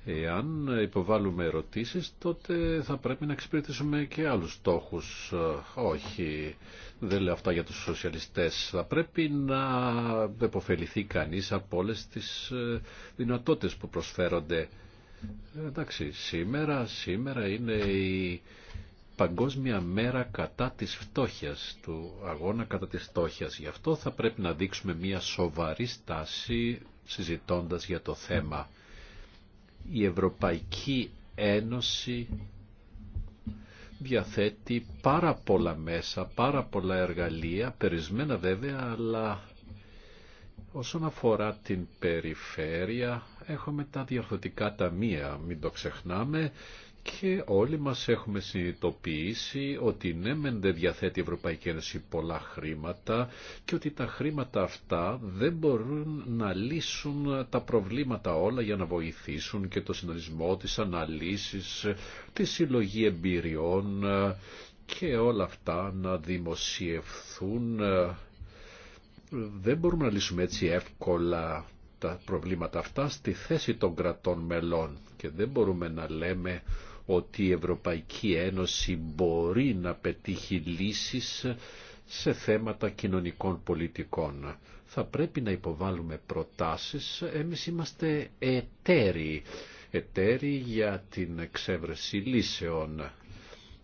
Εάν υποβάλουμε ερωτήσεις, τότε θα πρέπει να εξυπηρετήσουμε και άλλους στόχους. Όχι, δεν λέω αυτά για τους σοσιαλιστές. Θα πρέπει να επωφεληθεί κανείς από όλες τις ε, δυνατότητες που προσφέρονται. Εντάξει, σήμερα, σήμερα είναι η Παγκόσμια Μέρα κατά της φτώχειας, του αγώνα κατά της φτώχειας. Γι' αυτό θα πρέπει να δείξουμε μια σοβαρή στάση συζητώντας για το θέμα. Η Ευρωπαϊκή Ένωση διαθέτει πάρα πολλά μέσα, πάρα πολλά εργαλεία, περισμένα βέβαια, αλλά όσον αφορά την περιφέρεια έχουμε τα διορθωτικά ταμεία, μην το ξεχνάμε, και όλοι μας έχουμε συνειδητοποιήσει ότι ναι μεν δεν διαθέτει η Ευρωπαϊκή Ένωση πολλά χρήματα και ότι τα χρήματα αυτά δεν μπορούν να λύσουν τα προβλήματα όλα για να βοηθήσουν και το συντονισμό της αναλύσεις, τη συλλογή εμπειριών και όλα αυτά να δημοσιευθούν. Δεν μπορούμε να λύσουμε έτσι εύκολα τα προβλήματα αυτά στη θέση των κρατών μελών και δεν μπορούμε να λέμε ότι η Ευρωπαϊκή Ένωση μπορεί να πετύχει λύσεις σε θέματα κοινωνικών πολιτικών. Θα πρέπει να υποβάλουμε προτάσεις. Εμείς είμαστε εταίροι. Εταίροι για την εξέβρεση λύσεων.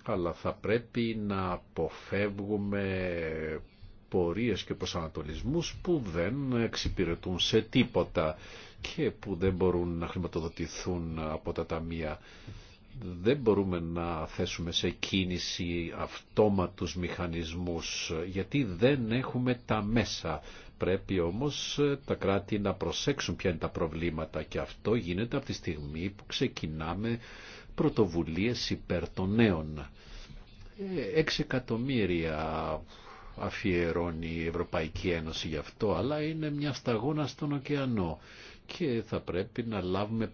Αλλά θα πρέπει να αποφεύγουμε πορείες και προσανατολισμούς που δεν εξυπηρετούν σε τίποτα και που δεν μπορούν να χρηματοδοτηθούν από τα ταμεία δεν μπορούμε να θέσουμε σε κίνηση αυτόματους μηχανισμούς γιατί δεν έχουμε τα μέσα. Πρέπει όμως ε, τα κράτη να προσέξουν ποια είναι τα προβλήματα και αυτό γίνεται από τη στιγμή που ξεκινάμε πρωτοβουλίες υπέρ των νέων. 6 ε, εκατομμύρια αφιερώνει η Ευρωπαϊκή Ένωση γι' αυτό, αλλά είναι μια σταγόνα στον ωκεανό και θα πρέπει να, λάβουμε,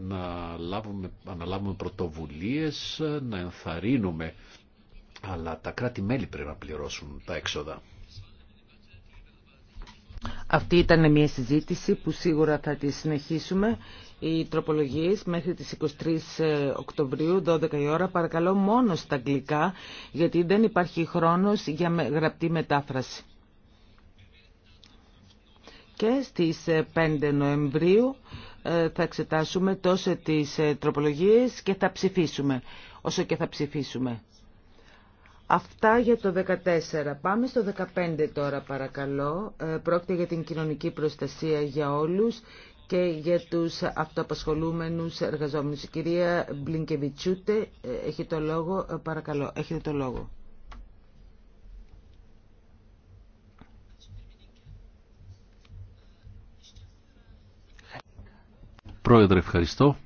να λάβουμε, αναλάβουμε πρωτοβουλίες, να ενθαρρύνουμε. Αλλά τα κράτη-μέλη πρέπει να πληρώσουν τα έξοδα. Αυτή ήταν μια συζήτηση που σίγουρα θα τη συνεχίσουμε. Οι τροπολογίε μέχρι τις 23 ε, Οκτωβρίου, 12 η ώρα, παρακαλώ μόνο στα αγγλικά, γιατί δεν υπάρχει χρόνος για γραπτή μετάφραση και στις 5 ε, Νοεμβρίου ε, θα εξετάσουμε τόσο τις ε, τροπολογίες και θα ψηφίσουμε, όσο και θα ψηφίσουμε. Αυτά για το 14. Πάμε στο 15 τώρα παρακαλώ. Πρόκειται για την κοινωνική προστασία για όλους και για τους αυτοαπασχολούμενους εργαζόμενους. Η κυρία Μπλινκεβιτσούτε έχει το λόγο, παρακαλώ, έχετε το λόγο. Πρόεδρε, ευχαριστώ.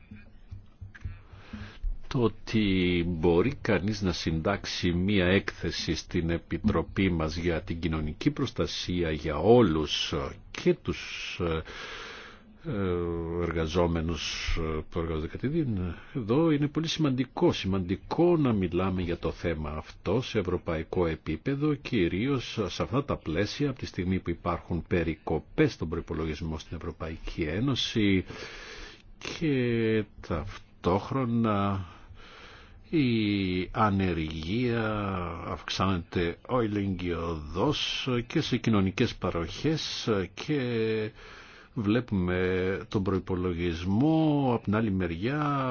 Το ότι μπορεί κανείς να συντάξει μία έκθεση στην Επιτροπή μας για την κοινωνική προστασία για όλους και τους ε, ε, εργαζόμενους που εργάζονται Εδώ είναι πολύ σημαντικό, σημαντικό να μιλάμε για το θέμα αυτό σε ευρωπαϊκό επίπεδο, κυρίως σε αυτά τα πλαίσια από τη στιγμή που υπάρχουν περικοπές στον προπολογισμό στην Ευρωπαϊκή Ένωση και ταυτόχρονα η ανεργία αυξάνεται ο ηλεγγυοδός και σε κοινωνικές παροχές και βλέπουμε τον προϋπολογισμό από την άλλη μεριά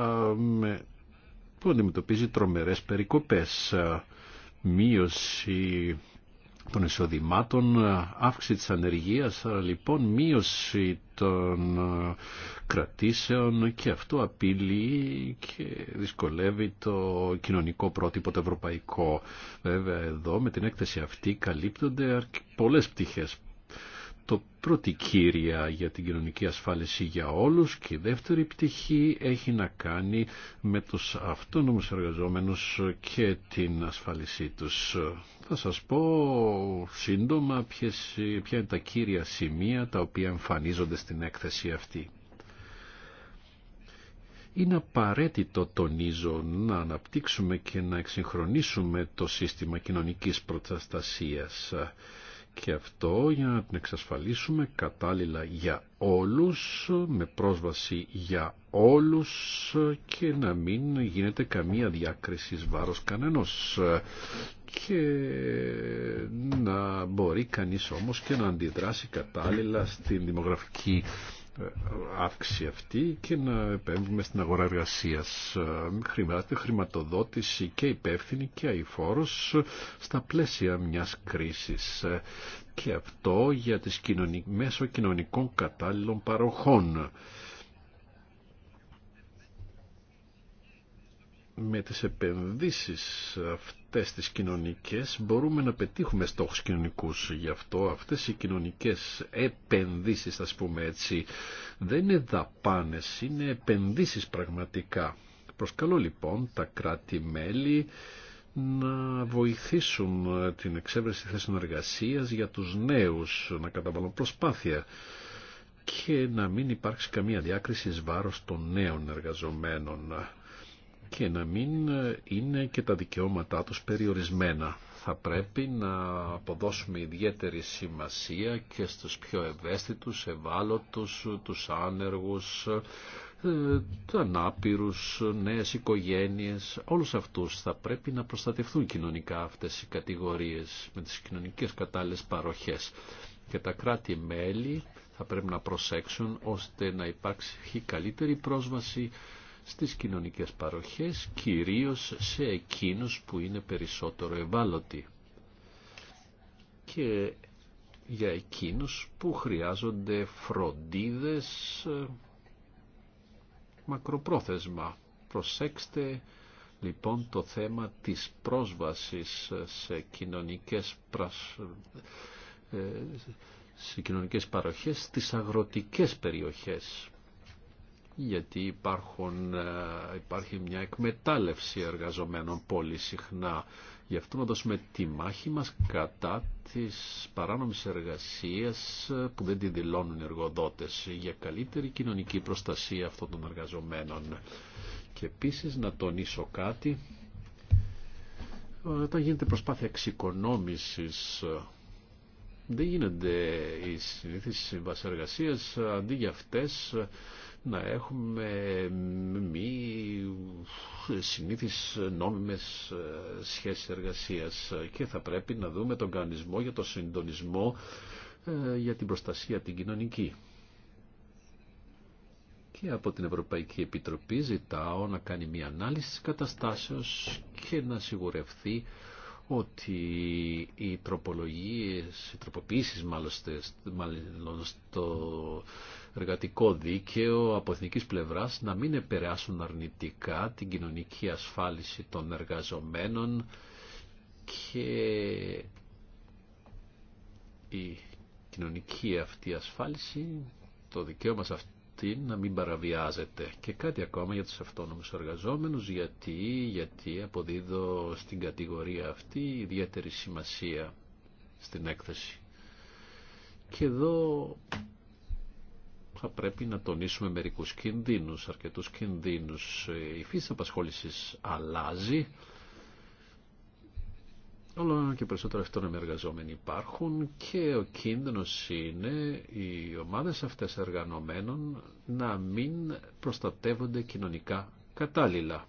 που αντιμετωπίζει τρομερές περικοπές. Μείωση των εισοδημάτων, αύξηση της ανεργίας, λοιπόν μείωση των ε, κρατήσεων και αυτό απειλεί και δυσκολεύει το κοινωνικό πρότυπο το ευρωπαϊκό. Βέβαια εδώ με την έκθεση αυτή καλύπτονται πολλές πτυχές. Το πρώτη κύρια για την κοινωνική ασφάλιση για όλους και η δεύτερη πτυχή έχει να κάνει με τους αυτόνομους εργαζόμενους και την ασφάλισή τους. Θα σας πω σύντομα ποιες, ποια είναι τα κύρια σημεία τα οποία εμφανίζονται στην έκθεση αυτή. Είναι απαραίτητο, τονίζω, να αναπτύξουμε και να εξυγχρονίσουμε το σύστημα κοινωνικής προστασίας και αυτό για να την εξασφαλίσουμε κατάλληλα για όλους, με πρόσβαση για όλους και να μην γίνεται καμία διάκριση βάρος κανενός και να μπορεί κανείς όμως και να αντιδράσει κατάλληλα στην δημογραφική ε, αύξηση αυτή και να επέμβουμε στην αγορά εργασίας. Ε, Χρειάζεται χρηματοδότηση και υπεύθυνη και αηφόρος στα πλαίσια μιας κρίσης. Ε, και αυτό για τις κοινωνικ... μέσω κοινωνικών κατάλληλων παροχών. με τις επενδύσεις αυτές τις κοινωνικές μπορούμε να πετύχουμε στόχους κοινωνικούς. Γι' αυτό αυτές οι κοινωνικές επενδύσεις, θα πούμε έτσι, δεν είναι δαπάνες, είναι επενδύσεις πραγματικά. Προσκαλώ λοιπόν τα κράτη-μέλη να βοηθήσουν την εξέβρεση θέσεων εργασίας για τους νέους, να καταβάλουν προσπάθεια και να μην υπάρξει καμία διάκριση εις βάρος των νέων εργαζομένων και να μην ε, είναι και τα δικαιώματά τους περιορισμένα. Θα πρέπει να αποδώσουμε ιδιαίτερη σημασία και στους πιο ευαίσθητους, ευάλωτους, τους άνεργους, ε, του ανάπηρους, νέες οικογένειες, όλους αυτούς θα πρέπει να προστατευτούν κοινωνικά αυτές οι κατηγορίες με τις κοινωνικές κατάλληλες παροχές. Και τα κράτη-μέλη θα πρέπει να προσέξουν ώστε να υπάρξει καλύτερη πρόσβαση στις κοινωνικές παροχές, κυρίως σε εκείνους που είναι περισσότερο ευάλωτοι και για εκείνους που χρειάζονται φροντίδες ε, μακροπρόθεσμα. Προσέξτε λοιπόν το θέμα της πρόσβασης σε κοινωνικές, πρασ... Ε, σε κοινωνικές παροχές στις αγροτικές περιοχές γιατί υπάρχουν, ε, υπάρχει μια εκμετάλλευση εργαζομένων πολύ συχνά. Γι' αυτό να δώσουμε τη μάχη μας κατά της παράνομης εργασίας ε, που δεν τη δηλώνουν οι εργοδότες για καλύτερη κοινωνική προστασία αυτών των εργαζομένων. Και επίσης να τονίσω κάτι, ε, όταν γίνεται προσπάθεια εξοικονόμησης δεν γίνονται οι συνήθεις βασ αντί για αυτές να έχουμε μη συνήθεις νόμιμες ε, σχέσεις εργασίας και θα πρέπει να δούμε τον κανονισμό για τον συντονισμό ε, για την προστασία την κοινωνική. Και από την Ευρωπαϊκή Επιτροπή ζητάω να κάνει μια ανάλυση της καταστάσεως και να σιγουρευτεί ότι οι τροπολογίες, οι τροποποιήσεις μάλλον στο εργατικό δίκαιο από εθνικής πλευράς να μην επηρεάσουν αρνητικά την κοινωνική ασφάλιση των εργαζομένων και η κοινωνική αυτή ασφάλιση, το δικαίωμα σε αυτή να μην παραβιάζεται. Και κάτι ακόμα για τους αυτόνομους εργαζόμενους, γιατί, γιατί αποδίδω στην κατηγορία αυτή ιδιαίτερη σημασία στην έκθεση. Και εδώ θα πρέπει να τονίσουμε μερικούς κινδύνους, αρκετούς κινδύνους. Η φύση απασχόλησης αλλάζει, όλο και περισσότερο αυτόνομοι εργαζόμενοι υπάρχουν και ο κίνδυνος είναι οι ομάδες αυτές εργανομένων να μην προστατεύονται κοινωνικά κατάλληλα.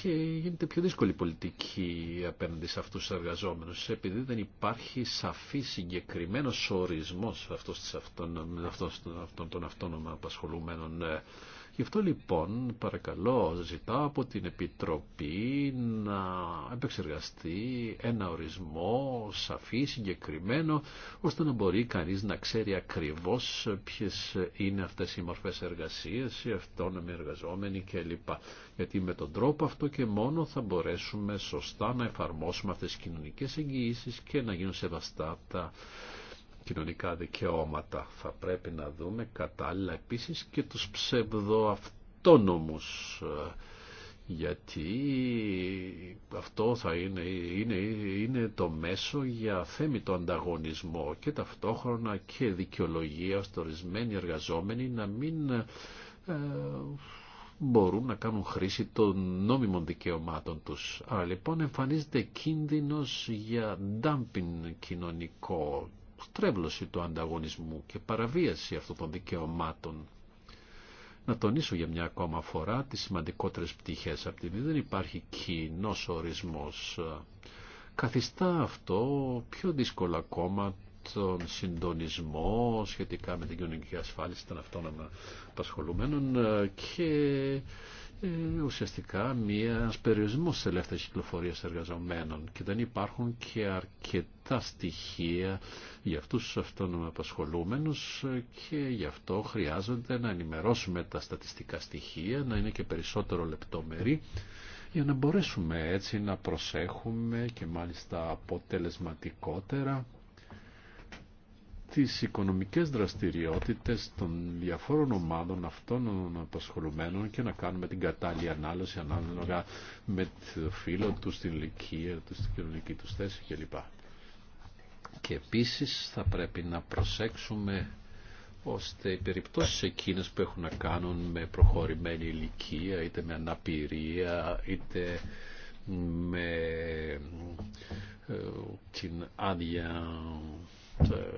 Και γίνεται πιο δύσκολη πολιτική απέναντι σε αυτούς τους εργαζόμενους επειδή δεν υπάρχει σαφή συγκεκριμένος ορισμός αυτών των αυτόνομα απασχολούμενων ε, Γι' αυτό λοιπόν παρακαλώ ζητάω από την Επιτροπή να επεξεργαστεί ένα ορισμό σαφή, συγκεκριμένο, ώστε να μπορεί κανείς να ξέρει ακριβώς ποιες είναι αυτές οι μορφές εργασίας, οι αυτόνομοι εργαζόμενοι κλπ. Γιατί με τον τρόπο αυτό και μόνο θα μπορέσουμε σωστά να εφαρμόσουμε αυτές τις κοινωνικές εγγυήσεις και να γίνουν σεβαστά τα κοινωνικά δικαιώματα. Θα πρέπει να δούμε κατάλληλα επίσης και τους ψευδοαυτόνομους ε, γιατί αυτό θα είναι, είναι, είναι το μέσο για θέμητο ανταγωνισμό και ταυτόχρονα και δικαιολογία ώστε ορισμένοι εργαζόμενοι να μην ε, μπορούν να κάνουν χρήση των νόμιμων δικαιωμάτων τους. Άρα λοιπόν εμφανίζεται κίνδυνος για ντάμπιν κοινωνικό στρέβλωση του ανταγωνισμού και παραβίαση αυτών των δικαιωμάτων. Να τονίσω για μια ακόμα φορά τις σημαντικότερες πτυχές από την δεν υπάρχει κοινό ορισμός. Καθιστά αυτό πιο δύσκολο ακόμα τον συντονισμό σχετικά με την κοινωνική ασφάλιση των αυτόνομα απασχολουμένων και ε, ουσιαστικά μια περιορισμός της ελεύθερης κυκλοφορίας εργαζομένων και δεν υπάρχουν και αρκετά στοιχεία για αυτούς τους αυτόνομα απασχολούμενους και γι' αυτό χρειάζονται να ενημερώσουμε τα στατιστικά στοιχεία, να είναι και περισσότερο λεπτόμερη για να μπορέσουμε έτσι να προσέχουμε και μάλιστα αποτελεσματικότερα τις οικονομικές δραστηριότητες των διαφόρων ομάδων αυτών των απασχολουμένων και να κάνουμε την κατάλληλη ανάλυση ανάλογα με το φύλλο του, την ηλικία του, την κοινωνική του θέση κλπ. Και επίσης θα πρέπει να προσέξουμε ώστε οι περιπτώσεις εκείνες που έχουν να κάνουν με προχωρημένη ηλικία, είτε με αναπηρία, είτε με ε, την άδεια ε,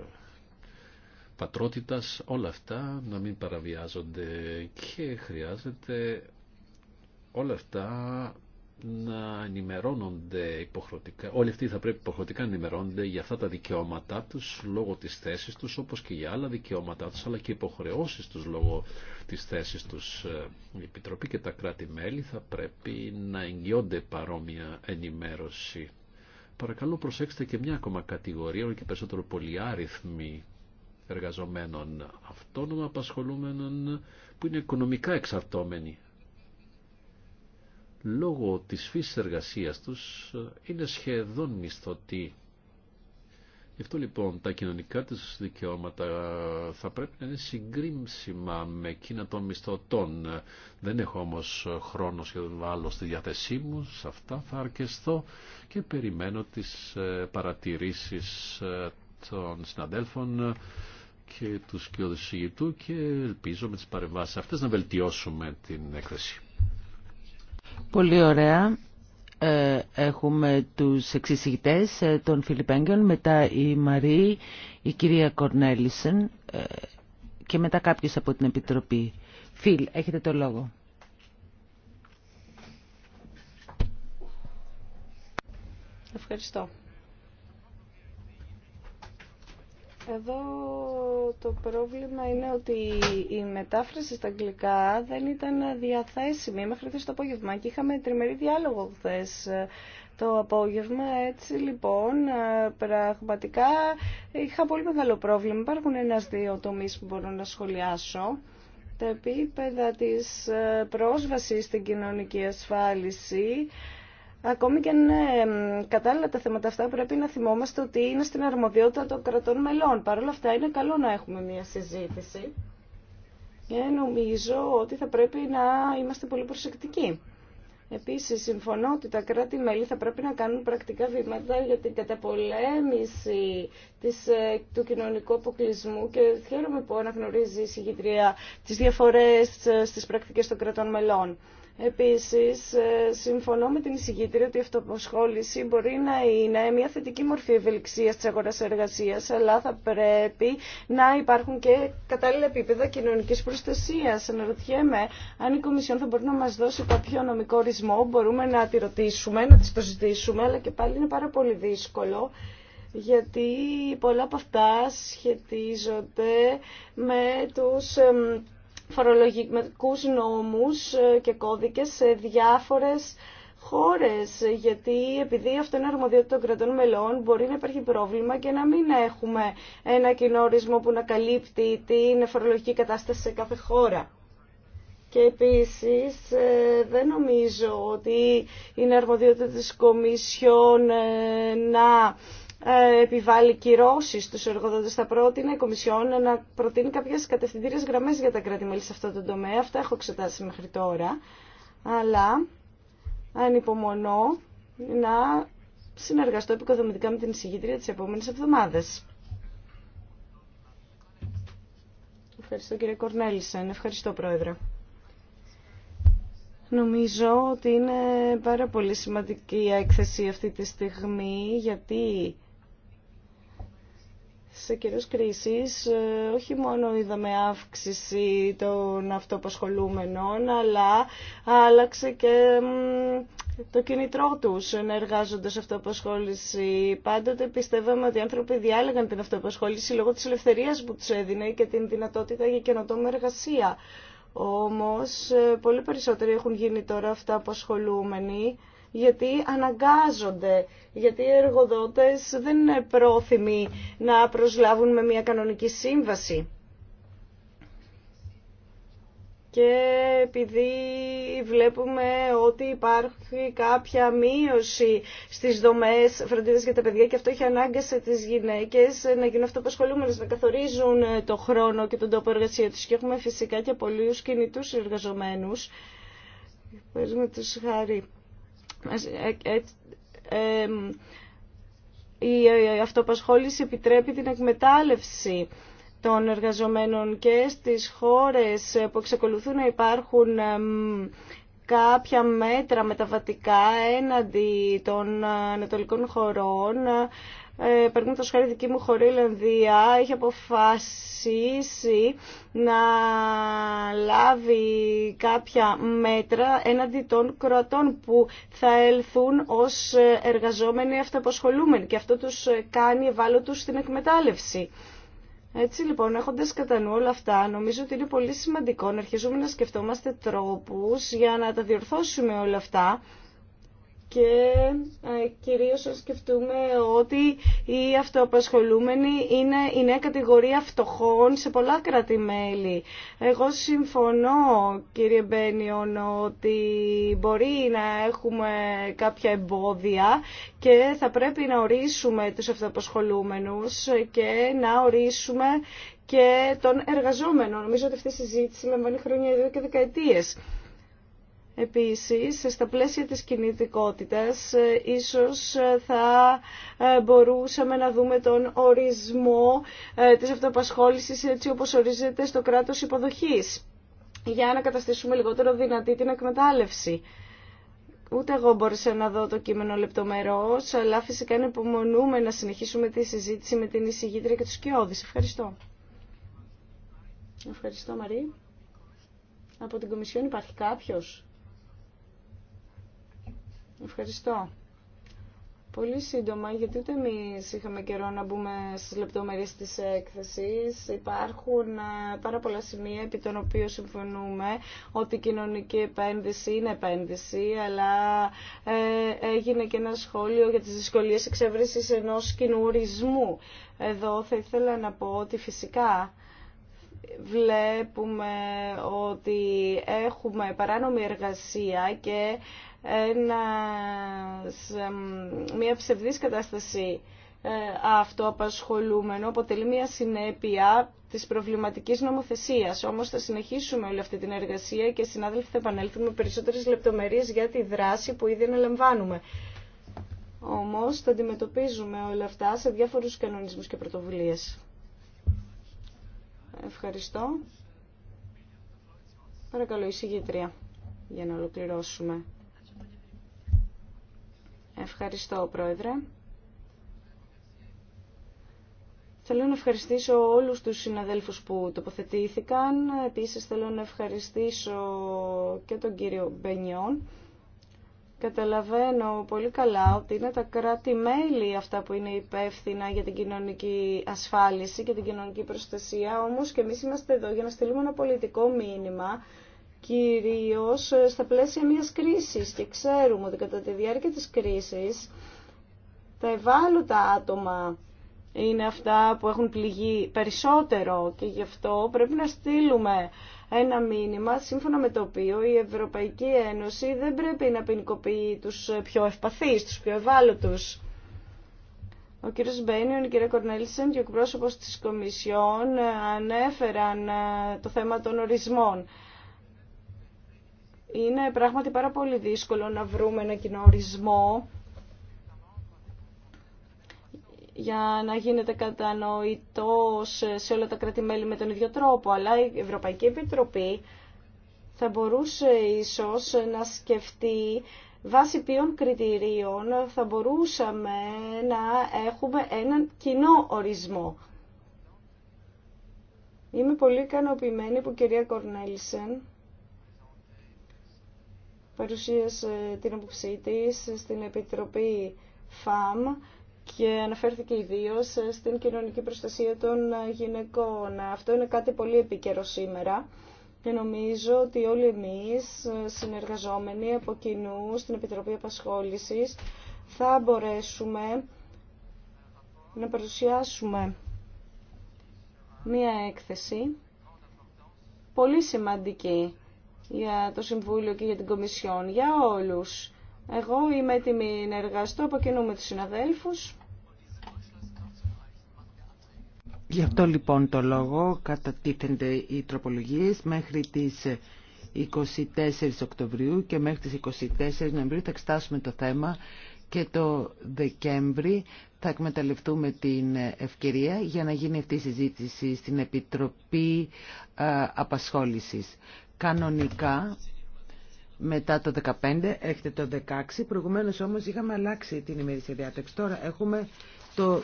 πατρότητας, όλα αυτά να μην παραβιάζονται και χρειάζεται όλα αυτά να ενημερώνονται υποχρεωτικά, όλοι αυτοί θα πρέπει υποχρεωτικά να ενημερώνονται για αυτά τα δικαιώματά τους λόγω της θέσης τους, όπως και για άλλα δικαιώματά τους, αλλά και υποχρεώσεις τους λόγω της θέσης τους. Η Επιτροπή και τα κράτη-μέλη θα πρέπει να εγγυώνται παρόμοια ενημέρωση. Παρακαλώ προσέξτε και μια ακόμα κατηγορία, όλο και περισσότερο πολυάριθμη εργαζομένων, αυτόνομα απασχολούμενων που είναι οικονομικά εξαρτώμενοι. Λόγω της φύσης εργασίας τους είναι σχεδόν μισθωτοί. Γι' αυτό λοιπόν τα κοινωνικά τους δικαιώματα θα πρέπει να είναι συγκρίσιμα με εκείνα των μισθωτών. Δεν έχω όμως χρόνο σχεδόν άλλο στη διάθεσή μου, σε αυτά θα αρκεστώ και περιμένω τις ε, παρατηρήσεις ε, των συναδέλφων ε, και του συγητού και ελπίζω με τις παρεμβάσεις αυτές να βελτιώσουμε την έκθεση. Πολύ ωραία. Ε, έχουμε τους εξηγητές ε, των Φιλιππέγγεων μετά η Μαρή, η κυρία Κορνέλισεν και μετά κάποιος από την Επιτροπή. Φιλ, έχετε το λόγο. Ευχαριστώ. Εδώ το πρόβλημα είναι ότι η μετάφραση στα αγγλικά δεν ήταν διαθέσιμη μέχρι χθες το απόγευμα και είχαμε τριμερή διάλογο χθε ε, το απόγευμα. Έτσι λοιπόν ε, πραγματικά είχα πολύ μεγάλο πρόβλημα. Υπάρχουν ένας-δύο τομεί που μπορώ να σχολιάσω. Τα επίπεδα της ε, πρόσβασης στην κοινωνική ασφάλιση Ακόμη και αν ε, κατάλληλα τα θέματα αυτά, πρέπει να θυμόμαστε ότι είναι στην αρμοδιότητα των κρατών μελών. Παρ' όλα αυτά, είναι καλό να έχουμε μία συζήτηση. Και νομίζω ότι θα πρέπει να είμαστε πολύ προσεκτικοί. Επίσης, συμφωνώ ότι τα κράτη-μέλη θα πρέπει να κάνουν πρακτικά βήματα για την καταπολέμηση της, ε, του κοινωνικού αποκλεισμού και χαίρομαι που αναγνωρίζει η συγκεντρία τις διαφορές ε, στις πρακτικές των κρατών μελών. Επίσης, ε, συμφωνώ με την εισηγήτρια ότι η αυτοποσχόληση μπορεί να είναι μια θετική μορφή ευελιξίας της αγοράς εργασίας, αλλά θα πρέπει να υπάρχουν και κατάλληλα επίπεδα κοινωνικής προστασίας. Αναρωτιέμαι αν η Κομισιόν θα μπορεί να μας δώσει κάποιο νομικό ορισμό, μπορούμε να τη ρωτήσουμε, να τη το ζητήσουμε, αλλά και πάλι είναι πάρα πολύ δύσκολο γιατί πολλά από αυτά σχετίζονται με τους φορολογικούς νόμους ε, και κώδικες σε διάφορες χώρες, γιατί επειδή αυτό είναι αρμοδιότητα των κρατών μελών μπορεί να υπάρχει πρόβλημα και να μην έχουμε ένα κοινό ορισμό που να καλύπτει την φορολογική κατάσταση σε κάθε χώρα. Και επίσης ε, δεν νομίζω ότι είναι αρμοδιότητα της Κομισιόν ε, να ε, επιβάλλει κυρώσει στους εργοδότε. Θα πρότεινε η Κομισιόν να προτείνει κάποιε κατευθυντήριε γραμμέ για τα κράτη-μέλη σε αυτό το τομέα. Αυτά έχω εξετάσει μέχρι τώρα. Αλλά ανυπομονώ να συνεργαστώ επικοδομητικά με την εισηγήτρια τη επόμενη εβδομάδα. Ευχαριστώ κύριε Κορνέλισεν. Ευχαριστώ πρόεδρε. Νομίζω ότι είναι πάρα πολύ σημαντική η έκθεση αυτή τη στιγμή γιατί σε καιρούς κρίσης ε, όχι μόνο είδαμε αύξηση των αυτοπασχολούμενων, αλλά άλλαξε και το κινητρό τους να εργάζονται σε αυτοπασχόληση. Πάντοτε πιστεύαμε ότι οι άνθρωποι διάλεγαν την αυτοπασχόληση λόγω της ελευθερίας που τους έδινε και την δυνατότητα για καινοτόμη εργασία. Όμως, ε, πολύ περισσότεροι έχουν γίνει τώρα αυτά γιατί αναγκάζονται, γιατί οι εργοδότες δεν είναι πρόθυμοι να προσλάβουν με μια κανονική σύμβαση. Και επειδή βλέπουμε ότι υπάρχει κάποια μείωση στις δομές φροντίδας για τα παιδιά και αυτό έχει ανάγκασε τις γυναίκες να γίνουν αυτοπασχολούμενες, να καθορίζουν ε, το χρόνο και τον τόπο εργασία τους. Και έχουμε φυσικά και πολλούς κινητούς εργαζομένους. Παίζουμε τους χάρη ε, ε, ε, η αυτοπασχόληση επιτρέπει την εκμετάλλευση των εργαζομένων και στις χώρες που εξακολουθούν να υπάρχουν κάποια μέτρα μεταβατικά έναντι των ανατολικών χωρών ε, το χάρη δική μου χωρί, λενδιά έχει αποφασίσει να λάβει κάποια μέτρα έναντι των Κροατών που θα έλθουν ως εργαζόμενοι αυτοαποσχολούμενοι και αυτό τους κάνει ευάλωτους στην εκμετάλλευση. Έτσι λοιπόν, έχοντας κατά νου όλα αυτά, νομίζω ότι είναι πολύ σημαντικό να αρχίζουμε να σκεφτόμαστε τρόπους για να τα διορθώσουμε όλα αυτά και ε, κυρίως να σκεφτούμε ότι οι αυτοαπασχολούμενοι είναι η νέα κατηγορία φτωχών σε πολλά κράτη-μέλη. Εγώ συμφωνώ κύριε Μπένιον ότι μπορεί να έχουμε κάποια εμπόδια και θα πρέπει να ορίσουμε τους αυτοπασχολούμενους και να ορίσουμε και τον εργαζόμενο. Νομίζω ότι αυτή η συζήτηση λαμβάνει χρόνια εδώ και δεκαετίες. Επίσης, στα πλαίσια της κινητικότητας, ε, ίσως ε, θα ε, μπορούσαμε να δούμε τον ορισμό της αυτοπασχόλησης έτσι όπως ορίζεται στο κράτος υποδοχής, για να καταστήσουμε λιγότερο δυνατή την εκμετάλλευση. Ούτε εγώ μπόρεσα να δω το κείμενο λεπτομερώς, αλλά φυσικά υπομονούμε να συνεχίσουμε τη συζήτηση με την εισηγήτρια και τους κοιόδης. Ευχαριστώ. Ευχαριστώ Μαρή. Από την Κομισιόν υπάρχει κάποιος. Ευχαριστώ. Πολύ σύντομα, γιατί ούτε εμεί είχαμε καιρό να μπούμε στι λεπτομέρειε τη έκθεση. Υπάρχουν ε, πάρα πολλά σημεία επί των οποίων συμφωνούμε ότι η κοινωνική επένδυση είναι επένδυση, αλλά ε, έγινε και ένα σχόλιο για τι δυσκολίε εξέβρεση ενό κοινού ορισμού. Εδώ θα ήθελα να πω ότι φυσικά βλέπουμε ότι έχουμε παράνομη εργασία και μια ψευδής κατάσταση ε, αυτοαπασχολούμενο αποτελεί μια συνέπεια της προβληματικής νομοθεσίας. Όμως θα συνεχίσουμε όλη αυτή την εργασία και συνάδελφοι θα επανέλθουν με περισσότερες λεπτομερίες για τη δράση που ήδη αναλαμβάνουμε. Όμως θα αντιμετωπίζουμε όλα αυτά σε διάφορους κανονισμούς και πρωτοβουλίες. Ευχαριστώ. Παρακαλώ, εισηγήτρια, για να ολοκληρώσουμε. Ευχαριστώ, Πρόεδρε. Θέλω να ευχαριστήσω όλους τους συναδέλφους που τοποθετήθηκαν. Επίσης θέλω να ευχαριστήσω και τον κύριο Μπενιόν. Καταλαβαίνω πολύ καλά ότι είναι τα κράτη-μέλη αυτά που είναι υπεύθυνα για την κοινωνική ασφάλιση και την κοινωνική προστασία, όμως και εμείς είμαστε εδώ για να στείλουμε ένα πολιτικό μήνυμα κυρίως ε, στα πλαίσια μιας κρίσης και ξέρουμε ότι κατά τη διάρκεια της κρίσης τα ευάλωτα άτομα είναι αυτά που έχουν πληγεί περισσότερο και γι' αυτό πρέπει να στείλουμε ένα μήνυμα σύμφωνα με το οποίο η Ευρωπαϊκή Ένωση δεν πρέπει να ποινικοποιεί τους πιο ευπαθείς, τους πιο ευάλωτους. Ο κύριος Μπένιον, η κυρία Κορνέλισεν και ο εκπρόσωπος της Κομισιόν ανέφεραν ε, το θέμα των ορισμών. Είναι πράγματι πάρα πολύ δύσκολο να βρούμε ένα κοινό ορισμό για να γίνεται κατανοητός σε όλα τα κράτη-μέλη με τον ίδιο τρόπο, αλλά η Ευρωπαϊκή Επιτροπή θα μπορούσε ίσως να σκεφτεί βάσει ποιων κριτηρίων θα μπορούσαμε να έχουμε έναν κοινό ορισμό. Είμαι πολύ ικανοποιημένη που κυρία Κορνέλισεν παρουσίασε την αποψή τη στην Επιτροπή ΦΑΜ και αναφέρθηκε ιδίω στην κοινωνική προστασία των γυναικών. Αυτό είναι κάτι πολύ επίκαιρο σήμερα και νομίζω ότι όλοι εμείς συνεργαζόμενοι από κοινού στην Επιτροπή Απασχόλησης θα μπορέσουμε να παρουσιάσουμε μία έκθεση πολύ σημαντική για το Συμβούλιο και για την Κομισιόν, για όλους. Εγώ είμαι έτοιμη να εργαστώ από τους συναδέλφους. Γι' αυτό λοιπόν το λόγο κατατίθενται οι τροπολογίες μέχρι τις 24 Οκτωβρίου και μέχρι τις 24 Νοεμβρίου θα εξετάσουμε το θέμα και το Δεκέμβρη θα εκμεταλλευτούμε την ευκαιρία για να γίνει αυτή η συζήτηση στην Επιτροπή ε, Απασχόλησης κανονικά μετά το 15, έχετε το 16, προηγουμένως όμως είχαμε αλλάξει την ημερήσια διάταξη. Τώρα έχουμε το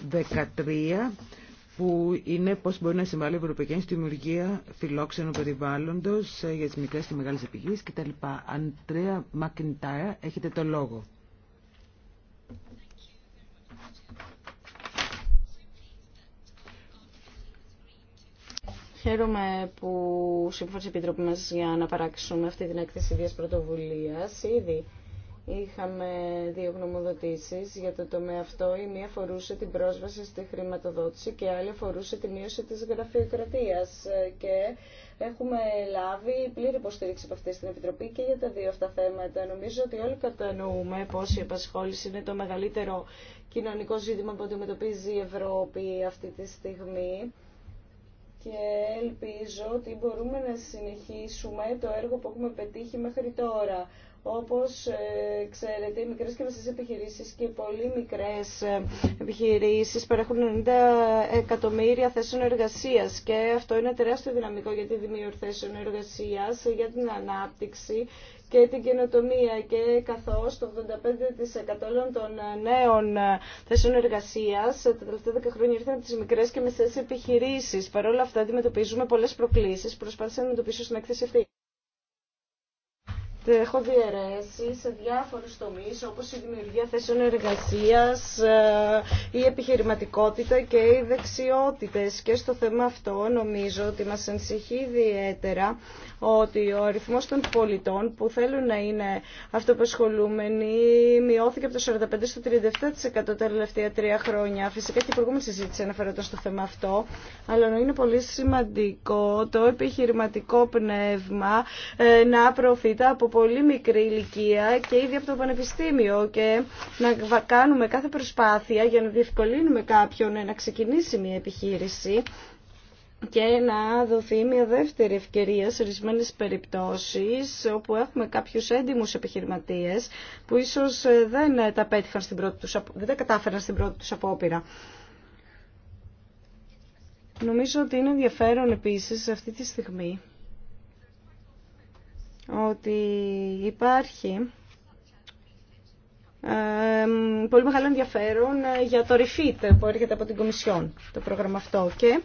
13 που είναι πώς μπορεί να συμβάλλει η Ευρωπαϊκή Ένωση στη δημιουργία φιλόξενου περιβάλλοντος ε, για τις μικρές και μεγάλες επιχείρησεις κτλ. Αντρέα Μακιντάρα, έχετε το λόγο. Χαίρομαι που συμφωνα η Επιτροπή μας για να παράξουμε αυτή την έκθεση ίδιας πρωτοβουλίας. Ήδη είχαμε δύο γνωμοδοτήσεις για το τομέα αυτό. Η μία αφορούσε την πρόσβαση στη χρηματοδότηση και η άλλη αφορούσε τη μείωση της γραφειοκρατίας. Και έχουμε λάβει πλήρη υποστήριξη από αυτή την Επιτροπή και για τα δύο αυτά θέματα. Νομίζω ότι όλοι κατανοούμε πω η επασχόληση είναι το μεγαλύτερο κοινωνικό ζήτημα που αντιμετωπίζει η Ευρώπη αυτή τη στιγμή και ελπίζω ότι μπορούμε να συνεχίσουμε το έργο που έχουμε πετύχει μέχρι τώρα. Όπως ε, ξέρετε, οι μικρές και μεσές επιχειρήσεις και πολύ μικρές ε, επιχειρήσεις παρέχουν 90 εκατομμύρια θέσεων εργασίας και αυτό είναι τεράστιο δυναμικό για τη δημιουργία θέσεων εργασίας, για την ανάπτυξη και την καινοτομία και καθώς το 85% των ε, νέων ε, θέσεων εργασίας ε, τα τελευταία 10 χρόνια ήρθαν από τις μικρές και μεσαίες επιχειρήσεις. Παρ' όλα αυτά αντιμετωπίζουμε πολλές προκλήσεις. Προσπάθησα να αντιμετωπίσω στην έκθεση αυτή έχω διαιρέσει σε διάφορους τομείς όπως η δημιουργία θέσεων εργασίας, ε, η επιχειρηματικότητα και οι δεξιότητες. Και στο θέμα αυτό νομίζω ότι μας ενσυχεί ιδιαίτερα ότι ο αριθμός των πολιτών που θέλουν να είναι αυτοπεσχολούμενοι μειώθηκε από το 45% στο 37% τα τελευταία τρία χρόνια. Φυσικά και η προηγούμενη συζήτηση αναφέρονταν στο θέμα αυτό, αλλά είναι πολύ σημαντικό το επιχειρηματικό πνεύμα ε, να προωθείται από πολύ μικρή ηλικία και ήδη από το πανεπιστήμιο και να κάνουμε κάθε προσπάθεια για να διευκολύνουμε κάποιον να ξεκινήσει μια επιχείρηση και να δοθεί μια δεύτερη ευκαιρία σε ορισμένε περιπτώσεις όπου έχουμε κάποιους έντιμους επιχειρηματίες που ίσως ε, δεν τα, πέτυχαν στην πρώτη δεν τα κατάφεραν στην πρώτη τους απόπειρα. Νομίζω ότι είναι ενδιαφέρον επίσης αυτή τη στιγμή ότι υπάρχει πολύ μεγάλο ενδιαφέρον ε, για το REFIT που έρχεται από την Κομισιόν, το πρόγραμμα αυτό. Και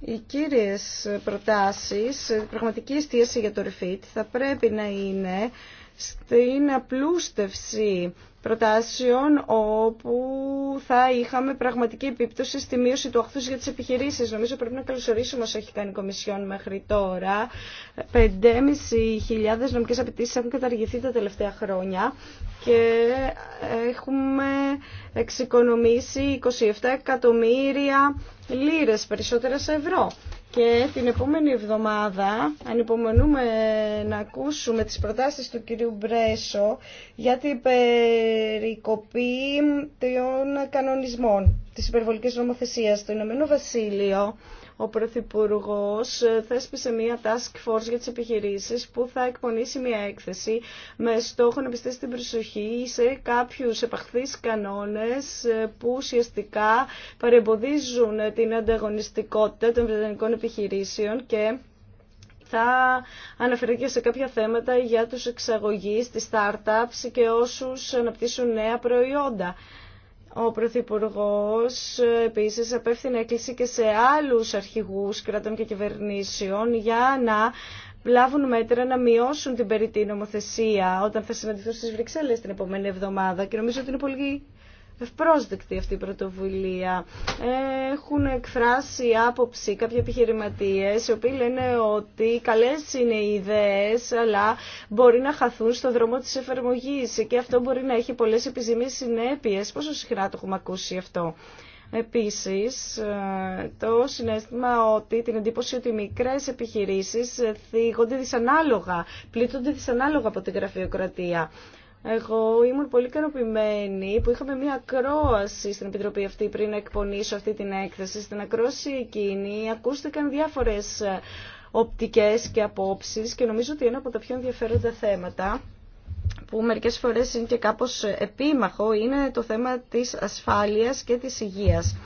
οι κύριες προτάσεις, η ε, πραγματική εστίαση για το REFIT θα πρέπει να είναι στην απλούστευση προτάσεων όπου θα είχαμε πραγματική επίπτωση στη μείωση του αχθούς για τις επιχειρήσεις. Νομίζω πρέπει να καλωσορίσουμε όσο έχει κάνει η Κομισιόν μέχρι τώρα. 5.500 νομικές απαιτήσεις έχουν καταργηθεί τα τελευταία χρόνια και έχουμε εξοικονομήσει 27 εκατομμύρια λίρες περισσότερα σε ευρώ και την επόμενη εβδομάδα ανυπομονούμε να ακούσουμε τις προτάσεις του κυρίου Μπρέσο για την περικοπή των κανονισμών της υπερβολικής νομοθεσίας. Το Ηνωμένο Βασίλειο ο Πρωθυπουργό ε, θέσπισε μία task force για τι επιχειρήσεις που θα εκπονήσει μία έκθεση με στόχο να πιστεί την προσοχή σε κάποιους επαχθεί κανόνες ε, που ουσιαστικά παρεμποδίζουν ε, την ανταγωνιστικότητα των βρετανικών επιχειρήσεων και θα αναφερθεί και σε κάποια θέματα για τους εξαγωγείς, τις startups και όσους αναπτύσσουν νέα προϊόντα. Ο Πρωθυπουργό επίσης απέφθηνε έκκληση και σε άλλους αρχηγούς κρατών και κυβερνήσεων για να λάβουν μέτρα να μειώσουν την περίτη νομοθεσία όταν θα συναντηθούν στις Βρυξέλλες την επόμενη εβδομάδα και νομίζω ότι είναι πολύ ευπρόσδεκτη αυτή η πρωτοβουλία. Έχουν εκφράσει άποψη κάποιοι επιχειρηματίε, οι οποίοι λένε ότι καλέ είναι οι ιδέες αλλά μπορεί να χαθούν στο δρόμο της εφαρμογή και αυτό μπορεί να έχει πολλές επιζημίες συνέπειε. Πόσο συχνά το έχουμε ακούσει αυτό. Επίσης, το συνέστημα ότι την εντύπωση ότι οι μικρές επιχειρήσεις θίγονται δυσανάλογα, πλήττονται δυσανάλογα από την γραφειοκρατία. Εγώ ήμουν πολύ ικανοποιημένη που είχαμε μία ακρόαση στην Επιτροπή αυτή πριν να εκπονήσω αυτή την έκθεση. Στην ακρόαση εκείνη ακούστηκαν διάφορες ε, οπτικές και απόψεις και νομίζω ότι ένα από τα πιο ενδιαφέροντα θέματα που μερικές φορές είναι και κάπως επίμαχο είναι το θέμα της ασφάλειας και της υγείας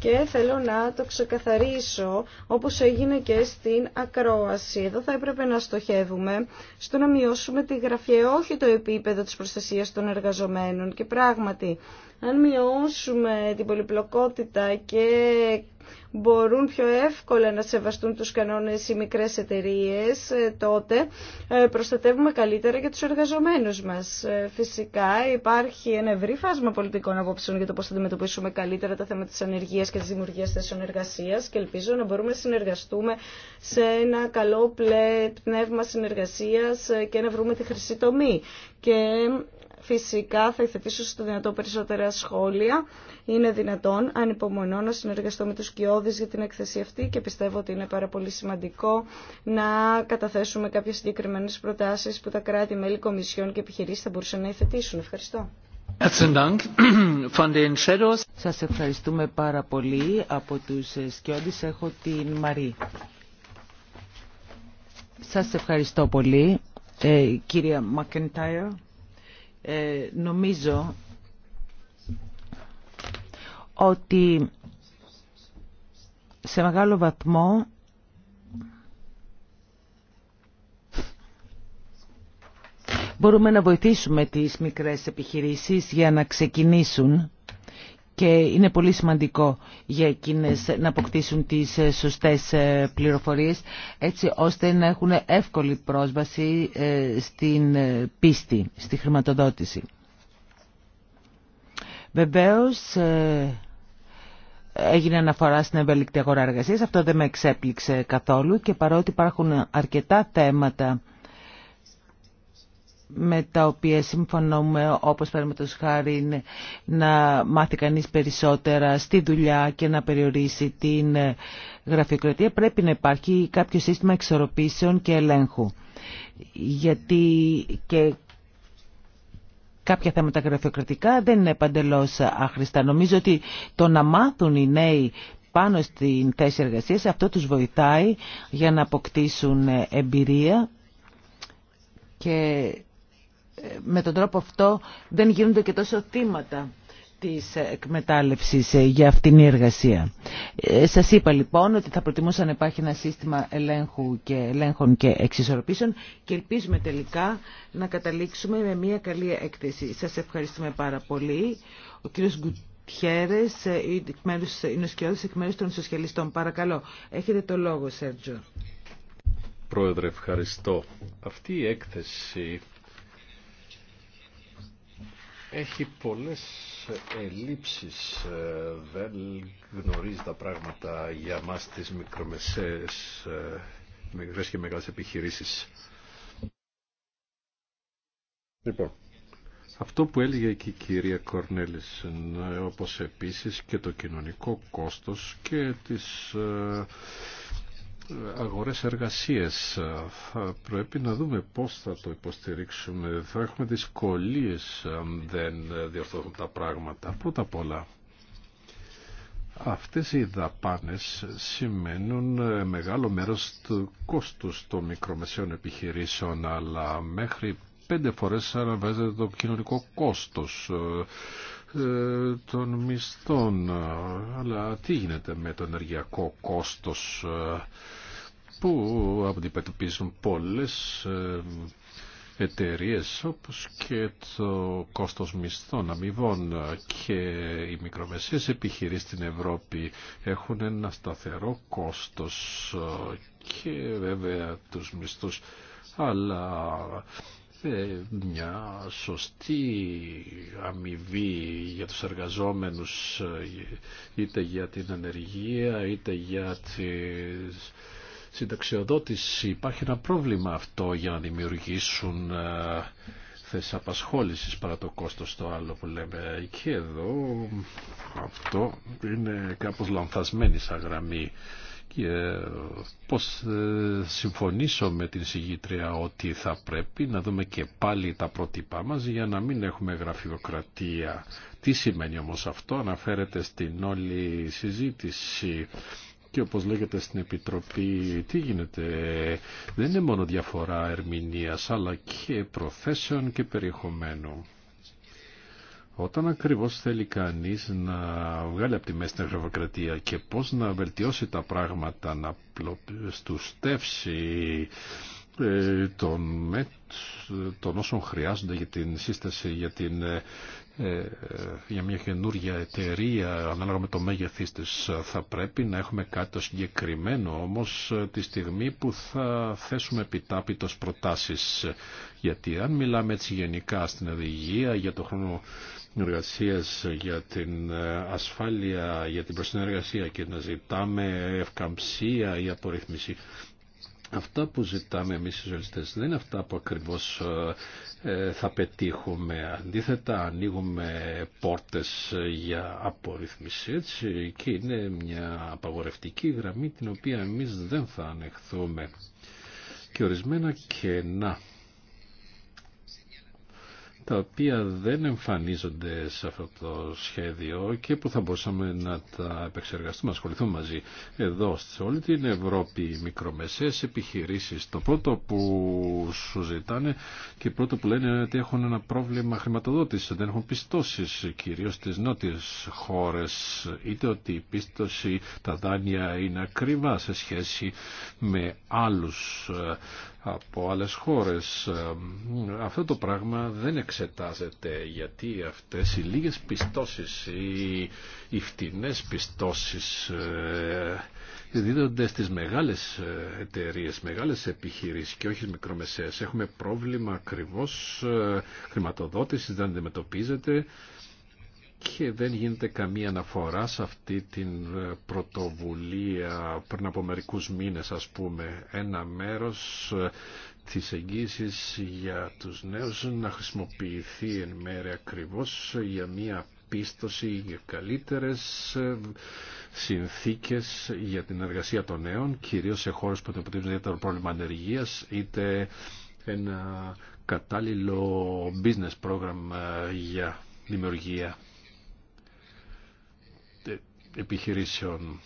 και θέλω να το ξεκαθαρίσω όπως έγινε και στην ακρόαση. Εδώ θα έπρεπε να στοχεύουμε στο να μειώσουμε τη γραφεία, όχι το επίπεδο της προστασίας των εργαζομένων και πράγματι αν μειώσουμε την πολυπλοκότητα και μπορούν πιο εύκολα να σεβαστούν τους κανόνες οι μικρές εταιρείες, ε, τότε ε, προστατεύουμε καλύτερα και τους εργαζομένους μας. Ε, φυσικά υπάρχει ένα ευρύ φάσμα πολιτικών απόψεων για το πώς θα αντιμετωπίσουμε καλύτερα τα θέματα της ανεργίας και της δημιουργίας θέσεων εργασίας και ελπίζω να μπορούμε να συνεργαστούμε σε ένα καλό πνεύμα συνεργασίας και να βρούμε τη χρυσή τομή. Και Φυσικά θα υθετήσω στο δυνατό περισσότερα σχόλια. Είναι δυνατόν, ανυπομονώ, να συνεργαστώ με τους κοιόδης για την εκθεσία αυτή και πιστεύω ότι είναι πάρα πολύ σημαντικό να καταθέσουμε κάποιες συγκεκριμένε προτάσεις που τα κράτη, μέλη, κομισιών και επιχειρήσεις θα μπορούσαν να υθετήσουν. Ευχαριστώ. Σας ευχαριστούμε πάρα πολύ. Από τους ε, σκιώδης έχω την Μαρή. Σας ευχαριστώ πολύ. Ε, κυρία Μακεντάιρ. Ε, νομίζω ότι σε μεγάλο βαθμό μπορούμε να βοηθήσουμε τις μικρές επιχειρήσεις για να ξεκινήσουν και είναι πολύ σημαντικό για εκείνες να αποκτήσουν τις ε, σωστές ε, πληροφορίες έτσι ώστε να έχουν εύκολη πρόσβαση ε, στην πίστη, στη χρηματοδότηση. Βεβαίως έγινε αναφορά στην ευελικτή αγορά εργασίας, αυτό δεν με εξέπληξε καθόλου και παρότι υπάρχουν αρκετά θέματα με τα οποία συμφωνούμε όπως παραδείγματος χάρη να μάθει κανείς περισσότερα στη δουλειά και να περιορίσει την ε, γραφειοκρατία πρέπει να υπάρχει κάποιο σύστημα εξορροπήσεων και ελέγχου γιατί και κάποια θέματα γραφειοκρατικά δεν είναι παντελώς άχρηστα νομίζω ότι το να μάθουν οι νέοι πάνω στην θέση εργασίας αυτό τους βοηθάει για να αποκτήσουν εμπειρία και ε, με τον τρόπο αυτό δεν γίνονται και τόσο θύματα της ε, εκμετάλλευσης ε, για αυτήν η εργασία. Σας είπα λοιπόν ότι θα προτιμούσα να υπάρχει ένα σύστημα ελέγχου και ελέγχων και εξισορροπήσεων και ελπίζουμε τελικά να καταλήξουμε με μια καλή έκθεση. Σας ευχαριστούμε πάρα πολύ. Ο κύριος Γκουτιέρες είναι ο σκιώδης εκ μέρους των σοσιαλιστών. Παρακαλώ, έχετε το λόγο Σέρτζο. Πρόεδρε, ευχαριστώ. Αυτή η έκθεση έχει πολλές ελλείψεις, ε, δεν γνωρίζει τα πράγματα για μας τις μικρομεσαίες, ε, μικρές και μεγάλες επιχειρήσεις. Λοιπόν, αυτό που έλεγε και η κυρία Κορνέλης, ναι, όπως επίσης και το κοινωνικό κόστος και τις ε, αγορές εργασίες. Θα πρέπει να δούμε πώς θα το υποστηρίξουμε. Θα έχουμε δυσκολίες αν δεν διορθώσουμε τα πράγματα. Πρώτα απ' όλα, αυτές οι δαπάνες σημαίνουν μεγάλο μέρος του κόστους των μικρομεσαίων επιχειρήσεων, αλλά μέχρι πέντε φορές αναβάζεται το κοινωνικό κόστος ε, των μισθών αλλά τι γίνεται με το ενεργειακό κόστος ε, που αντιμετωπίζουν πολλές ε, εταιρείε όπως και το κόστος μισθών αμοιβών και οι μικρομεσαίες επιχειρήσεις στην Ευρώπη έχουν ένα σταθερό κόστος ε, και βέβαια τους μισθούς αλλά ε, μια σωστή αμοιβή για τους εργαζόμενους είτε για την ανεργία είτε για τις συνταξιοδότηση. Υπάρχει ένα πρόβλημα αυτό για να δημιουργήσουν ε, θέσεις απασχόλησης παρά το κόστος το άλλο που λέμε. Και εδώ αυτό είναι κάπως λανθασμένη σαν γραμμή. Και ε, πώς ε, συμφωνήσω με την συγγήτρια ότι θα πρέπει να δούμε και πάλι τα πρότυπά μας για να μην έχουμε γραφειοκρατία. Τι σημαίνει όμως αυτό, αναφέρεται στην όλη συζήτηση και όπως λέγεται στην Επιτροπή, τι γίνεται, δεν είναι μόνο διαφορά ερμηνείας, αλλά και προθέσεων και περιεχομένου. Όταν ακριβώς θέλει κανείς να βγάλει από τη μέση την γραφοκρατία και πώς να βελτιώσει τα πράγματα, να στουστεύσει ε, των ΜΕΤ, των όσων χρειάζονται για την σύσταση, για, την, ε, ε, για μια καινούργια εταιρεία ανάλογα με το μέγεθής της θα πρέπει να έχουμε κάτι το συγκεκριμένο όμως τη στιγμή που θα θέσουμε επιτάπητος προτάσεις γιατί αν μιλάμε έτσι γενικά στην οδηγία για το χρόνο εργασίας για την ασφάλεια, για την προσυνεργασία και να ζητάμε ευκαμψία ή απορρίθμιση Αυτά που ζητάμε εμείς οι ζωλιστές δεν είναι αυτά που ακριβώς ε, ε, θα πετύχουμε. Αντίθετα ανοίγουμε πόρτες για απορρίθμιση έτσι και είναι μια απαγορευτική γραμμή την οποία εμείς δεν θα ανεχθούμε. Και ορισμένα κενά τα οποία δεν εμφανίζονται σε αυτό το σχέδιο και που θα μπορούσαμε να τα επεξεργαστούμε, να ασχοληθούμε μαζί εδώ σε όλη την Ευρώπη μικρομεσαίες επιχειρήσεις. Το πρώτο που σου ζητάνε και πρώτο που λένε ότι έχουν ένα πρόβλημα χρηματοδότηση, δεν έχουν πιστώσεις κυρίως στις νότιες χώρες, είτε ότι η πίστοση, τα δάνεια είναι ακριβά σε σχέση με άλλους ε, από άλλες χώρες. Αυτό το πράγμα δεν εξετάζεται γιατί αυτές οι λίγες πιστώσεις, οι, οι φτηνές πιστώσεις ε, δίδονται στις μεγάλες ε, εταιρείες, μεγάλες επιχειρήσεις και όχι στις μικρομεσαίες. Έχουμε πρόβλημα ακριβώς ε, χρηματοδότησης, δεν αντιμετωπίζεται και δεν γίνεται καμία αναφορά σε αυτή την ε, πρωτοβουλία πριν από μερικούς μήνες ας πούμε ένα μέρος ε, της εγγύησης για τους νέους να χρησιμοποιηθεί εν μέρει ακριβώς για μια πίστοση για καλύτερες ε, συνθήκες για την εργασία των νέων κυρίως σε χώρες που αντιμετωπίζουν ιδιαίτερο πρόβλημα ανεργίας είτε ένα κατάλληλο business program για δημιουργία επιχειρήσεων.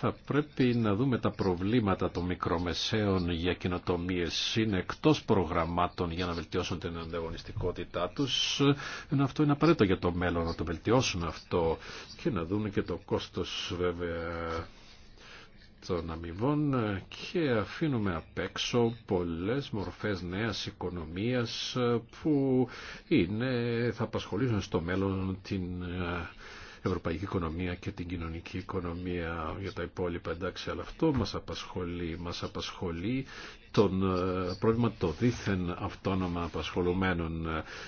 Θα πρέπει να δούμε τα προβλήματα των μικρομεσαίων για κοινοτομίε. Είναι εκτό προγραμμάτων για να βελτιώσουν την ανταγωνιστικότητά του. Αυτό είναι απαραίτητο για το μέλλον να το βελτιώσουν αυτό και να δούμε και το κόστο βέβαια των αμοιβών και αφήνουμε απ' έξω πολλές μορφές νέας οικονομίας που είναι, θα απασχολήσουν στο μέλλον την ε, ευρωπαϊκή οικονομία και την κοινωνική οικονομία για τα υπόλοιπα εντάξει αλλά αυτό μας απασχολεί μας απασχολεί τον ε, πρόβλημα το δίθεν αυτόνομα απασχολουμένων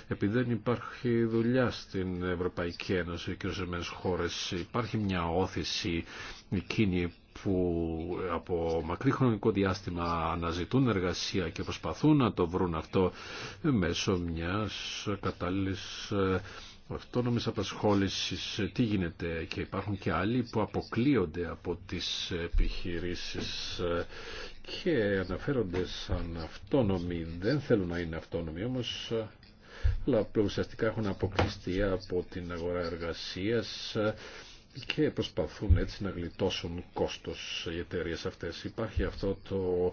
επειδή δεν υπάρχει δουλειά στην Ευρωπαϊκή Ένωση και χώρες υπάρχει μια όθηση εκείνη που από μακρύ χρονικό διάστημα αναζητούν εργασία και προσπαθούν να το βρουν αυτό μέσω μιας κατάλληλης ε, αυτόνομης απασχόλησης. Τι γίνεται και υπάρχουν και άλλοι που αποκλείονται από τις επιχειρήσεις ε, και αναφέρονται σαν αυτόνομοι. Δεν θέλουν να είναι αυτόνομοι όμως ε, αλλά ουσιαστικά έχουν αποκλειστεί από την αγορά εργασίας και προσπαθούν έτσι να γλιτώσουν κόστος οι εταιρείε αυτές. Υπάρχει αυτό το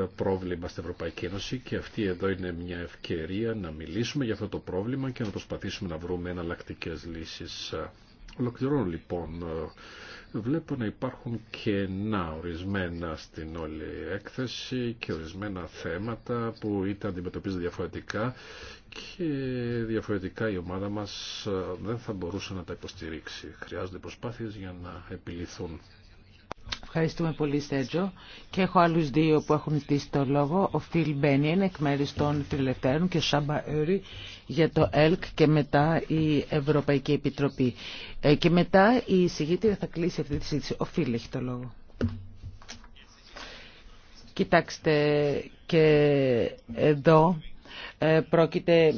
ε, πρόβλημα στην Ευρωπαϊκή Ένωση και αυτή εδώ είναι μια ευκαιρία να μιλήσουμε για αυτό το πρόβλημα και να προσπαθήσουμε να βρούμε εναλλακτικέ λύσεις. Ολοκληρώνω λοιπόν ε, βλέπω να υπάρχουν κενά ορισμένα στην όλη έκθεση και ορισμένα θέματα που είτε αντιμετωπίζονται διαφορετικά και διαφορετικά η ομάδα μας ε, δεν θα μπορούσε να τα υποστηρίξει. Χρειάζονται προσπάθειες για να επιληθούν. Ευχαριστούμε πολύ Στέτζο και έχω άλλους δύο που έχουν ζητήσει το λόγο. Ο Φιλ Μπένιεν εκ μέρους των Φιλελευθέρων και ο Σάμπα Έρη για το ΕΛΚ και μετά η Ευρωπαϊκή Επιτροπή. Ε, και μετά η εισηγήτρια θα κλείσει αυτή τη συζήτηση. Οφείλει έχει το λόγο. Κοιτάξτε και εδώ ε, πρόκειται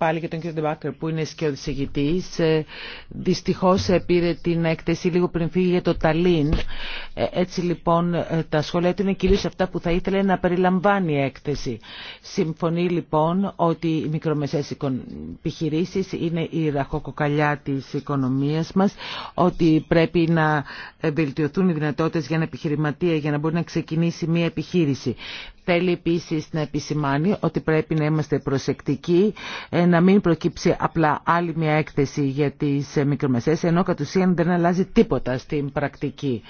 πάλι για τον κύριο Ντεμπάκερ που είναι σκιοδησηγητής. Ε, Δυστυχώ πήρε την έκθεση λίγο πριν φύγει για το Ταλίν. Ε, έτσι λοιπόν ε, τα σχόλια του είναι κυρίω αυτά που θα ήθελε να περιλαμβάνει η έκθεση. Συμφωνεί λοιπόν ότι οι μικρομεσαίε επιχειρήσει είναι η ραχοκοκαλιά τη οικονομία μα, ότι πρέπει να βελτιωθούν οι δυνατότητε για ένα επιχειρηματία για να μπορεί να ξεκινήσει μια επιχείρηση. Θέλει επίση να επισημάνει ότι πρέπει να είμαστε προσεκτικοί, να μην προκύψει απλά άλλη μια έκθεση για τις ε, μικρομεσαίες, ενώ κατ' ουσίαν δεν αλλάζει τίποτα στην πρακτική.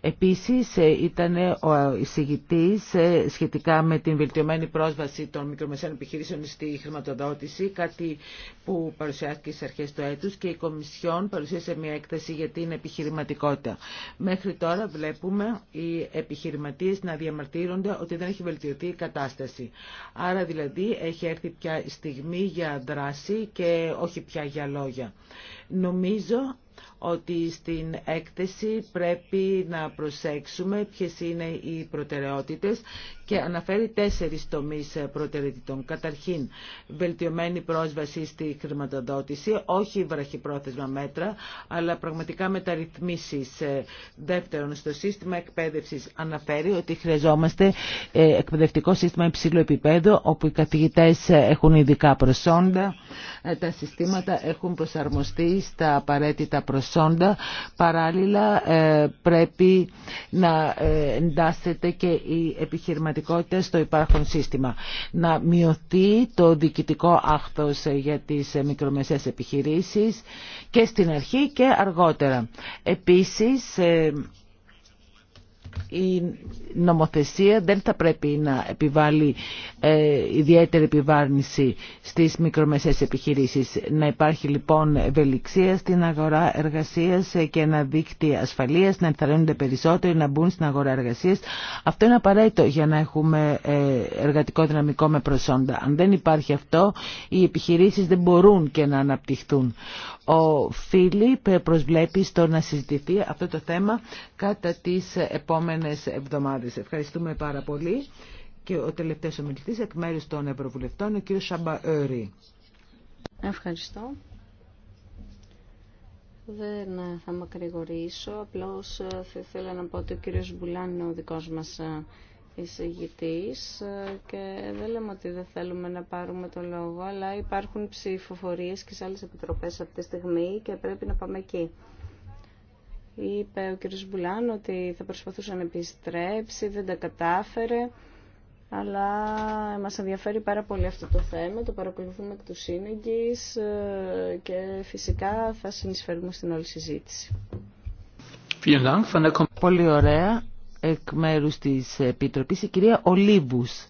Επίσης ε, ήταν ε, ο εισηγητής σχετικά με την βελτιωμένη πρόσβαση των μικρομεσαίων επιχειρήσεων στη χρηματοδότηση, κάτι που παρουσιάστηκε στις αρχές του έτους και η Κομισιόν παρουσίασε μια έκθεση για την επιχειρηματικότητα. Μέχρι τώρα βλέπουμε οι επιχειρηματίες να διαμαρτύρονται ότι δεν έχει βελτιωθεί η κατάσταση. Άρα δηλαδή έχει έρθει πια στιγμή για δράση και όχι πια για λόγια. Νομίζω ότι στην έκθεση πρέπει να προσέξουμε ποιες είναι οι προτεραιότητες και αναφέρει τέσσερις τομείς ε, προτεραιότητων. Καταρχήν, βελτιωμένη πρόσβαση στη χρηματοδότηση, όχι βραχυπρόθεσμα μέτρα, αλλά πραγματικά μεταρρυθμίσεις. Ε. Δεύτερον, στο σύστημα εκπαίδευσης αναφέρει ότι χρειαζόμαστε ε, εκπαιδευτικό σύστημα υψηλού επίπεδου, όπου οι καθηγητές έχουν ειδικά προσόντα, τα συστήματα έχουν προσαρμοστεί στα απαραίτητα προσόντα. Παράλληλα, πρέπει να εντάσσεται και η επιχειρηματική πραγματικότητα στο υπάρχον σύστημα. Να μειωθεί το διοικητικό άχθος ε, για τις ε, μικρομεσαίες επιχειρήσεις και στην αρχή και αργότερα. Επίσης, ε, η νομοθεσία δεν θα πρέπει να επιβάλλει ε, ιδιαίτερη επιβάρνηση στις μικρομεσαίες επιχειρήσεις. Να υπάρχει λοιπόν ευελιξία στην αγορά εργασίας και ένα δίκτυο ασφαλείας, να ενθαρρύνονται περισσότεροι να μπουν στην αγορά εργασίας. Αυτό είναι απαραίτητο για να έχουμε ε, εργατικό δυναμικό με προσόντα. Αν δεν υπάρχει αυτό, οι επιχειρήσεις δεν μπορούν και να αναπτυχθούν. Ο Φίλιπ προσβλέπει στο να συζητηθεί αυτό το θέμα κατά τις επόμενες επόμενες εβδομάδες. Ευχαριστούμε πάρα πολύ. Και ο τελευταίος ομιλητής εκ μέρου των Ευρωβουλευτών, ο κ. Σαμπαέρη. Ευχαριστώ. Δεν θα μακρηγορήσω, απλώς ε, θα ήθελα να πω ότι ο κύριος Μπουλάν είναι ο δικός μας ε, εισηγητής ε, και δεν λέμε ότι δεν θέλουμε να πάρουμε το λόγο, αλλά υπάρχουν ψηφοφορίες και σε άλλες επιτροπές αυτή τη στιγμή και πρέπει να πάμε εκεί είπε ο κ. Μπουλάν ότι θα προσπαθούσε να επιστρέψει, δεν τα κατάφερε. Αλλά μας ενδιαφέρει πάρα πολύ αυτό το θέμα, το παρακολουθούμε εκ του σύνεγγυς ε, και φυσικά θα συνεισφέρουμε στην όλη συζήτηση. Πολύ ωραία. Εκ μέρου τη Επιτροπή η κυρία Ολίβους.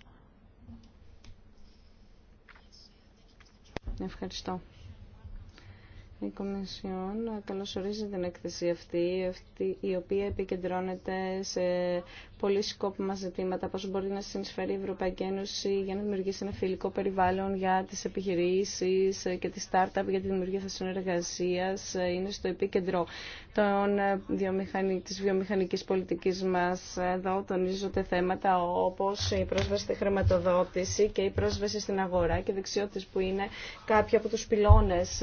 Ευχαριστώ. Η Κομισιόν καλωσορίζει την έκθεση αυτή, αυτή η οποία επικεντρώνεται σε πολύ σκόπιμα ζητήματα, πώ μπορεί να συνεισφέρει η Ευρωπαϊκή Ένωση για να δημιουργήσει ένα φιλικό περιβάλλον για τις επιχειρήσεις και τις startup για τη δημιουργία θέσεων είναι στο επίκεντρο τη ε, της βιομηχανικής πολιτικής μας. Εδώ τονίζονται θέματα όπως η πρόσβαση στη χρηματοδότηση και η πρόσβαση στην αγορά και δεξιότητες που είναι κάποιοι από τους πυλώνες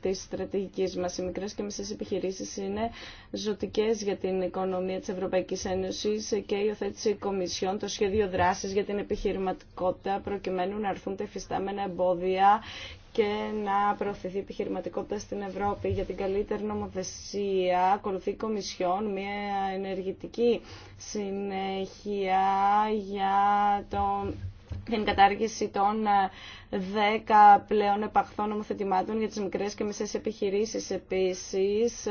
της στρατηγικής μας. Οι μικρές και μισές επιχειρήσεις είναι ζωτικές για την οικονομία της Ευρωπαϊκής Ένωσης και υιοθέτησε η Κομισιόν το σχέδιο δράσης για την επιχειρηματικότητα προκειμένου να έρθουν τα εφιστάμενα εμπόδια και να προωθηθεί η επιχειρηματικότητα στην Ευρώπη για την καλύτερη νομοθεσία. Ακολουθεί η Κομισιόν μια ενεργητική συνέχεια για τον την κατάργηση των 10 ε, πλέον επαχθών νομοθετημάτων για τις μικρές και μεσές επιχειρήσεις. Επίσης,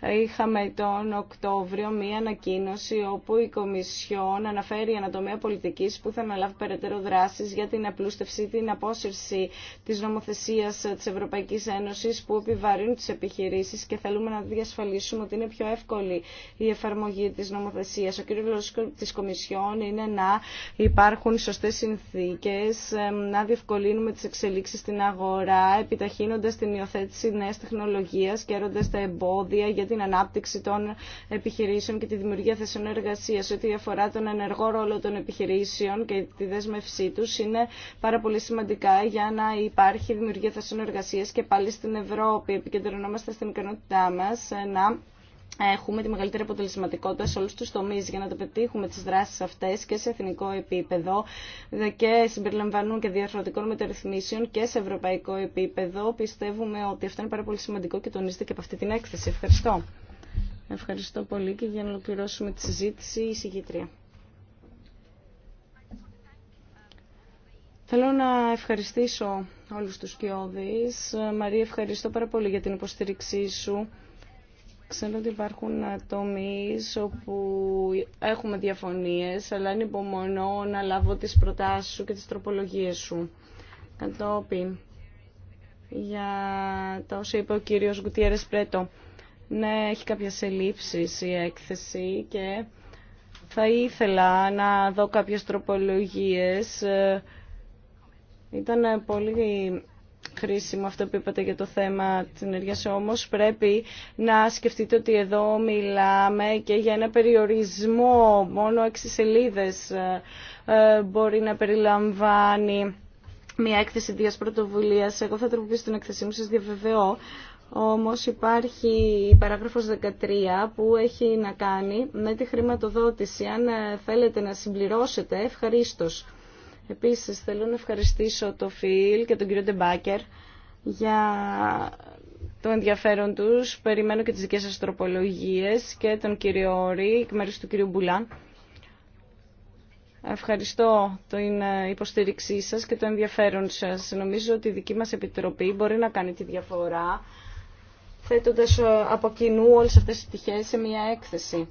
ε, είχαμε τον Οκτώβριο μία ανακοίνωση όπου η Κομισιόν αναφέρει ανατομία πολιτικής που θα αναλάβει περαιτέρω δράσεις για την απλούστευση, την απόσυρση της νομοθεσίας της Ευρωπαϊκής Ένωσης που επιβαρύνουν τις επιχειρήσεις και θέλουμε να διασφαλίσουμε ότι είναι πιο εύκολη η εφαρμογή της νομοθεσίας. Ο κύριος της Κομισιόν είναι να υπάρχουν αυτές να διευκολύνουμε τις εξελίξεις στην αγορά, επιταχύνοντας την υιοθέτηση νέας τεχνολογίας και τα εμπόδια για την ανάπτυξη των επιχειρήσεων και τη δημιουργία θέσεων εργασία. Ό,τι αφορά τον ενεργό ρόλο των επιχειρήσεων και τη δέσμευσή τους είναι πάρα πολύ σημαντικά για να υπάρχει δημιουργία θέσεων και πάλι στην Ευρώπη. Επικεντρωνόμαστε στην ικανότητά μα ε, να έχουμε τη μεγαλύτερη αποτελεσματικότητα σε όλους τους τομείς για να τα πετύχουμε τις δράσεις αυτές και σε εθνικό επίπεδο και συμπεριλαμβάνουν και διαφορετικών μεταρρυθμίσεων και σε ευρωπαϊκό επίπεδο. Πιστεύουμε ότι αυτό είναι πάρα πολύ σημαντικό και τονίζεται και από αυτή την έκθεση. Ευχαριστώ. Ευχαριστώ πολύ και για να ολοκληρώσουμε τη συζήτηση η συγκήτρια. Θέλω να ευχαριστήσω όλους τους κοιόδης. Μαρία, ευχαριστώ πάρα πολύ για την υποστήριξή σου. Ξέρω ότι υπάρχουν τομεί όπου έχουμε διαφωνίες, αλλά είναι υπομονώ να λάβω τις προτάσεις σου και τις τροπολογίες σου. Κατόπιν, για τα όσα είπε ο κύριος Γκουτιέρες Πρέτο, ναι, έχει κάποιες ελλείψεις η έκθεση και θα ήθελα να δω κάποιες τροπολογίες. Ε, ήταν πολύ χρήσιμο αυτό που είπατε για το θέμα της ενέργειας, όμως πρέπει να σκεφτείτε ότι εδώ μιλάμε και για ένα περιορισμό, μόνο έξι σελίδες ε, ε, μπορεί να περιλαμβάνει μια έκθεση δίας πρωτοβουλία. Εγώ θα τροποποιήσω την έκθεσή μου, σας διαβεβαιώ. Όμως υπάρχει η παράγραφος 13 που έχει να κάνει με τη χρηματοδότηση. Αν ε, θέλετε να συμπληρώσετε, ευχαρίστως. Επίσης θέλω να ευχαριστήσω το Φιλ και τον κύριο Ντεμπάκερ για το ενδιαφέρον τους. Περιμένω και τις δικές σας τροπολογίες και τον κύριο Όρη, εκ μέρους του κύριου Μπουλάν. Ευχαριστώ την ε, υποστήριξή σας και το ενδιαφέρον σας. Νομίζω ότι η δική μας Επιτροπή μπορεί να κάνει τη διαφορά θέτοντας ε, από κοινού όλες αυτές τις πτυχές σε μια έκθεση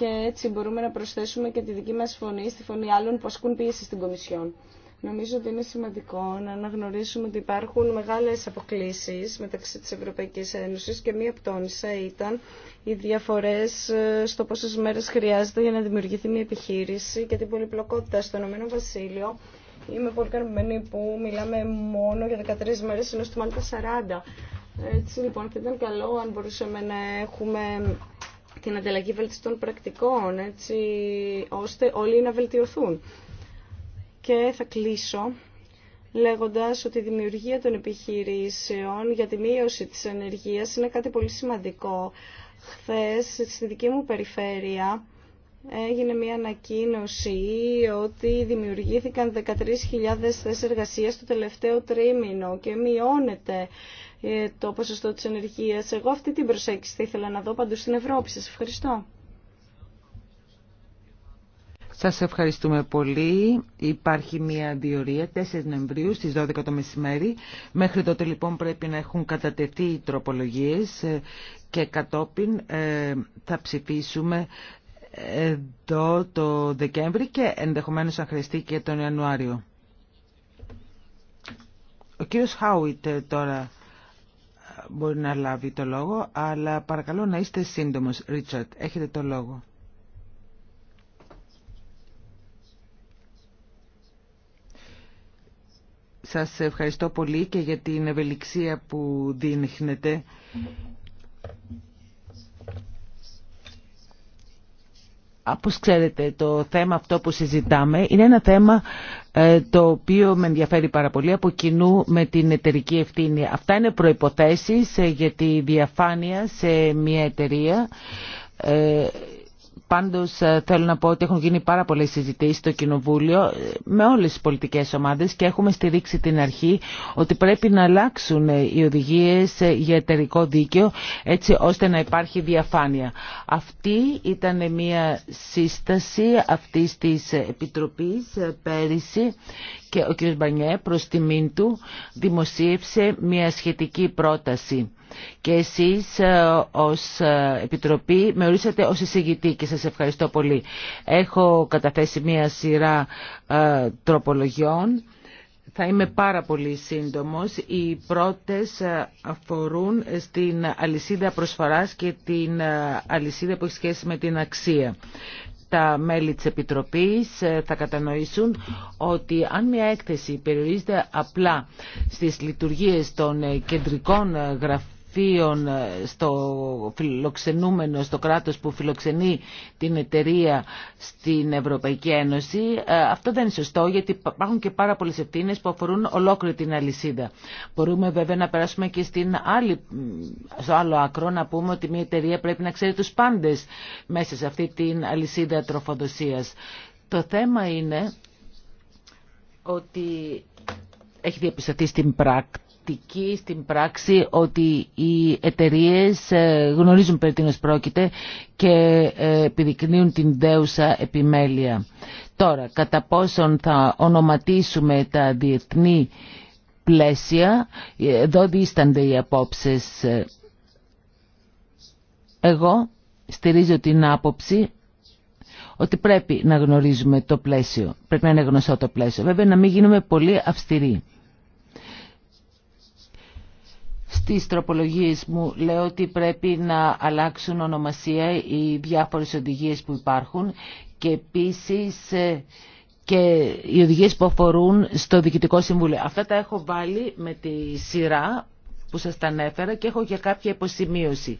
και έτσι μπορούμε να προσθέσουμε και τη δική μας φωνή στη φωνή άλλων που ασκούν πίεση στην Κομισιόν. Νομίζω ότι είναι σημαντικό να αναγνωρίσουμε ότι υπάρχουν μεγάλες αποκλήσεις μεταξύ της Ευρωπαϊκής Ένωσης και μία πτώνησα ήταν οι διαφορές ε, στο πόσες μέρες χρειάζεται για να δημιουργηθεί μια επιχείρηση και την πολυπλοκότητα στο Ηνωμένο Βασίλειο. Είμαι πολύ καρμμένη που μιλάμε μόνο για 13 μέρες, ενώ στη Μάλτα 40. Έτσι λοιπόν θα ήταν καλό αν μπορούσαμε να έχουμε την ανταλλαγή βελτιστών πρακτικών, έτσι ώστε όλοι να βελτιωθούν. Και θα κλείσω λέγοντας ότι η δημιουργία των επιχειρήσεων για τη μείωση της ανεργίας είναι κάτι πολύ σημαντικό. Χθες στη δική μου περιφέρεια έγινε μια ανακοίνωση ότι δημιουργήθηκαν 13.000 θέσεις εργασίας το τελευταίο τρίμηνο και μειώνεται ε, το ποσοστό της ενεργείας. Εγώ αυτή την προσέγγιση θα ήθελα να δω παντού στην Ευρώπη. Σας ευχαριστώ. Σας ευχαριστούμε πολύ. Υπάρχει μια διορία 4 Νοεμβρίου στις 12 το μεσημέρι. Μέχρι τότε λοιπόν πρέπει να έχουν κατατεθεί οι τροπολογίες και κατόπιν ε, θα ψηφίσουμε εδώ το Δεκέμβρη και ενδεχομένως αν χρειαστεί και τον Ιανουάριο. Ο κύριος Χάουιτ ε, τώρα μπορεί να λάβει το λόγο, αλλά παρακαλώ να είστε σύντομος, Ρίτσαρτ. Έχετε το λόγο. Σας ευχαριστώ πολύ και για την ευελιξία που δίνετε. Όπως ξέρετε, το θέμα αυτό που συζητάμε είναι ένα θέμα ε, το οποίο με ενδιαφέρει πάρα πολύ από κοινού με την εταιρική ευθύνη. Αυτά είναι προϋποθέσεις ε, για τη διαφάνεια σε μια εταιρεία ε, Πάντως ε, θέλω να πω ότι έχουν γίνει πάρα πολλές συζητήσεις στο Κοινοβούλιο ε, με όλες τις πολιτικές ομάδες και έχουμε στηρίξει την αρχή ότι πρέπει να αλλάξουν ε, οι οδηγίες για εταιρικό δίκαιο έτσι ώστε να υπάρχει διαφάνεια. Αυτή ήταν μια σύσταση αυτής της Επιτροπής πέρυσι και ο κ. Μπανιέ προς τιμήν του δημοσίευσε μια σχετική πρόταση και εσείς ε, ως ε, Επιτροπή με ορίσατε ως εισηγητή και σας ευχαριστώ πολύ. Έχω καταθέσει μία σειρά ε, τροπολογιών. Θα είμαι πάρα πολύ σύντομος. Οι πρώτες αφορούν στην αλυσίδα προσφοράς και την αλυσίδα που έχει σχέση με την αξία. Τα μέλη της Επιτροπής θα κατανοήσουν ότι αν μια έκθεση περιορίζεται απλά στις λειτουργίες των κεντρικών γραφείων ε, στο φιλοξενούμενο, στο κράτος που φιλοξενεί την εταιρεία στην Ευρωπαϊκή Ένωση. Ε, αυτό δεν είναι σωστό γιατί υπάρχουν και πάρα πολλές ευθύνε που αφορούν ολόκληρη την αλυσίδα. Μπορούμε βέβαια να περάσουμε και στην άλλη, στο άλλο άκρο να πούμε ότι μια εταιρεία πρέπει να ξέρει τους πάντες μέσα σε αυτή την αλυσίδα τροφοδοσίας. Το θέμα είναι ότι έχει διαπιστωθεί στην πράξη πρακτική, στην πράξη ότι οι εταιρείε ε, γνωρίζουν περί τίνος πρόκειται και ε, επιδεικνύουν την δέουσα επιμέλεια. Τώρα, κατά πόσον θα ονοματίσουμε τα διεθνή πλαίσια, ε, εδώ δίστανται οι απόψεις. Εγώ στηρίζω την άποψη ότι πρέπει να γνωρίζουμε το πλαίσιο, πρέπει να είναι γνωστό το πλαίσιο. Βέβαια να μην γίνουμε πολύ αυστηροί στις τροπολογίες μου λέω ότι πρέπει να αλλάξουν ονομασία οι διάφορες οδηγίες που υπάρχουν και επίσης ε, και οι οδηγίες που αφορούν στο Διοικητικό Συμβούλιο. Αυτά τα έχω βάλει με τη σειρά που σας τα ανέφερα και έχω για κάποια υποσημείωση.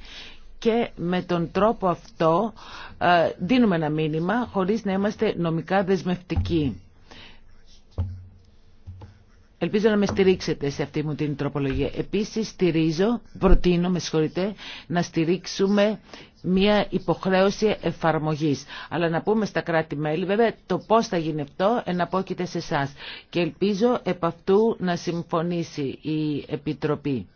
Και με τον τρόπο αυτό ε, δίνουμε ένα μήνυμα χωρίς να είμαστε νομικά δεσμευτικοί. Ελπίζω να με στηρίξετε σε αυτή μου την τροπολογία. Επίσης στηρίζω, προτείνω, με συγχωρείτε, να στηρίξουμε μια υποχρέωση εφαρμογής. Αλλά να πούμε στα κράτη-μέλη, βέβαια, το πώς θα γίνει αυτό εναπόκειται σε εσά. Και ελπίζω επ' αυτού να συμφωνήσει η Επιτροπή.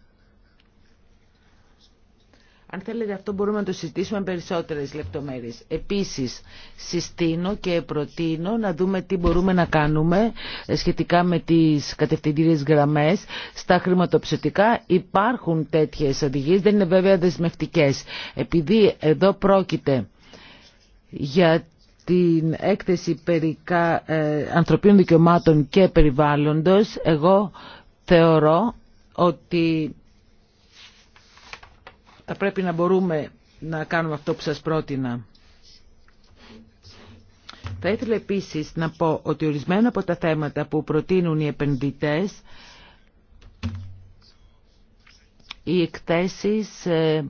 Αν θέλετε αυτό μπορούμε να το συζητήσουμε με περισσότερες λεπτομέρειες. Επίσης, συστήνω και προτείνω να δούμε τι μπορούμε να κάνουμε ε, σχετικά με τις κατευθυντήριες γραμμές στα χρηματοψηφιακά. Υπάρχουν τέτοιες οδηγίες, δεν είναι βέβαια δεσμευτικές. Επειδή εδώ πρόκειται για την έκθεση περί ε, ανθρωπίνων δικαιωμάτων και περιβάλλοντος, εγώ θεωρώ ότι θα πρέπει να μπορούμε να κάνουμε αυτό που σας πρότεινα. Θα ήθελα επίσης να πω ότι ορισμένα από τα θέματα που προτείνουν οι επενδυτές, οι εκθέσεις ε,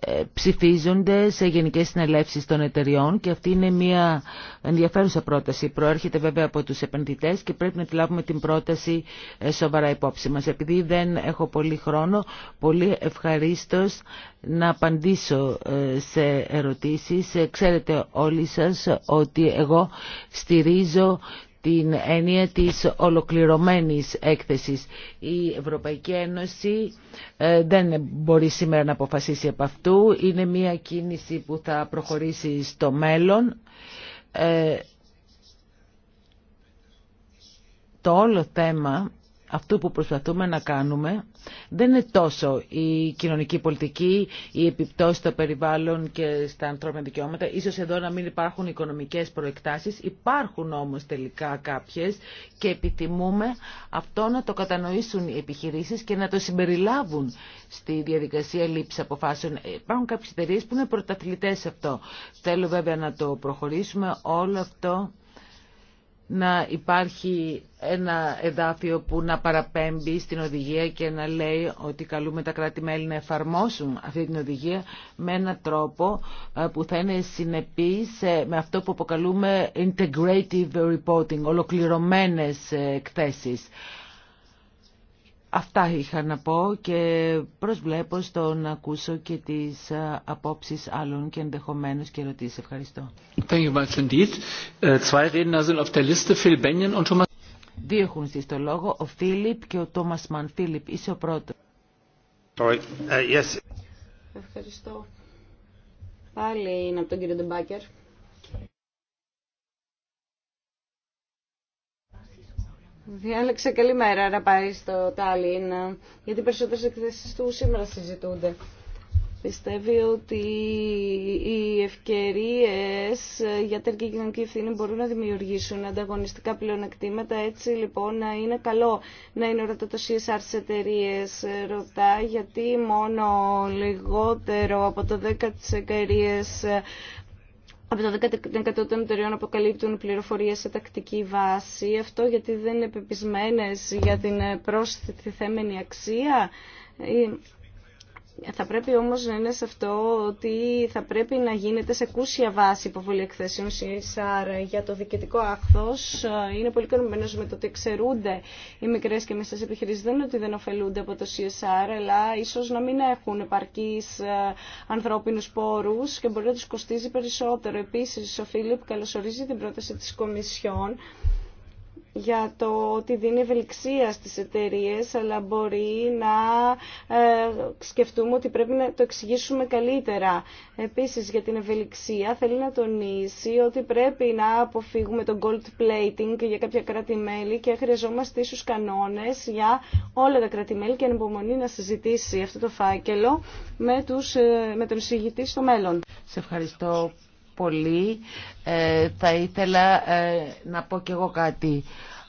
ε, ψηφίζονται σε γενικές συνελεύσεις των εταιριών και αυτή είναι μια ενδιαφέρουσα πρόταση. Προέρχεται βέβαια από τους επενδυτές και πρέπει να τη λάβουμε την πρόταση ε, σοβαρά υπόψη μας. Επειδή δεν έχω πολύ χρόνο, πολύ ευχαριστώ να απαντήσω ε, σε ερωτήσεις. Ξέρετε όλοι σας ότι εγώ στηρίζω την έννοια της ολοκληρωμένης έκθεσης. Η Ευρωπαϊκή Ένωση ε, δεν μπορεί σήμερα να αποφασίσει από αυτού. Είναι μια κίνηση που θα προχωρήσει στο μέλλον. Ε, το όλο θέμα αυτό που προσπαθούμε να κάνουμε δεν είναι τόσο η κοινωνική πολιτική, η επιπτώση στο περιβάλλον και στα ανθρώπινα δικαιώματα. Ίσως εδώ να μην υπάρχουν οικονομικές προεκτάσεις, υπάρχουν όμως τελικά κάποιες και επιτιμούμε αυτό να το κατανοήσουν οι επιχειρήσεις και να το συμπεριλάβουν στη διαδικασία λήψη αποφάσεων. Υπάρχουν κάποιες εταιρείε που είναι πρωταθλητές σε αυτό. Θέλω βέβαια να το προχωρήσουμε όλο αυτό να υπάρχει ένα εδάφιο που να παραπέμπει στην οδηγία και να λέει ότι καλούμε τα κράτη-μέλη να εφαρμόσουν αυτή την οδηγία με έναν τρόπο ε, που θα είναι συνεπής ε, με αυτό που αποκαλούμε integrative reporting, ολοκληρωμένες ε, εκθέσεις. Αυτά είχα να πω και προσβλέπω στο να ακούσω και τις ε, απόψεις άλλων και ενδεχομένως και ερωτήσεις. Ευχαριστώ. Ε, Δύο έχουν στήσει το λόγο, ο Φίλιπ και ο Τόμας Μαν. Φίλιπ, είσαι ο πρώτος. Ε, Ευχαριστώ. Πάλι είναι από τον κύριο Ντεμπάκερ. Διάλεξε καλή μέρα να πάει στο Τάλιν, γιατί περισσότερες εκθέσεις του σήμερα συζητούνται. Πιστεύει ότι οι ευκαιρίες για την κοινωνική ευθύνη μπορούν να δημιουργήσουν ανταγωνιστικά πλεονεκτήματα. Έτσι λοιπόν να είναι καλό να είναι ορατό το CSR στις εταιρείες. Ρωτά γιατί μόνο λιγότερο από το 10 της από τα 10% των αποκαλύπτουν πληροφορίες σε τακτική βάση. Αυτό γιατί δεν είναι πεπισμένε για την πρόσθετη θέμενη αξία θα πρέπει όμως να είναι σε αυτό ότι θα πρέπει να γίνεται σε κούσια βάση υποβολή εκθέσεων CSR για το διοικητικό άχθος. Ε, είναι πολύ κανομένο με το ότι ξερούνται οι μικρές και μεσέ επιχειρήσει Δεν είναι ότι δεν ωφελούνται από το CSR, αλλά ίσως να μην έχουν επαρκεί ε, ανθρώπινους πόρους και μπορεί να τους κοστίζει περισσότερο. Επίση, ο Φίλιπ καλωσορίζει την πρόταση τη Κομισιόν για το ότι δίνει ευελιξία στις εταιρείε, αλλά μπορεί να ε, σκεφτούμε ότι πρέπει να το εξηγήσουμε καλύτερα. Επίσης για την ευελιξία θέλει να τονίσει ότι πρέπει να αποφύγουμε το gold plating για κάποια κράτη-μέλη και χρειαζόμαστε ίσως κανόνες για όλα τα κράτη-μέλη και ανεπομονή να συζητήσει αυτό το φάκελο με, τους, ε, με τον συγητή στο μέλλον. Σε ευχαριστώ πολύ. Ε, θα ήθελα ε, να πω κι εγώ κάτι,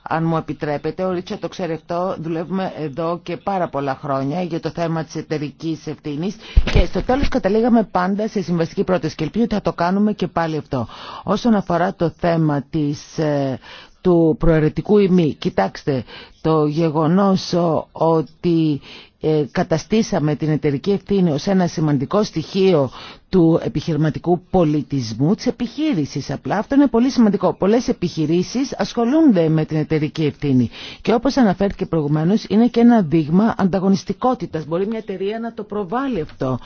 αν μου επιτρέπετε. Ο Ρίτσο το ξέρει αυτό, δουλεύουμε εδώ και πάρα πολλά χρόνια για το θέμα της εταιρική ευθύνη και στο τέλος καταλήγαμε πάντα σε συμβαστική πρόταση και ελπίζω ότι θα το κάνουμε και πάλι αυτό. Όσον αφορά το θέμα της ε, του προαιρετικού ημί. Κοιτάξτε, το γεγονός ότι ε, καταστήσαμε την εταιρική ευθύνη ως ένα σημαντικό στοιχείο του επιχειρηματικού πολιτισμού, της επιχείρησης απλά. Αυτό είναι πολύ σημαντικό. Πολλές επιχειρήσεις ασχολούνται με την εταιρική ευθύνη και όπως αναφέρθηκε προηγουμένως είναι και ένα δείγμα ανταγωνιστικότητας. Μπορεί μια εταιρεία να το προβάλλει αυτό.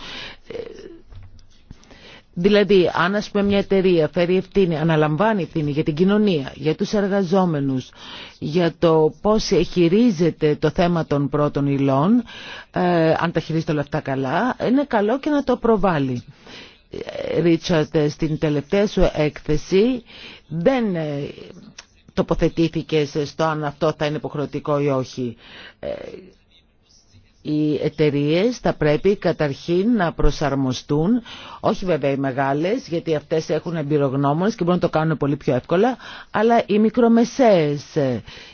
Ε, Δηλαδή, αν ας πούμε μια εταιρεία φέρει ευθύνη, αναλαμβάνει ευθύνη για την κοινωνία, για τους εργαζόμενους, για το πώς χειρίζεται το θέμα των πρώτων υλών, ε, αν τα χειρίζεται όλα αυτά καλά, είναι καλό και να το προβάλλει. Ε, Ρίτσαρτ, στην τελευταία σου έκθεση δεν ε, τοποθετήθηκες στο αν αυτό θα είναι υποχρεωτικό ή όχι οι εταιρείες θα πρέπει καταρχήν να προσαρμοστούν, όχι βέβαια οι μεγάλες, γιατί αυτές έχουν εμπειρογνώμονες και μπορούν να το κάνουν πολύ πιο εύκολα, αλλά οι μικρομεσαίες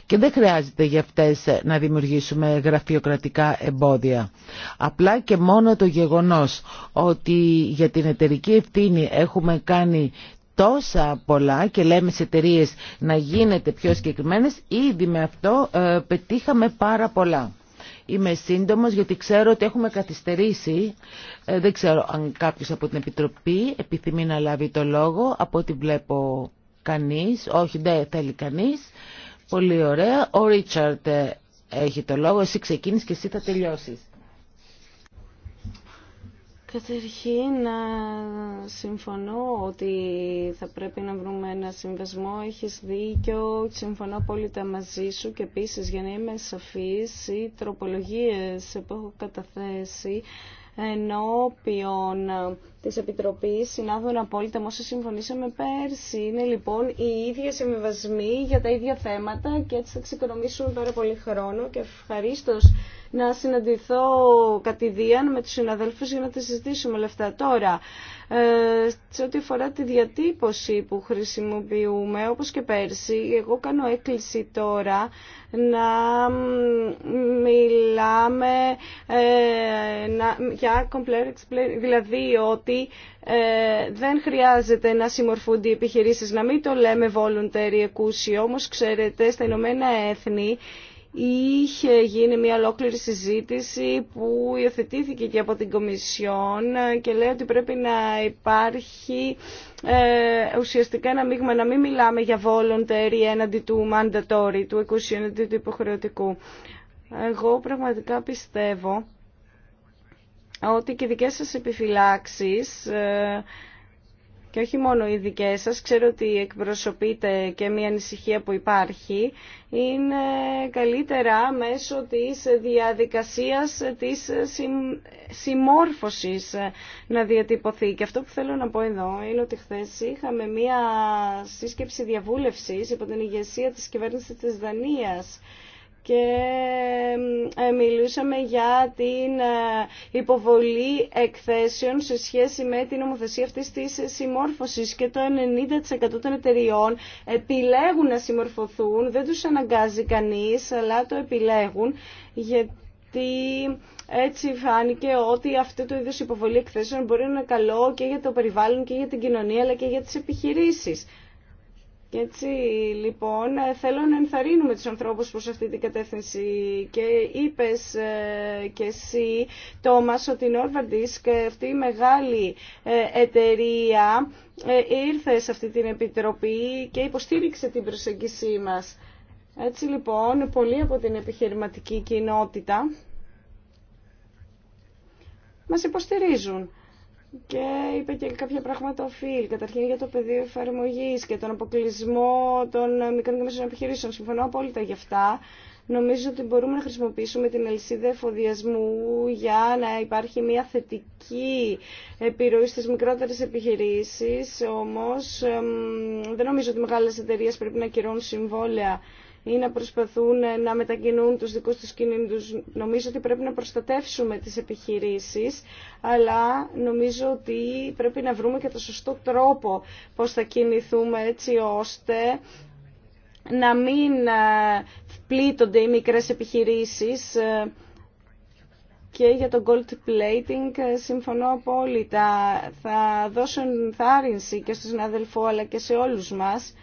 και δεν χρειάζεται για αυτές να δημιουργήσουμε γραφειοκρατικά εμπόδια. Απλά και μόνο το γεγονός ότι για την εταιρική ευθύνη έχουμε κάνει τόσα πολλά και λέμε σε εταιρείε να γίνεται πιο συγκεκριμένες, ήδη με αυτό ε, πετύχαμε πάρα πολλά. Είμαι σύντομος γιατί ξέρω ότι έχουμε καθυστερήσει. Ε, δεν ξέρω αν κάποιος από την Επιτροπή επιθυμεί να λάβει το λόγο. Από ό,τι βλέπω κανείς. Όχι, δεν θέλει κανείς. Πολύ ωραία. Ο Ρίτσαρτ ε, έχει το λόγο. Εσύ ξεκίνησε και εσύ θα τελειώσεις. Καταρχήν συμφωνώ ότι θα πρέπει να βρούμε ένα συμβασμό. Έχεις δίκιο, συμφωνώ απόλυτα μαζί σου και επίσης για να είμαι σαφής, οι τροπολογίες που έχω καταθέσει ενώπιον της Επιτροπής συνάδουν απόλυτα με όσο συμφωνήσαμε πέρσι. Είναι λοιπόν οι ίδιοι συμβασμοί για τα ίδια θέματα και έτσι θα ξεκονομήσουμε πάρα πολύ χρόνο και ευχαρίστως να συναντηθώ κατηδίαν με τους συναδέλφους για να τα συζητήσουμε όλα αυτά. Τώρα, ε, σε ό,τι αφορά τη διατύπωση που χρησιμοποιούμε, όπως και πέρσι, εγώ κάνω έκκληση τώρα να μιλάμε ε, για δηλαδή ότι ε, δεν χρειάζεται να συμμορφούνται οι επιχειρήσεις, να μην το λέμε voluntary εκούσιο, όμως ξέρετε στα Ηνωμένα Έθνη είχε γίνει μια ολόκληρη συζήτηση που υιοθετήθηκε και από την Κομισιόν και λέει ότι πρέπει να υπάρχει ε, ουσιαστικά ένα μείγμα, να μην μιλάμε για voluntary έναντι του mandatory, του εκούσιου του υποχρεωτικού. Εγώ πραγματικά πιστεύω ότι και δικές σας επιφυλάξεις ε, και όχι μόνο οι δικέ σας, ξέρω ότι εκπροσωπείτε και μια ανησυχία που υπάρχει, είναι καλύτερα μέσω της διαδικασίας της συμμόρφωσης να διατυπωθεί. Και αυτό που θέλω να πω εδώ είναι ότι χθε είχαμε μια σύσκεψη διαβούλευση υπό την ηγεσία της κυβέρνησης της Δανία και ε, μιλούσαμε για την ε, υποβολή εκθέσεων σε σχέση με την νομοθεσία αυτής της συμμόρφωσης και το 90% των εταιριών επιλέγουν να συμμορφωθούν, δεν τους αναγκάζει κανείς, αλλά το επιλέγουν γιατί έτσι φάνηκε ότι αυτό το είδος υποβολή εκθέσεων μπορεί να είναι καλό και για το περιβάλλον και για την κοινωνία αλλά και για τις επιχειρήσεις. Και έτσι λοιπόν ε, θέλω να ενθαρρύνουμε τους ανθρώπους προς αυτή την κατεύθυνση και είπες ε, και εσύ Τόμας ότι η Norvardisk ε, αυτή η μεγάλη ε, εταιρεία ήρθε σε αυτή την επιτροπή και υποστήριξε την προσέγγιση μας. Έτσι λοιπόν πολλοί από την επιχειρηματική κοινότητα μας υποστηρίζουν και είπε και κάποια πράγματα ο Φιλ, καταρχήν για το πεδίο εφαρμογή και τον αποκλεισμό των μικρών και μέσων επιχειρήσεων. Συμφωνώ απόλυτα γι' αυτά. Νομίζω ότι μπορούμε να χρησιμοποιήσουμε την αλυσίδα εφοδιασμού για να υπάρχει μια θετική επιρροή στις μικρότερες επιχειρήσεις, όμως δεν νομίζω ότι μεγάλες εταιρείες πρέπει να κυρώνουν συμβόλαια ή να προσπαθούν ε, να μετακινούν τους δικούς τους κινήτους. Νομίζω ότι πρέπει να προστατεύσουμε τις επιχειρήσεις, αλλά νομίζω ότι πρέπει να βρούμε και το σωστό τρόπο πώς θα κινηθούμε έτσι ώστε να μην ε, πλήττονται οι μικρές επιχειρήσεις ε, και για το gold plating συμφωνώ απόλυτα. Θα δώσω ενθάρρυνση και στον αδελφό, αλλά και σε όλους μας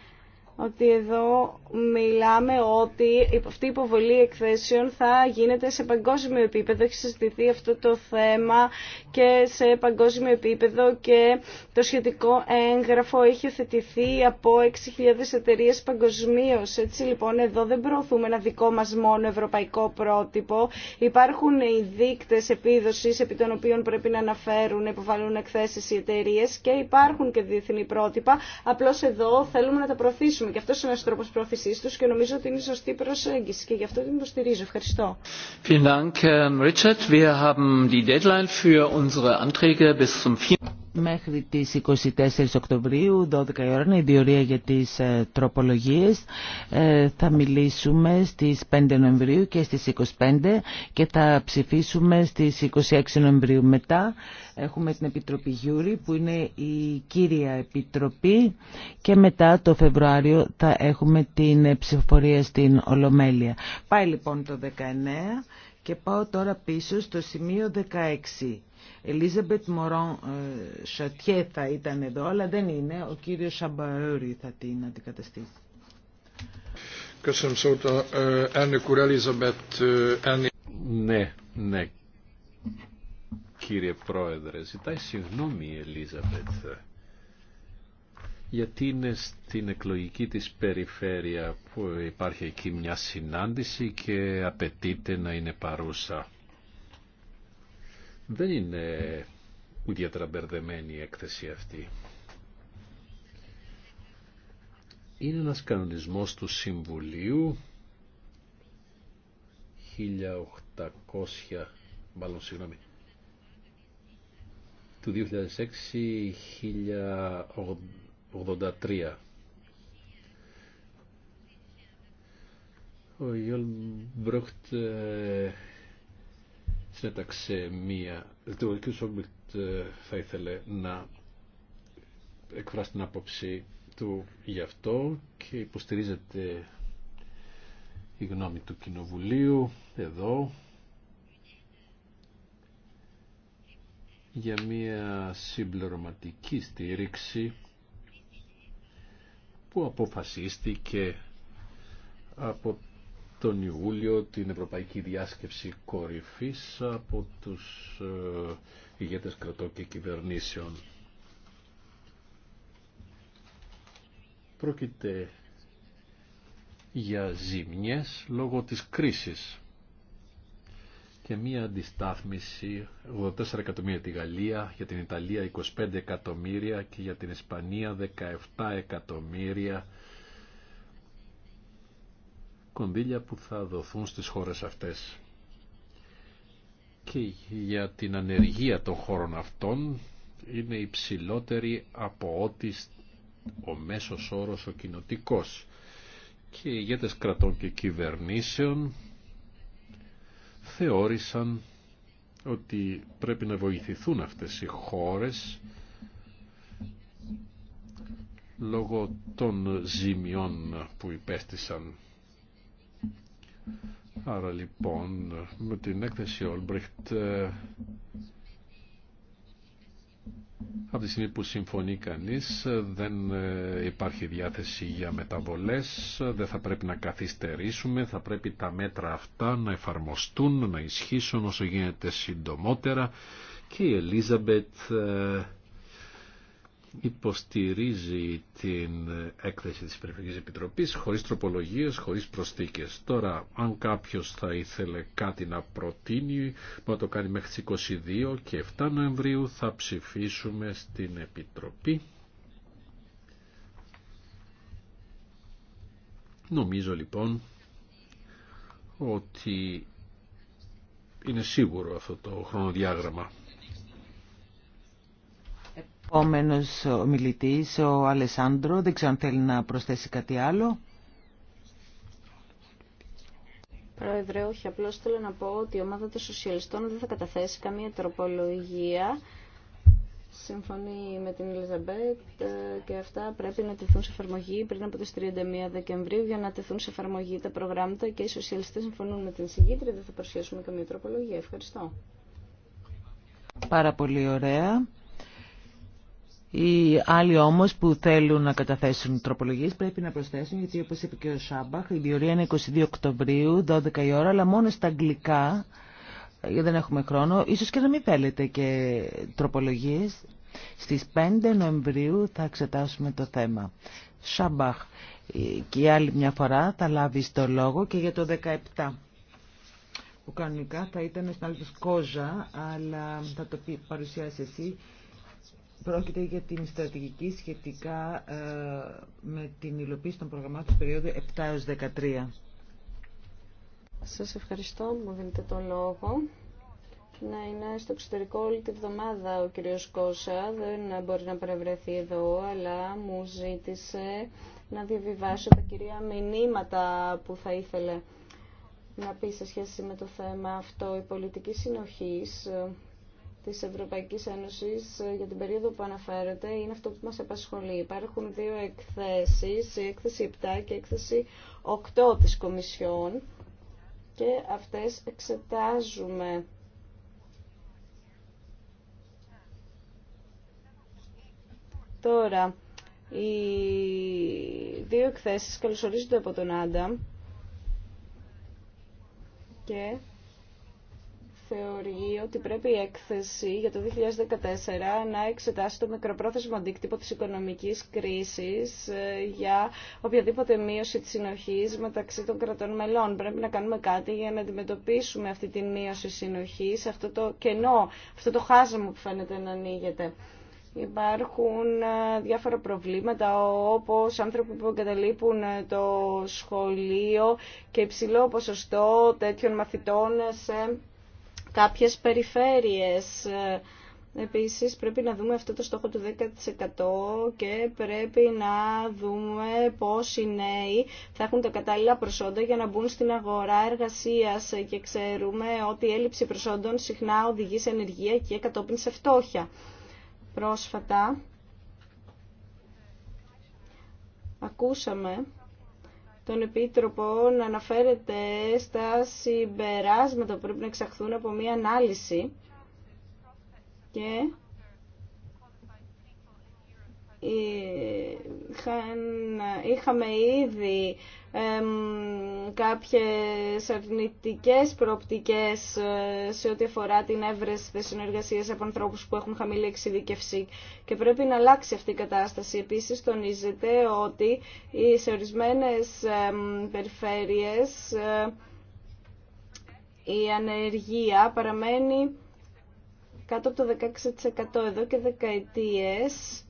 ότι εδώ μιλάμε ότι αυτή η υποβολή εκθέσεων θα γίνεται σε παγκόσμιο επίπεδο. Έχει συζητηθεί αυτό το θέμα και σε παγκόσμιο επίπεδο και το σχετικό έγγραφο έχει οθετηθεί από 6.000 εταιρείε παγκοσμίω. Έτσι λοιπόν εδώ δεν προωθούμε ένα δικό μας μόνο ευρωπαϊκό πρότυπο. Υπάρχουν οι δείκτες επίδοσης επί των οποίων πρέπει να αναφέρουν, να υποβαλούν εκθέσεις οι εταιρείε και υπάρχουν και διεθνή πρότυπα. Απλώς εδώ θέλουμε να τα προωθήσουμε βοηθήσουμε. Και αυτό είναι ο τρόπο πρόθεσή του και νομίζω ότι είναι η σωστή προσέγγιση και γι' αυτό την υποστηρίζω. Ευχαριστώ. Vielen Dank, ähm, Richard. Wir haben die Deadline für unsere Anträge bis zum 4. Μέχρι τις 24 Οκτωβρίου, 12 η ώρα, είναι η διορία για τις ε, τροπολογίες. Ε, θα μιλήσουμε στις 5 Νοεμβρίου και στις 25 και θα ψηφίσουμε στις 26 Νοεμβρίου. Μετά έχουμε την Επιτροπή Γιούρη που είναι η κύρια Επιτροπή και μετά το Φεβρουάριο θα έχουμε την ψηφοφορία στην Ολομέλεια. Πάει λοιπόν το 19 και πάω τώρα πίσω στο σημείο 16. Ελίζαμπετ Μωρόν ε, Σατιέ θα ήταν εδώ, αλλά δεν είναι. Ο κύριος Σαμπαρούρη θα την αντικαταστήσει. Ναι, ναι. Κύριε Πρόεδρε, ζητάει συγγνώμη η Ελίζαμπετ γιατί είναι στην εκλογική της περιφέρεια που υπάρχει εκεί μια συνάντηση και απαιτείται να είναι παρούσα. Δεν είναι ιδιαίτερα μπερδεμένη η έκθεση αυτή. Είναι ένας κανονισμός του Συμβουλίου 1800 μάλλον συγγνώμη του 2006 1800. 83. Ο Ιόλ ε, συνέταξε μία. Ο κ. ε, θα ήθελε να εκφράσει την άποψη του γι' αυτό και υποστηρίζεται η γνώμη του Κοινοβουλίου εδώ για μια συμπληρωματική στήριξη που αποφασίστηκε από τον Ιούλιο την Ευρωπαϊκή Διάσκεψη Κορυφής από τους ε, ηγέτες κρατών και κυβερνήσεων. Πρόκειται για ζημιές λόγω της κρίσης και μία αντιστάθμιση 84 εκατομμύρια τη Γαλλία, για την Ιταλία 25 εκατομμύρια και για την Ισπανία 17 εκατομμύρια κονδύλια που θα δοθούν στις χώρες αυτές. Και για την ανεργία των χώρων αυτών είναι υψηλότερη από ό,τι ο μέσος όρος ο κοινοτικός. Και οι ηγέτες κρατών και κυβερνήσεων θεώρησαν ότι πρέπει να βοηθηθούν αυτές οι χώρες λόγω των ζημιών που υπέστησαν. Άρα λοιπόν με την έκθεση Ολμπριχτ ε, από τη στιγμή που συμφωνεί κανείς δεν ε, υπάρχει διάθεση για μεταβολές, δεν θα πρέπει να καθυστερήσουμε, θα πρέπει τα μέτρα αυτά να εφαρμοστούν, να ισχύσουν όσο γίνεται συντομότερα και η Ελίζαμπετ ε, υποστηρίζει την έκθεση της Περιφερειακής Επιτροπής χωρίς τροπολογίες, χωρίς προσθήκες. Τώρα, αν κάποιος θα ήθελε κάτι να προτείνει, μπορεί να το κάνει μέχρι τις 22 και 7 Νοεμβρίου θα ψηφίσουμε στην Επιτροπή. Νομίζω λοιπόν ότι είναι σίγουρο αυτό το χρονοδιάγραμμα. Επόμενος ο μιλητής, ο Αλεσάνδρο, δεν ξέρω αν θέλει να προσθέσει κάτι άλλο. Πρόεδρε, όχι, απλώς θέλω να πω ότι η ομάδα των σοσιαλιστών δεν θα καταθέσει καμία τροπολογία. Συμφωνεί με την Ελιζαμπέτ ε, και αυτά πρέπει να τεθούν σε εφαρμογή πριν από τις 31 Δεκεμβρίου για να τεθούν σε εφαρμογή τα προγράμματα και οι σοσιαλιστές συμφωνούν με την συγκήτρια, δεν θα παρουσιάσουμε καμία τροπολογία. Ευχαριστώ. Πάρα πολύ ωραία. Οι άλλοι όμως που θέλουν να καταθέσουν τροπολογίες πρέπει να προσθέσουν, γιατί όπως είπε και ο Σάμπαχ, η διορία είναι 22 Οκτωβρίου, 12 η ώρα, αλλά μόνο στα αγγλικά, γιατί ε, δεν έχουμε χρόνο, ίσως και να μην θέλετε και τροπολογίες. Στις 5 Νοεμβρίου θα εξετάσουμε το θέμα. Σάμπαχ, ε, και άλλη μια φορά θα λάβεις το λόγο και για το 17 που κανονικά θα ήταν στην άλλη κόζα, αλλά θα το παρουσιάσει εσύ Πρόκειται για την στρατηγική σχετικά ε, με την υλοποίηση των προγραμμάτων της περίοδου 7-13. Σας ευχαριστώ που μου δίνετε το λόγο. Να είναι στο εξωτερικό όλη τη βδομάδα ο κύριος Κώσα. Δεν μπορεί να παρευρεθεί εδώ, αλλά μου ζήτησε να διαβιβάσω τα κυρία μηνύματα που θα ήθελε να πει σε σχέση με το θέμα αυτό. Η πολιτική συνοχής Τη Ευρωπαϊκής Ένωση ε, για την περίοδο που αναφέρεται είναι αυτό που μας απασχολεί. Υπάρχουν δύο εκθέσεις, η έκθεση 7 και η έκθεση 8 της Κομισιόν και αυτές εξετάζουμε Τώρα, οι δύο εκθέσεις καλωσορίζονται από τον Άντα και θεωρεί ότι πρέπει η έκθεση για το 2014 να εξετάσει το μικροπρόθεσμο αντίκτυπο της οικονομικής κρίσης ε, για οποιαδήποτε μείωση της συνοχής μεταξύ των κρατών μελών. Πρέπει να κάνουμε κάτι για να αντιμετωπίσουμε αυτή τη μείωση συνοχής, αυτό το κενό, αυτό το χάσμα που φαίνεται να ανοίγεται. Υπάρχουν ε, διάφορα προβλήματα όπως άνθρωποι που εγκαταλείπουν ε, το σχολείο και υψηλό ποσοστό τέτοιων μαθητών σε κάποιες περιφέρειες. Ε, επίσης πρέπει να δούμε αυτό το στόχο του 10% και πρέπει να δούμε πώς οι νέοι θα έχουν τα κατάλληλα προσόντα για να μπουν στην αγορά εργασίας και ξέρουμε ότι η έλλειψη προσόντων συχνά οδηγεί σε ενεργεία και κατόπιν σε φτώχεια. Πρόσφατα ακούσαμε τον Επίτροπο να αναφέρεται στα συμπεράσματα που πρέπει να εξαχθούν από μία ανάλυση και ε, είχαν, είχαμε ήδη κάποιες αρνητικές προοπτικές ε, σε ό,τι αφορά την έβρεση της συνεργασίας από ανθρώπους που έχουν χαμηλή εξειδικευσή και πρέπει να αλλάξει αυτή η κατάσταση. Επίσης τονίζεται ότι σε ορισμένες περιφέρειες ε, η ανεργία παραμένει κάτω από το 16% εδώ και δεκαετίες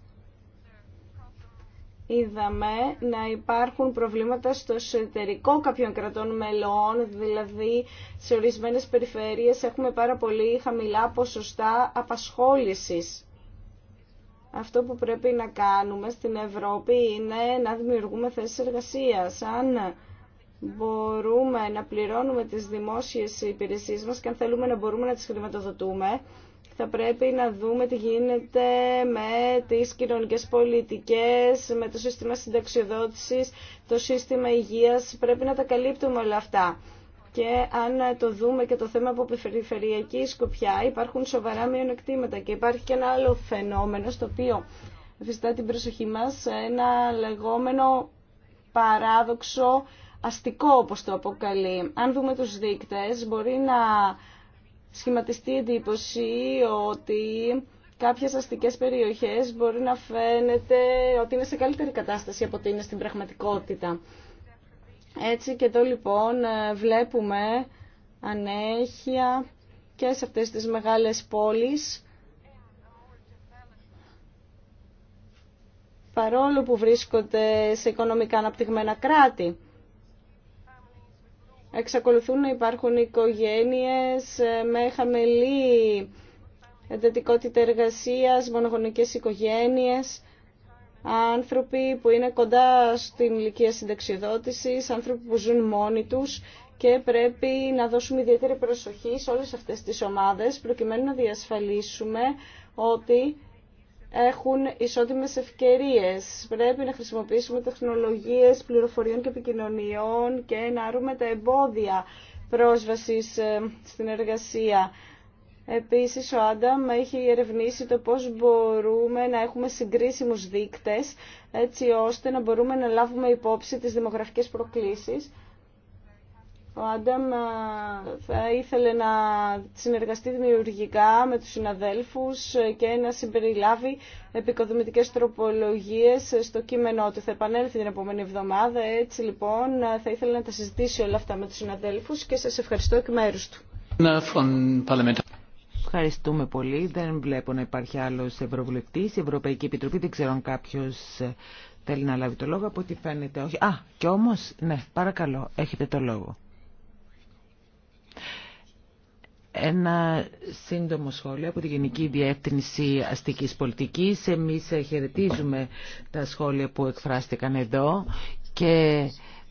είδαμε να υπάρχουν προβλήματα στο εσωτερικό κάποιων κρατών μελών, δηλαδή σε ορισμένες περιφέρειες έχουμε πάρα πολύ χαμηλά ποσοστά απασχόλησης. Αυτό που πρέπει να κάνουμε στην Ευρώπη είναι να δημιουργούμε θέσεις εργασίας. Αν μπορούμε να πληρώνουμε τις δημόσιες υπηρεσίες μας και αν θέλουμε να μπορούμε να τις χρηματοδοτούμε, θα πρέπει να δούμε τι γίνεται με τις κοινωνικές πολιτικές, με το σύστημα συνταξιοδότησης, το σύστημα υγείας. Πρέπει να τα καλύπτουμε όλα αυτά. Και αν το δούμε και το θέμα από περιφερειακή σκοπιά, υπάρχουν σοβαρά μειονεκτήματα και υπάρχει και ένα άλλο φαινόμενο στο οποίο φυσικά την προσοχή μας, ένα λεγόμενο παράδοξο αστικό όπως το αποκαλεί. Αν δούμε τους δείκτες μπορεί να σχηματιστεί εντύπωση ότι κάποιες αστικές περιοχές μπορεί να φαίνεται ότι είναι σε καλύτερη κατάσταση από ότι είναι στην πραγματικότητα. Έτσι και εδώ λοιπόν ε, βλέπουμε ανέχεια και σε αυτές τις μεγάλες πόλεις παρόλο που βρίσκονται σε οικονομικά αναπτυγμένα κράτη. Εξακολουθούν να υπάρχουν οικογένειες ε, με χαμηλή εντατικότητα εργασίας, μονογονικές οικογένειες, άνθρωποι που είναι κοντά στην ηλικία συνταξιδότησης, άνθρωποι που ζουν μόνοι τους και πρέπει να δώσουμε ιδιαίτερη προσοχή σε όλες αυτές τις ομάδες προκειμένου να διασφαλίσουμε ότι έχουν ισότιμες ευκαιρίες. Πρέπει να χρησιμοποιήσουμε τεχνολογίες πληροφοριών και επικοινωνιών και να άρουμε τα εμπόδια πρόσβασης ε, στην εργασία. Επίσης, ο Άνταμ έχει ερευνήσει το πώς μπορούμε να έχουμε συγκρίσιμους δείκτες, έτσι ώστε να μπορούμε να λάβουμε υπόψη τις δημογραφικές προκλήσεις ο Άνταμ ε, θα ήθελε να συνεργαστεί δημιουργικά με τους συναδέλφους ε, και να συμπεριλάβει επικοδομητικές τροπολογίες στο κείμενό του. Θα επανέλθει την επόμενη εβδομάδα, έτσι λοιπόν ε, θα ήθελε να τα συζητήσει όλα αυτά με τους συναδέλφους και σας ευχαριστώ εκ μέρους του. Ευχαριστούμε πολύ. Δεν βλέπω να υπάρχει άλλο ευρωβουλευτής. Η Ευρωπαϊκή Επιτροπή δεν ξέρω αν κάποιος θέλει να λάβει το λόγο. Από ό,τι φαίνεται όχι. Α, και όμως, ναι, παρακαλώ, έχετε το λόγο. Ένα σύντομο σχόλιο από τη Γενική Διεύθυνση Αστικής Πολιτικής. Εμείς χαιρετίζουμε τα σχόλια που εκφράστηκαν εδώ και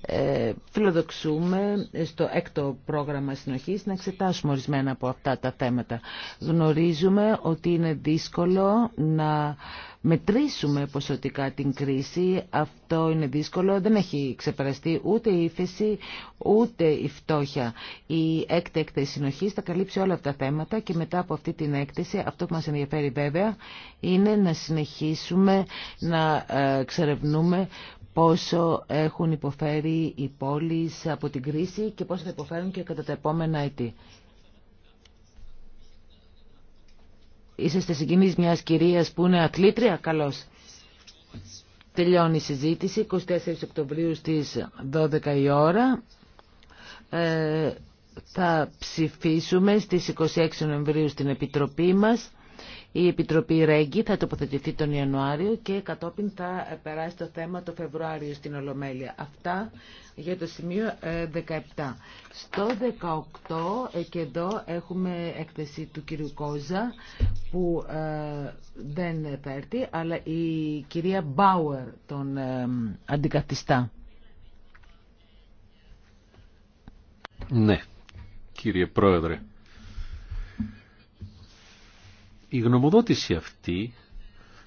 ε, φιλοδοξούμε στο έκτο πρόγραμμα συνοχής να εξετάσουμε ορισμένα από αυτά τα θέματα. Γνωρίζουμε ότι είναι δύσκολο να μετρήσουμε ποσοτικά την κρίση. Αυτό είναι δύσκολο. Δεν έχει ξεπεραστεί ούτε η ύφεση ούτε η φτώχεια. Η έκτη έκθεση συνοχής θα καλύψει όλα αυτά τα θέματα και μετά από αυτή την έκθεση αυτό που μας ενδιαφέρει βέβαια είναι να συνεχίσουμε να εξερευνούμε πόσο έχουν υποφέρει οι πόλεις από την κρίση και πόσο θα υποφέρουν και κατά τα επόμενα έτη. Είσαστε συγκινείς μιας κυρίας που είναι αθλήτρια. Καλώς. Τελειώνει η συζήτηση. 24 Οκτωβρίου στις 12 η ώρα. Ε, θα ψηφίσουμε στις 26 Νοεμβρίου στην Επιτροπή μας. Η Επιτροπή Ρέγγι θα τοποθετηθεί τον Ιανουάριο και κατόπιν θα περάσει το θέμα το Φεβρουάριο στην Ολομέλεια. Αυτά για το σημείο 17. Ε, Στο 18 και εδώ έχουμε έκθεση του κυρίου Κόζα που ε, δεν θα έρθει, αλλά η κυρία Μπάουερ τον ε, αντικαθιστά. Ναι, κύριε Πρόεδρε. Η γνωμοδότηση αυτή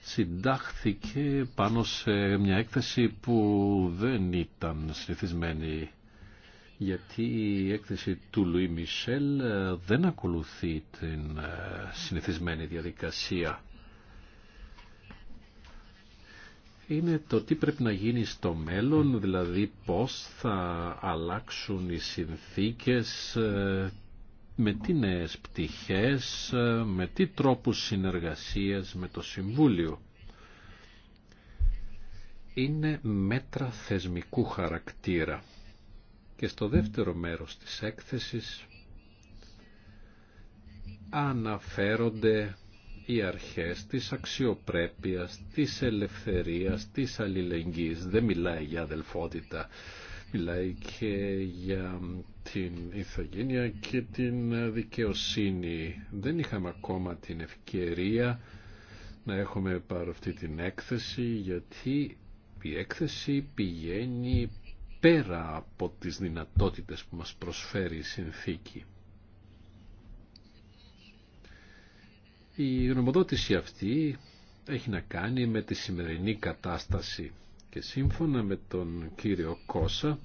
συντάχθηκε πάνω σε μια έκθεση που δεν ήταν συνηθισμένη γιατί η έκθεση του Λουί Μισελ δεν ακολουθεί την ε, συνηθισμένη διαδικασία. Είναι το τι πρέπει να γίνει στο μέλλον, δηλαδή πώς θα αλλάξουν οι συνθήκες ε, με τι νέες πτυχές, ε, με τι τρόπους συνεργασίας με το Συμβούλιο. Είναι μέτρα θεσμικού χαρακτήρα. Και στο δεύτερο μέρος της έκθεσης αναφέρονται οι αρχές της αξιοπρέπειας, της ελευθερίας, της αλληλεγγύης. Δεν μιλάει για αδελφότητα, μιλάει και για την ηθογένεια και την δικαιοσύνη. Δεν είχαμε ακόμα την ευκαιρία να έχουμε πάρει αυτή την έκθεση γιατί η έκθεση πηγαίνει πέρα από τις δυνατότητες που μας προσφέρει η συνθήκη. Η γνωμοδότηση αυτή έχει να κάνει με τη σημερινή κατάσταση και σύμφωνα με τον κύριο Κόσα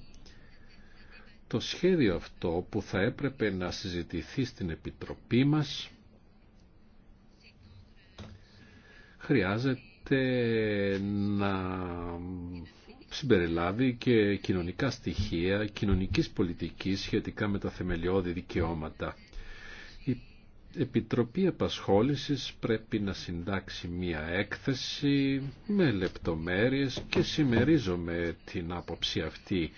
το σχέδιο αυτό που θα έπρεπε να συζητηθεί στην Επιτροπή μας χρειάζεται να συμπεριλάβει και κοινωνικά στοιχεία κοινωνικής πολιτικής σχετικά με τα θεμελιώδη δικαιώματα. Η Επιτροπή Απασχόλησης πρέπει να συντάξει μία έκθεση με λεπτομέρειες και συμμερίζομαι την άποψη αυτή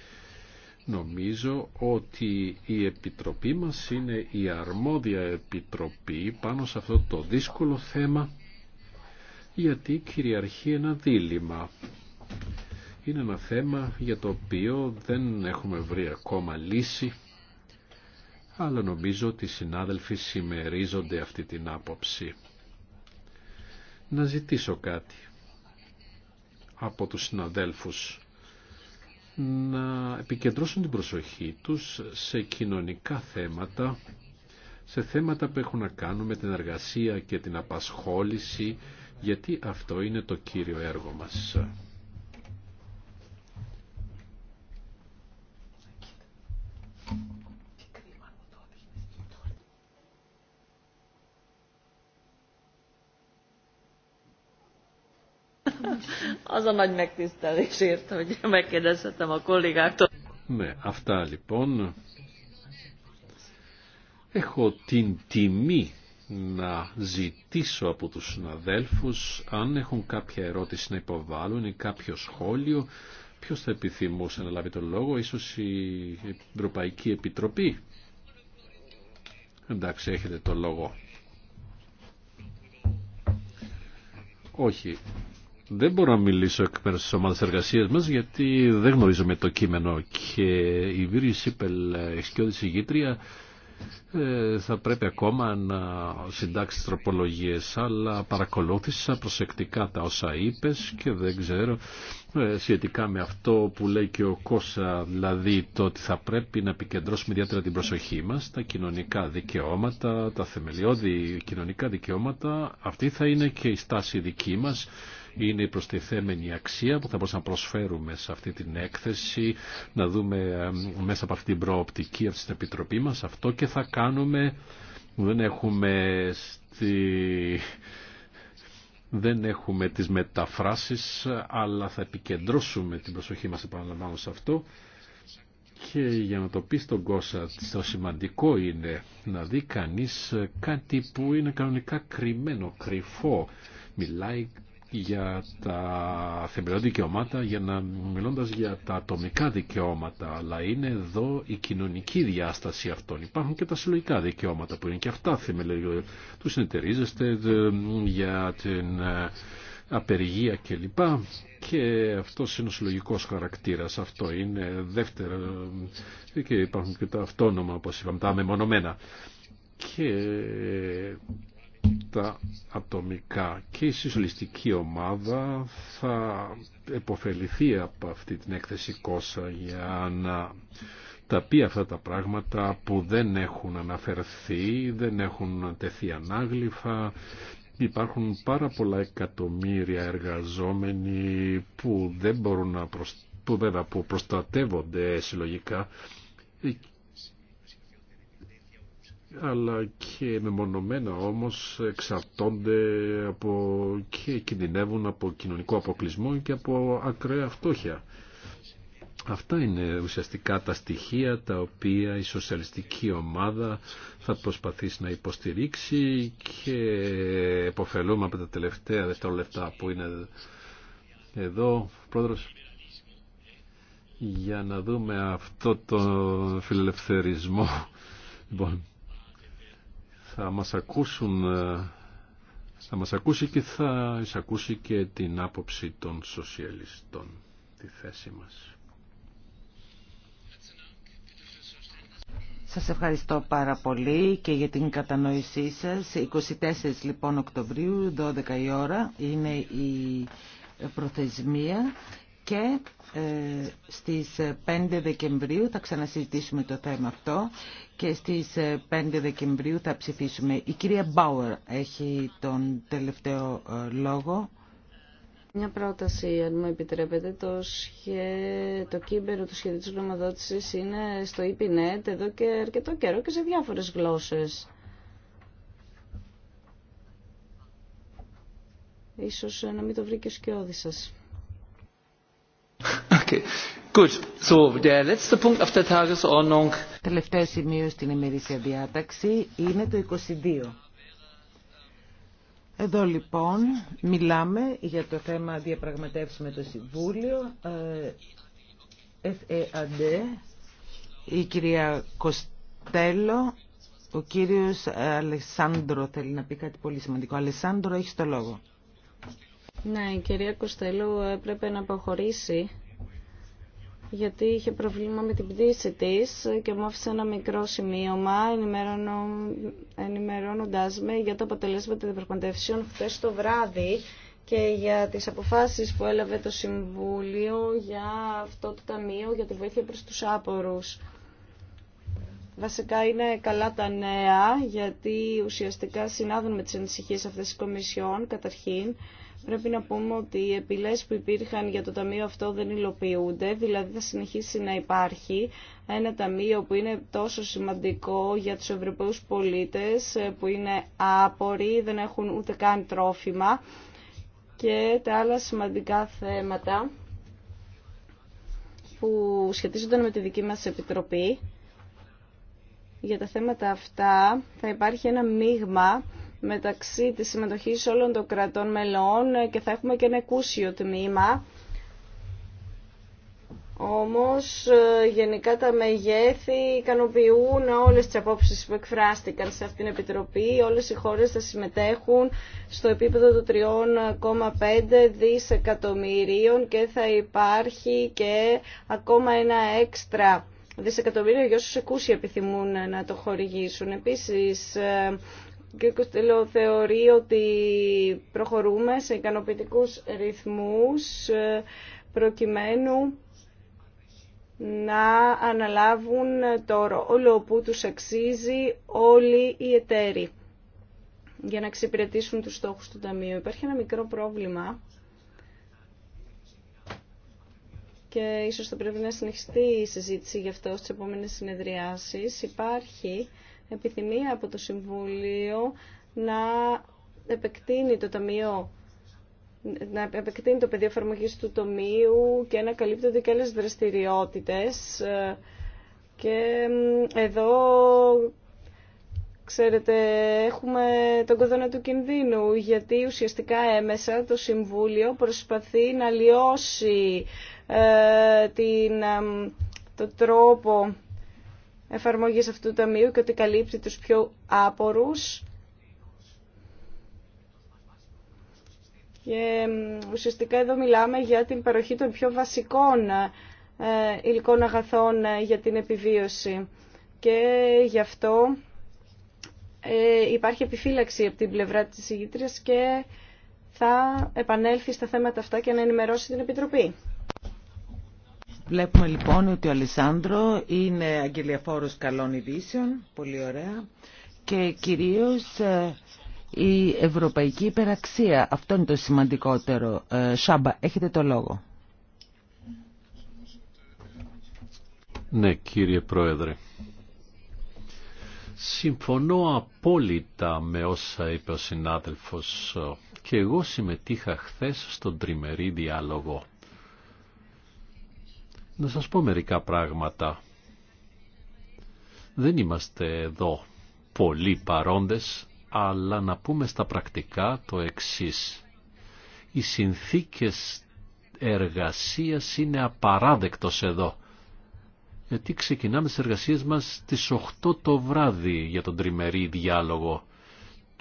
Νομίζω ότι η Επιτροπή μας είναι η αρμόδια Επιτροπή πάνω σε αυτό το δύσκολο θέμα γιατί κυριαρχεί ένα δίλημα. Είναι ένα θέμα για το οποίο δεν έχουμε βρει ακόμα λύση αλλά νομίζω ότι οι συνάδελφοι συμμερίζονται αυτή την άποψη. Να ζητήσω κάτι από τους συναδέλφους να επικεντρώσουν την προσοχή τους σε κοινωνικά θέματα, σε θέματα που έχουν να κάνουν με την εργασία και την απασχόληση, γιατί αυτό είναι το κύριο έργο μας. Az a nagy Ναι, αυτά λοιπόν. Έχω την τιμή να ζητήσω από τους συναδέλφους αν έχουν κάποια ερώτηση να υποβάλουν ή κάποιο σχόλιο. Ποιος θα επιθυμούσε να λάβει τον λόγο, ίσως η Ευρωπαϊκή Επιτροπή. Εντάξει, έχετε τον λόγο. Όχι, δεν μπορώ να μιλήσω εκ μέρους της ομάδας εργασίας μας γιατί δεν γνωρίζουμε το κείμενο και η Βίρη Σίπελ, εξοικειώδης ηγήτρια, ε, θα πρέπει ακόμα να συντάξει τροπολογίες αλλά παρακολούθησα προσεκτικά τα όσα είπες και δεν ξέρω ε, σχετικά με αυτό που λέει και ο Κώσα δηλαδή το ότι θα πρέπει να επικεντρώσουμε ιδιαίτερα την προσοχή μας τα κοινωνικά δικαιώματα τα θεμελιώδη κοινωνικά δικαιώματα αυτή θα είναι και η στάση δική μας είναι η προστιθέμενη αξία που θα μπορούσαμε να προσφέρουμε σε αυτή την έκθεση, να δούμε μέσα από αυτή την προοπτική αυτή την Επιτροπή μας αυτό και θα κάνουμε, δεν έχουμε στη... Δεν έχουμε τις μεταφράσεις, αλλά θα επικεντρώσουμε την προσοχή μας, επαναλαμβάνω, σε αυτό. Και για να το πει στον Κώσσα, το σημαντικό είναι να δει κανείς κάτι που είναι κανονικά κρυμμένο, κρυφό. Μιλάει για τα θεμελιώδη δικαιώματα για να μιλώντας για τα ατομικά δικαιώματα αλλά είναι εδώ η κοινωνική διάσταση αυτών. Υπάρχουν και τα συλλογικά δικαιώματα που είναι και αυτά θεμελιώδη. Τους συνεταιρίζεστε για την ε, απεργία κλπ. Και αυτό είναι ο συλλογικό χαρακτήρα. Αυτό είναι δεύτερο. Ε, και υπάρχουν και τα αυτόνομα, όπω είπαμε, τα αμεμονωμένα. Και τα ατομικά και η συσολιστική ομάδα θα επωφεληθεί από αυτή την έκθεση Κόσα για να τα πει αυτά τα πράγματα που δεν έχουν αναφερθεί, δεν έχουν τεθεί ανάγλυφα. Υπάρχουν πάρα πολλά εκατομμύρια εργαζόμενοι που δεν μπορούν να προσ... που, που προστατεύονται συλλογικά αλλά και μεμονωμένα όμως εξαρτώνται από και κινδυνεύουν από κοινωνικό αποκλεισμό και από ακραία φτώχεια. Αυτά είναι ουσιαστικά τα στοιχεία τα οποία η σοσιαλιστική ομάδα θα προσπαθήσει να υποστηρίξει και εποφελούμε από τα τελευταία δευτερόλεπτα που είναι εδώ. Πρόεδρος, για να δούμε αυτό το φιλελευθερισμό. Λοιπόν, θα μας ακούσουν ε, θα μας ακούσει και θα εισακούσει και την άποψη των σοσιαλιστών τη θέση μας. Σας ευχαριστώ πάρα πολύ και για την κατανόησή σας. 24 λοιπόν Οκτωβρίου, 12 η ώρα, είναι η προθεσμία και ε, στις 5 ε, Δεκεμβρίου θα ξανασυζητήσουμε το θέμα αυτό και στις 5 ε, Δεκεμβρίου θα ψηφίσουμε. Η κυρία Μπάουερ έχει τον τελευταίο ε, λόγο. Μια πρόταση, αν μου επιτρέπετε, το, σχε... το του σχεδίου της γνωμοδότησης είναι στο EPNet εδώ και αρκετό καιρό και σε διάφορες γλώσσες. Ίσως να μην το βρει και ο σκιώδης σας. Το Τελευταίο σημείο στην ημερήσια διάταξη είναι το 22. Εδώ λοιπόν μιλάμε για το θέμα διαπραγματεύσει με το Συμβούλιο ε, FEAD, η κυρία Κοστέλο, ο κύριος Αλεσάνδρο θέλει να πει κάτι πολύ σημαντικό. Αλεσάνδρο, έχεις το λόγο. Ναι, η κυρία Κουστελού έπρεπε να αποχωρήσει γιατί είχε προβλήμα με την πτήση της και μου άφησε ένα μικρό σημείωμα ενημερώνω, ενημερώνοντάς με για το αποτελέσμα των διαπραγματεύσεων χθες το βράδυ και για τις αποφάσεις που έλαβε το Συμβούλιο για αυτό το Ταμείο για τη βοήθεια προς τους άπορους. Βασικά είναι καλά τα νέα γιατί ουσιαστικά συνάδουν με τις ανησυχίες αυτές της Κομισιόν καταρχήν Πρέπει να πούμε ότι οι επιλές που υπήρχαν για το ταμείο αυτό δεν υλοποιούνται, δηλαδή θα συνεχίσει να υπάρχει ένα ταμείο που είναι τόσο σημαντικό για τους Ευρωπαίους πολίτες, ε, που είναι άποροι, δεν έχουν ούτε καν τρόφιμα και τα άλλα σημαντικά θέματα που σχετίζονταν με τη δική μας Επιτροπή. Για τα θέματα αυτά θα υπάρχει ένα μείγμα μεταξύ της συμμετοχής όλων των κρατών μελών και θα έχουμε και ένα εκούσιο τμήμα. Όμως ε, γενικά τα μεγέθη ικανοποιούν όλες τις απόψεις που εκφράστηκαν σε αυτήν την Επιτροπή. Όλες οι χώρες θα συμμετέχουν στο επίπεδο του 3,5 δισεκατομμυρίων και θα υπάρχει και ακόμα ένα έξτρα δισεκατομμύριο για όσους εκούσια επιθυμούν να το χορηγήσουν. Επίσης ε, κ. Κοστελό θεωρεί ότι προχωρούμε σε ικανοποιητικούς ρυθμούς ε, προκειμένου να αναλάβουν το όλο που τους αξίζει όλοι οι εταίροι για να εξυπηρετήσουν τους στόχους του Ταμείου. Υπάρχει ένα μικρό πρόβλημα και ίσως θα πρέπει να συνεχιστεί η συζήτηση γι' αυτό στις επόμενες συνεδριάσεις. Υπάρχει επιθυμία από το Συμβούλιο να επεκτείνει το ταμείο να επεκτείνει το πεδίο εφαρμογή του τομείου και να καλύπτονται και άλλες δραστηριότητες. Και εδώ, ξέρετε, έχουμε τον κοδόνα του κινδύνου, γιατί ουσιαστικά έμεσα το Συμβούλιο προσπαθεί να λιώσει ε, την, το τρόπο εφαρμογής αυτού του ταμείου και ότι καλύπτει τους πιο άπορους Και ουσιαστικά εδώ μιλάμε για την παροχή των πιο βασικών ε, υλικών αγαθών ε, για την επιβίωση. Και γι' αυτό ε, υπάρχει επιφύλαξη από την πλευρά της ηγήτριας και θα επανέλθει στα θέματα αυτά και να ενημερώσει την Επιτροπή. Βλέπουμε λοιπόν ότι ο Αλισάνδρο είναι αγγελιαφόρος καλών ειδήσεων, πολύ ωραία, και κυρίως ε, η ευρωπαϊκή υπεραξία. Αυτό είναι το σημαντικότερο. Ε, Σάμπα, έχετε το λόγο. Ναι, κύριε Πρόεδρε. Συμφωνώ απόλυτα με όσα είπε ο συνάδελφος και εγώ συμμετείχα χθες στον τριμερή διάλογο να σας πω μερικά πράγματα. Δεν είμαστε εδώ πολλοί παρόντες, αλλά να πούμε στα πρακτικά το εξής. Οι συνθήκες εργασίας είναι απαράδεκτος εδώ. Γιατί ξεκινάμε τις εργασίες μας στις 8 το βράδυ για τον τριμερή διάλογο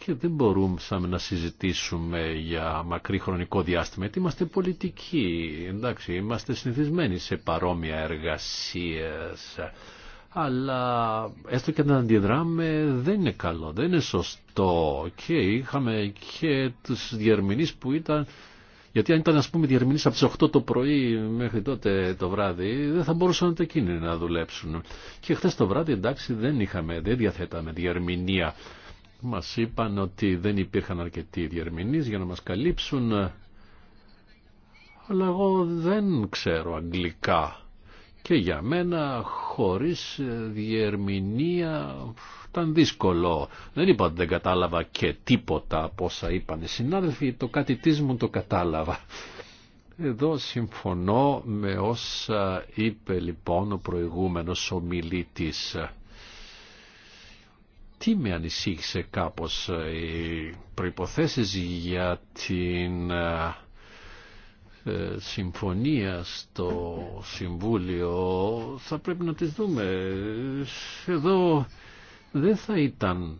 και δεν μπορούσαμε να συζητήσουμε για μακρύ χρονικό διάστημα, γιατί είμαστε πολιτικοί, εντάξει, είμαστε συνηθισμένοι σε παρόμοια εργασίες, αλλά έστω και να αντιδράμε δεν είναι καλό, δεν είναι σωστό και είχαμε και τους διερμηνείς που ήταν γιατί αν ήταν ας πούμε διερμηνείς από τις 8 το πρωί μέχρι τότε το βράδυ δεν θα μπορούσαν εκείνοι να δουλέψουν. Και χθε το βράδυ εντάξει δεν είχαμε, δεν διαθέταμε διερμηνία μας είπαν ότι δεν υπήρχαν αρκετοί διερμηνείς για να μας καλύψουν αλλά εγώ δεν ξέρω αγγλικά και για μένα χωρίς διερμηνία ήταν δύσκολο. Δεν είπα ότι δεν κατάλαβα και τίποτα από όσα είπαν οι συνάδελφοι, το κάτι της μου το κατάλαβα. Εδώ συμφωνώ με όσα είπε λοιπόν ο προηγούμενος ομιλήτης τι με ανησύχησε κάπως ε, οι προϋποθέσεις για την ε, ε, συμφωνία στο Συμβούλιο θα πρέπει να τις δούμε. Εδώ δεν θα ήταν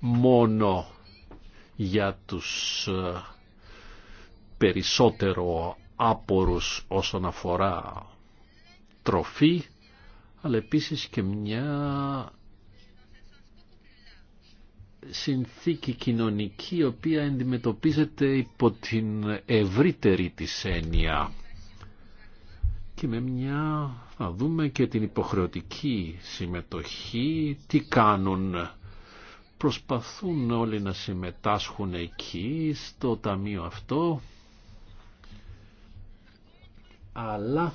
μόνο για τους περισσότερο άπορους όσον αφορά τροφή, αλλά επίσης και μια συνθήκη κοινωνική η οποία αντιμετωπίζεται υπό την ευρύτερη της έννοια και με μια θα δούμε και την υποχρεωτική συμμετοχή τι κάνουν προσπαθούν όλοι να συμμετάσχουν εκεί στο ταμείο αυτό αλλά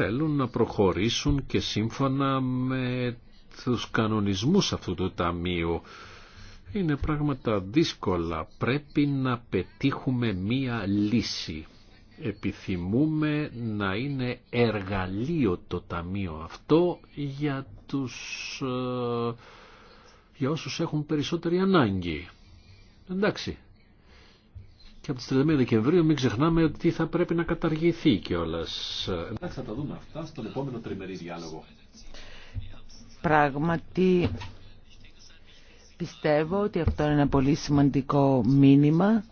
θέλουν να προχωρήσουν και σύμφωνα με τους κανονισμούς αυτού του ταμείου. Είναι πράγματα δύσκολα. Πρέπει να πετύχουμε μία λύση. Επιθυμούμε να είναι εργαλείο το ταμείο αυτό για, τους, ε, για όσους έχουν περισσότερη ανάγκη. Εντάξει, και από τις 31 Δεκεμβρίου μην ξεχνάμε ότι θα πρέπει να καταργηθεί κιόλα. Εντάξει, θα τα δούμε αυτά στον επόμενο τριμερή διάλογο. Πράγματι, πιστεύω ότι αυτό είναι ένα πολύ σημαντικό μήνυμα.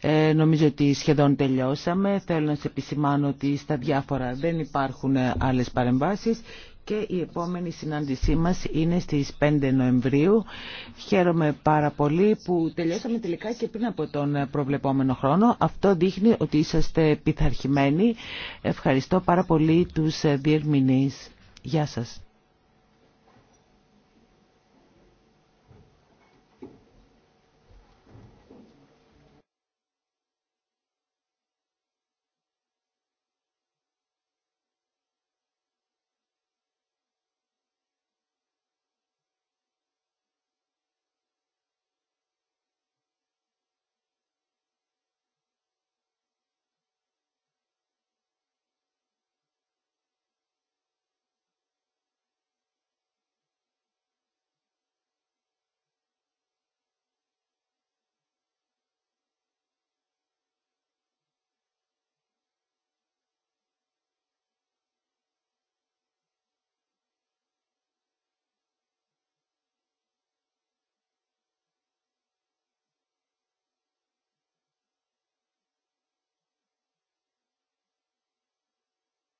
Ε, νομίζω ότι σχεδόν τελειώσαμε. Θέλω να σε επισημάνω ότι στα διάφορα δεν υπάρχουν άλλες παρεμβάσεις και η επόμενη συνάντησή μας είναι στις 5 Νοεμβρίου. Χαίρομαι πάρα πολύ που τελειώσαμε τελικά και πριν από τον προβλεπόμενο χρόνο. Αυτό δείχνει ότι είσαστε πειθαρχημένοι. Ευχαριστώ πάρα πολύ τους διερμηνείς. Γεια σας.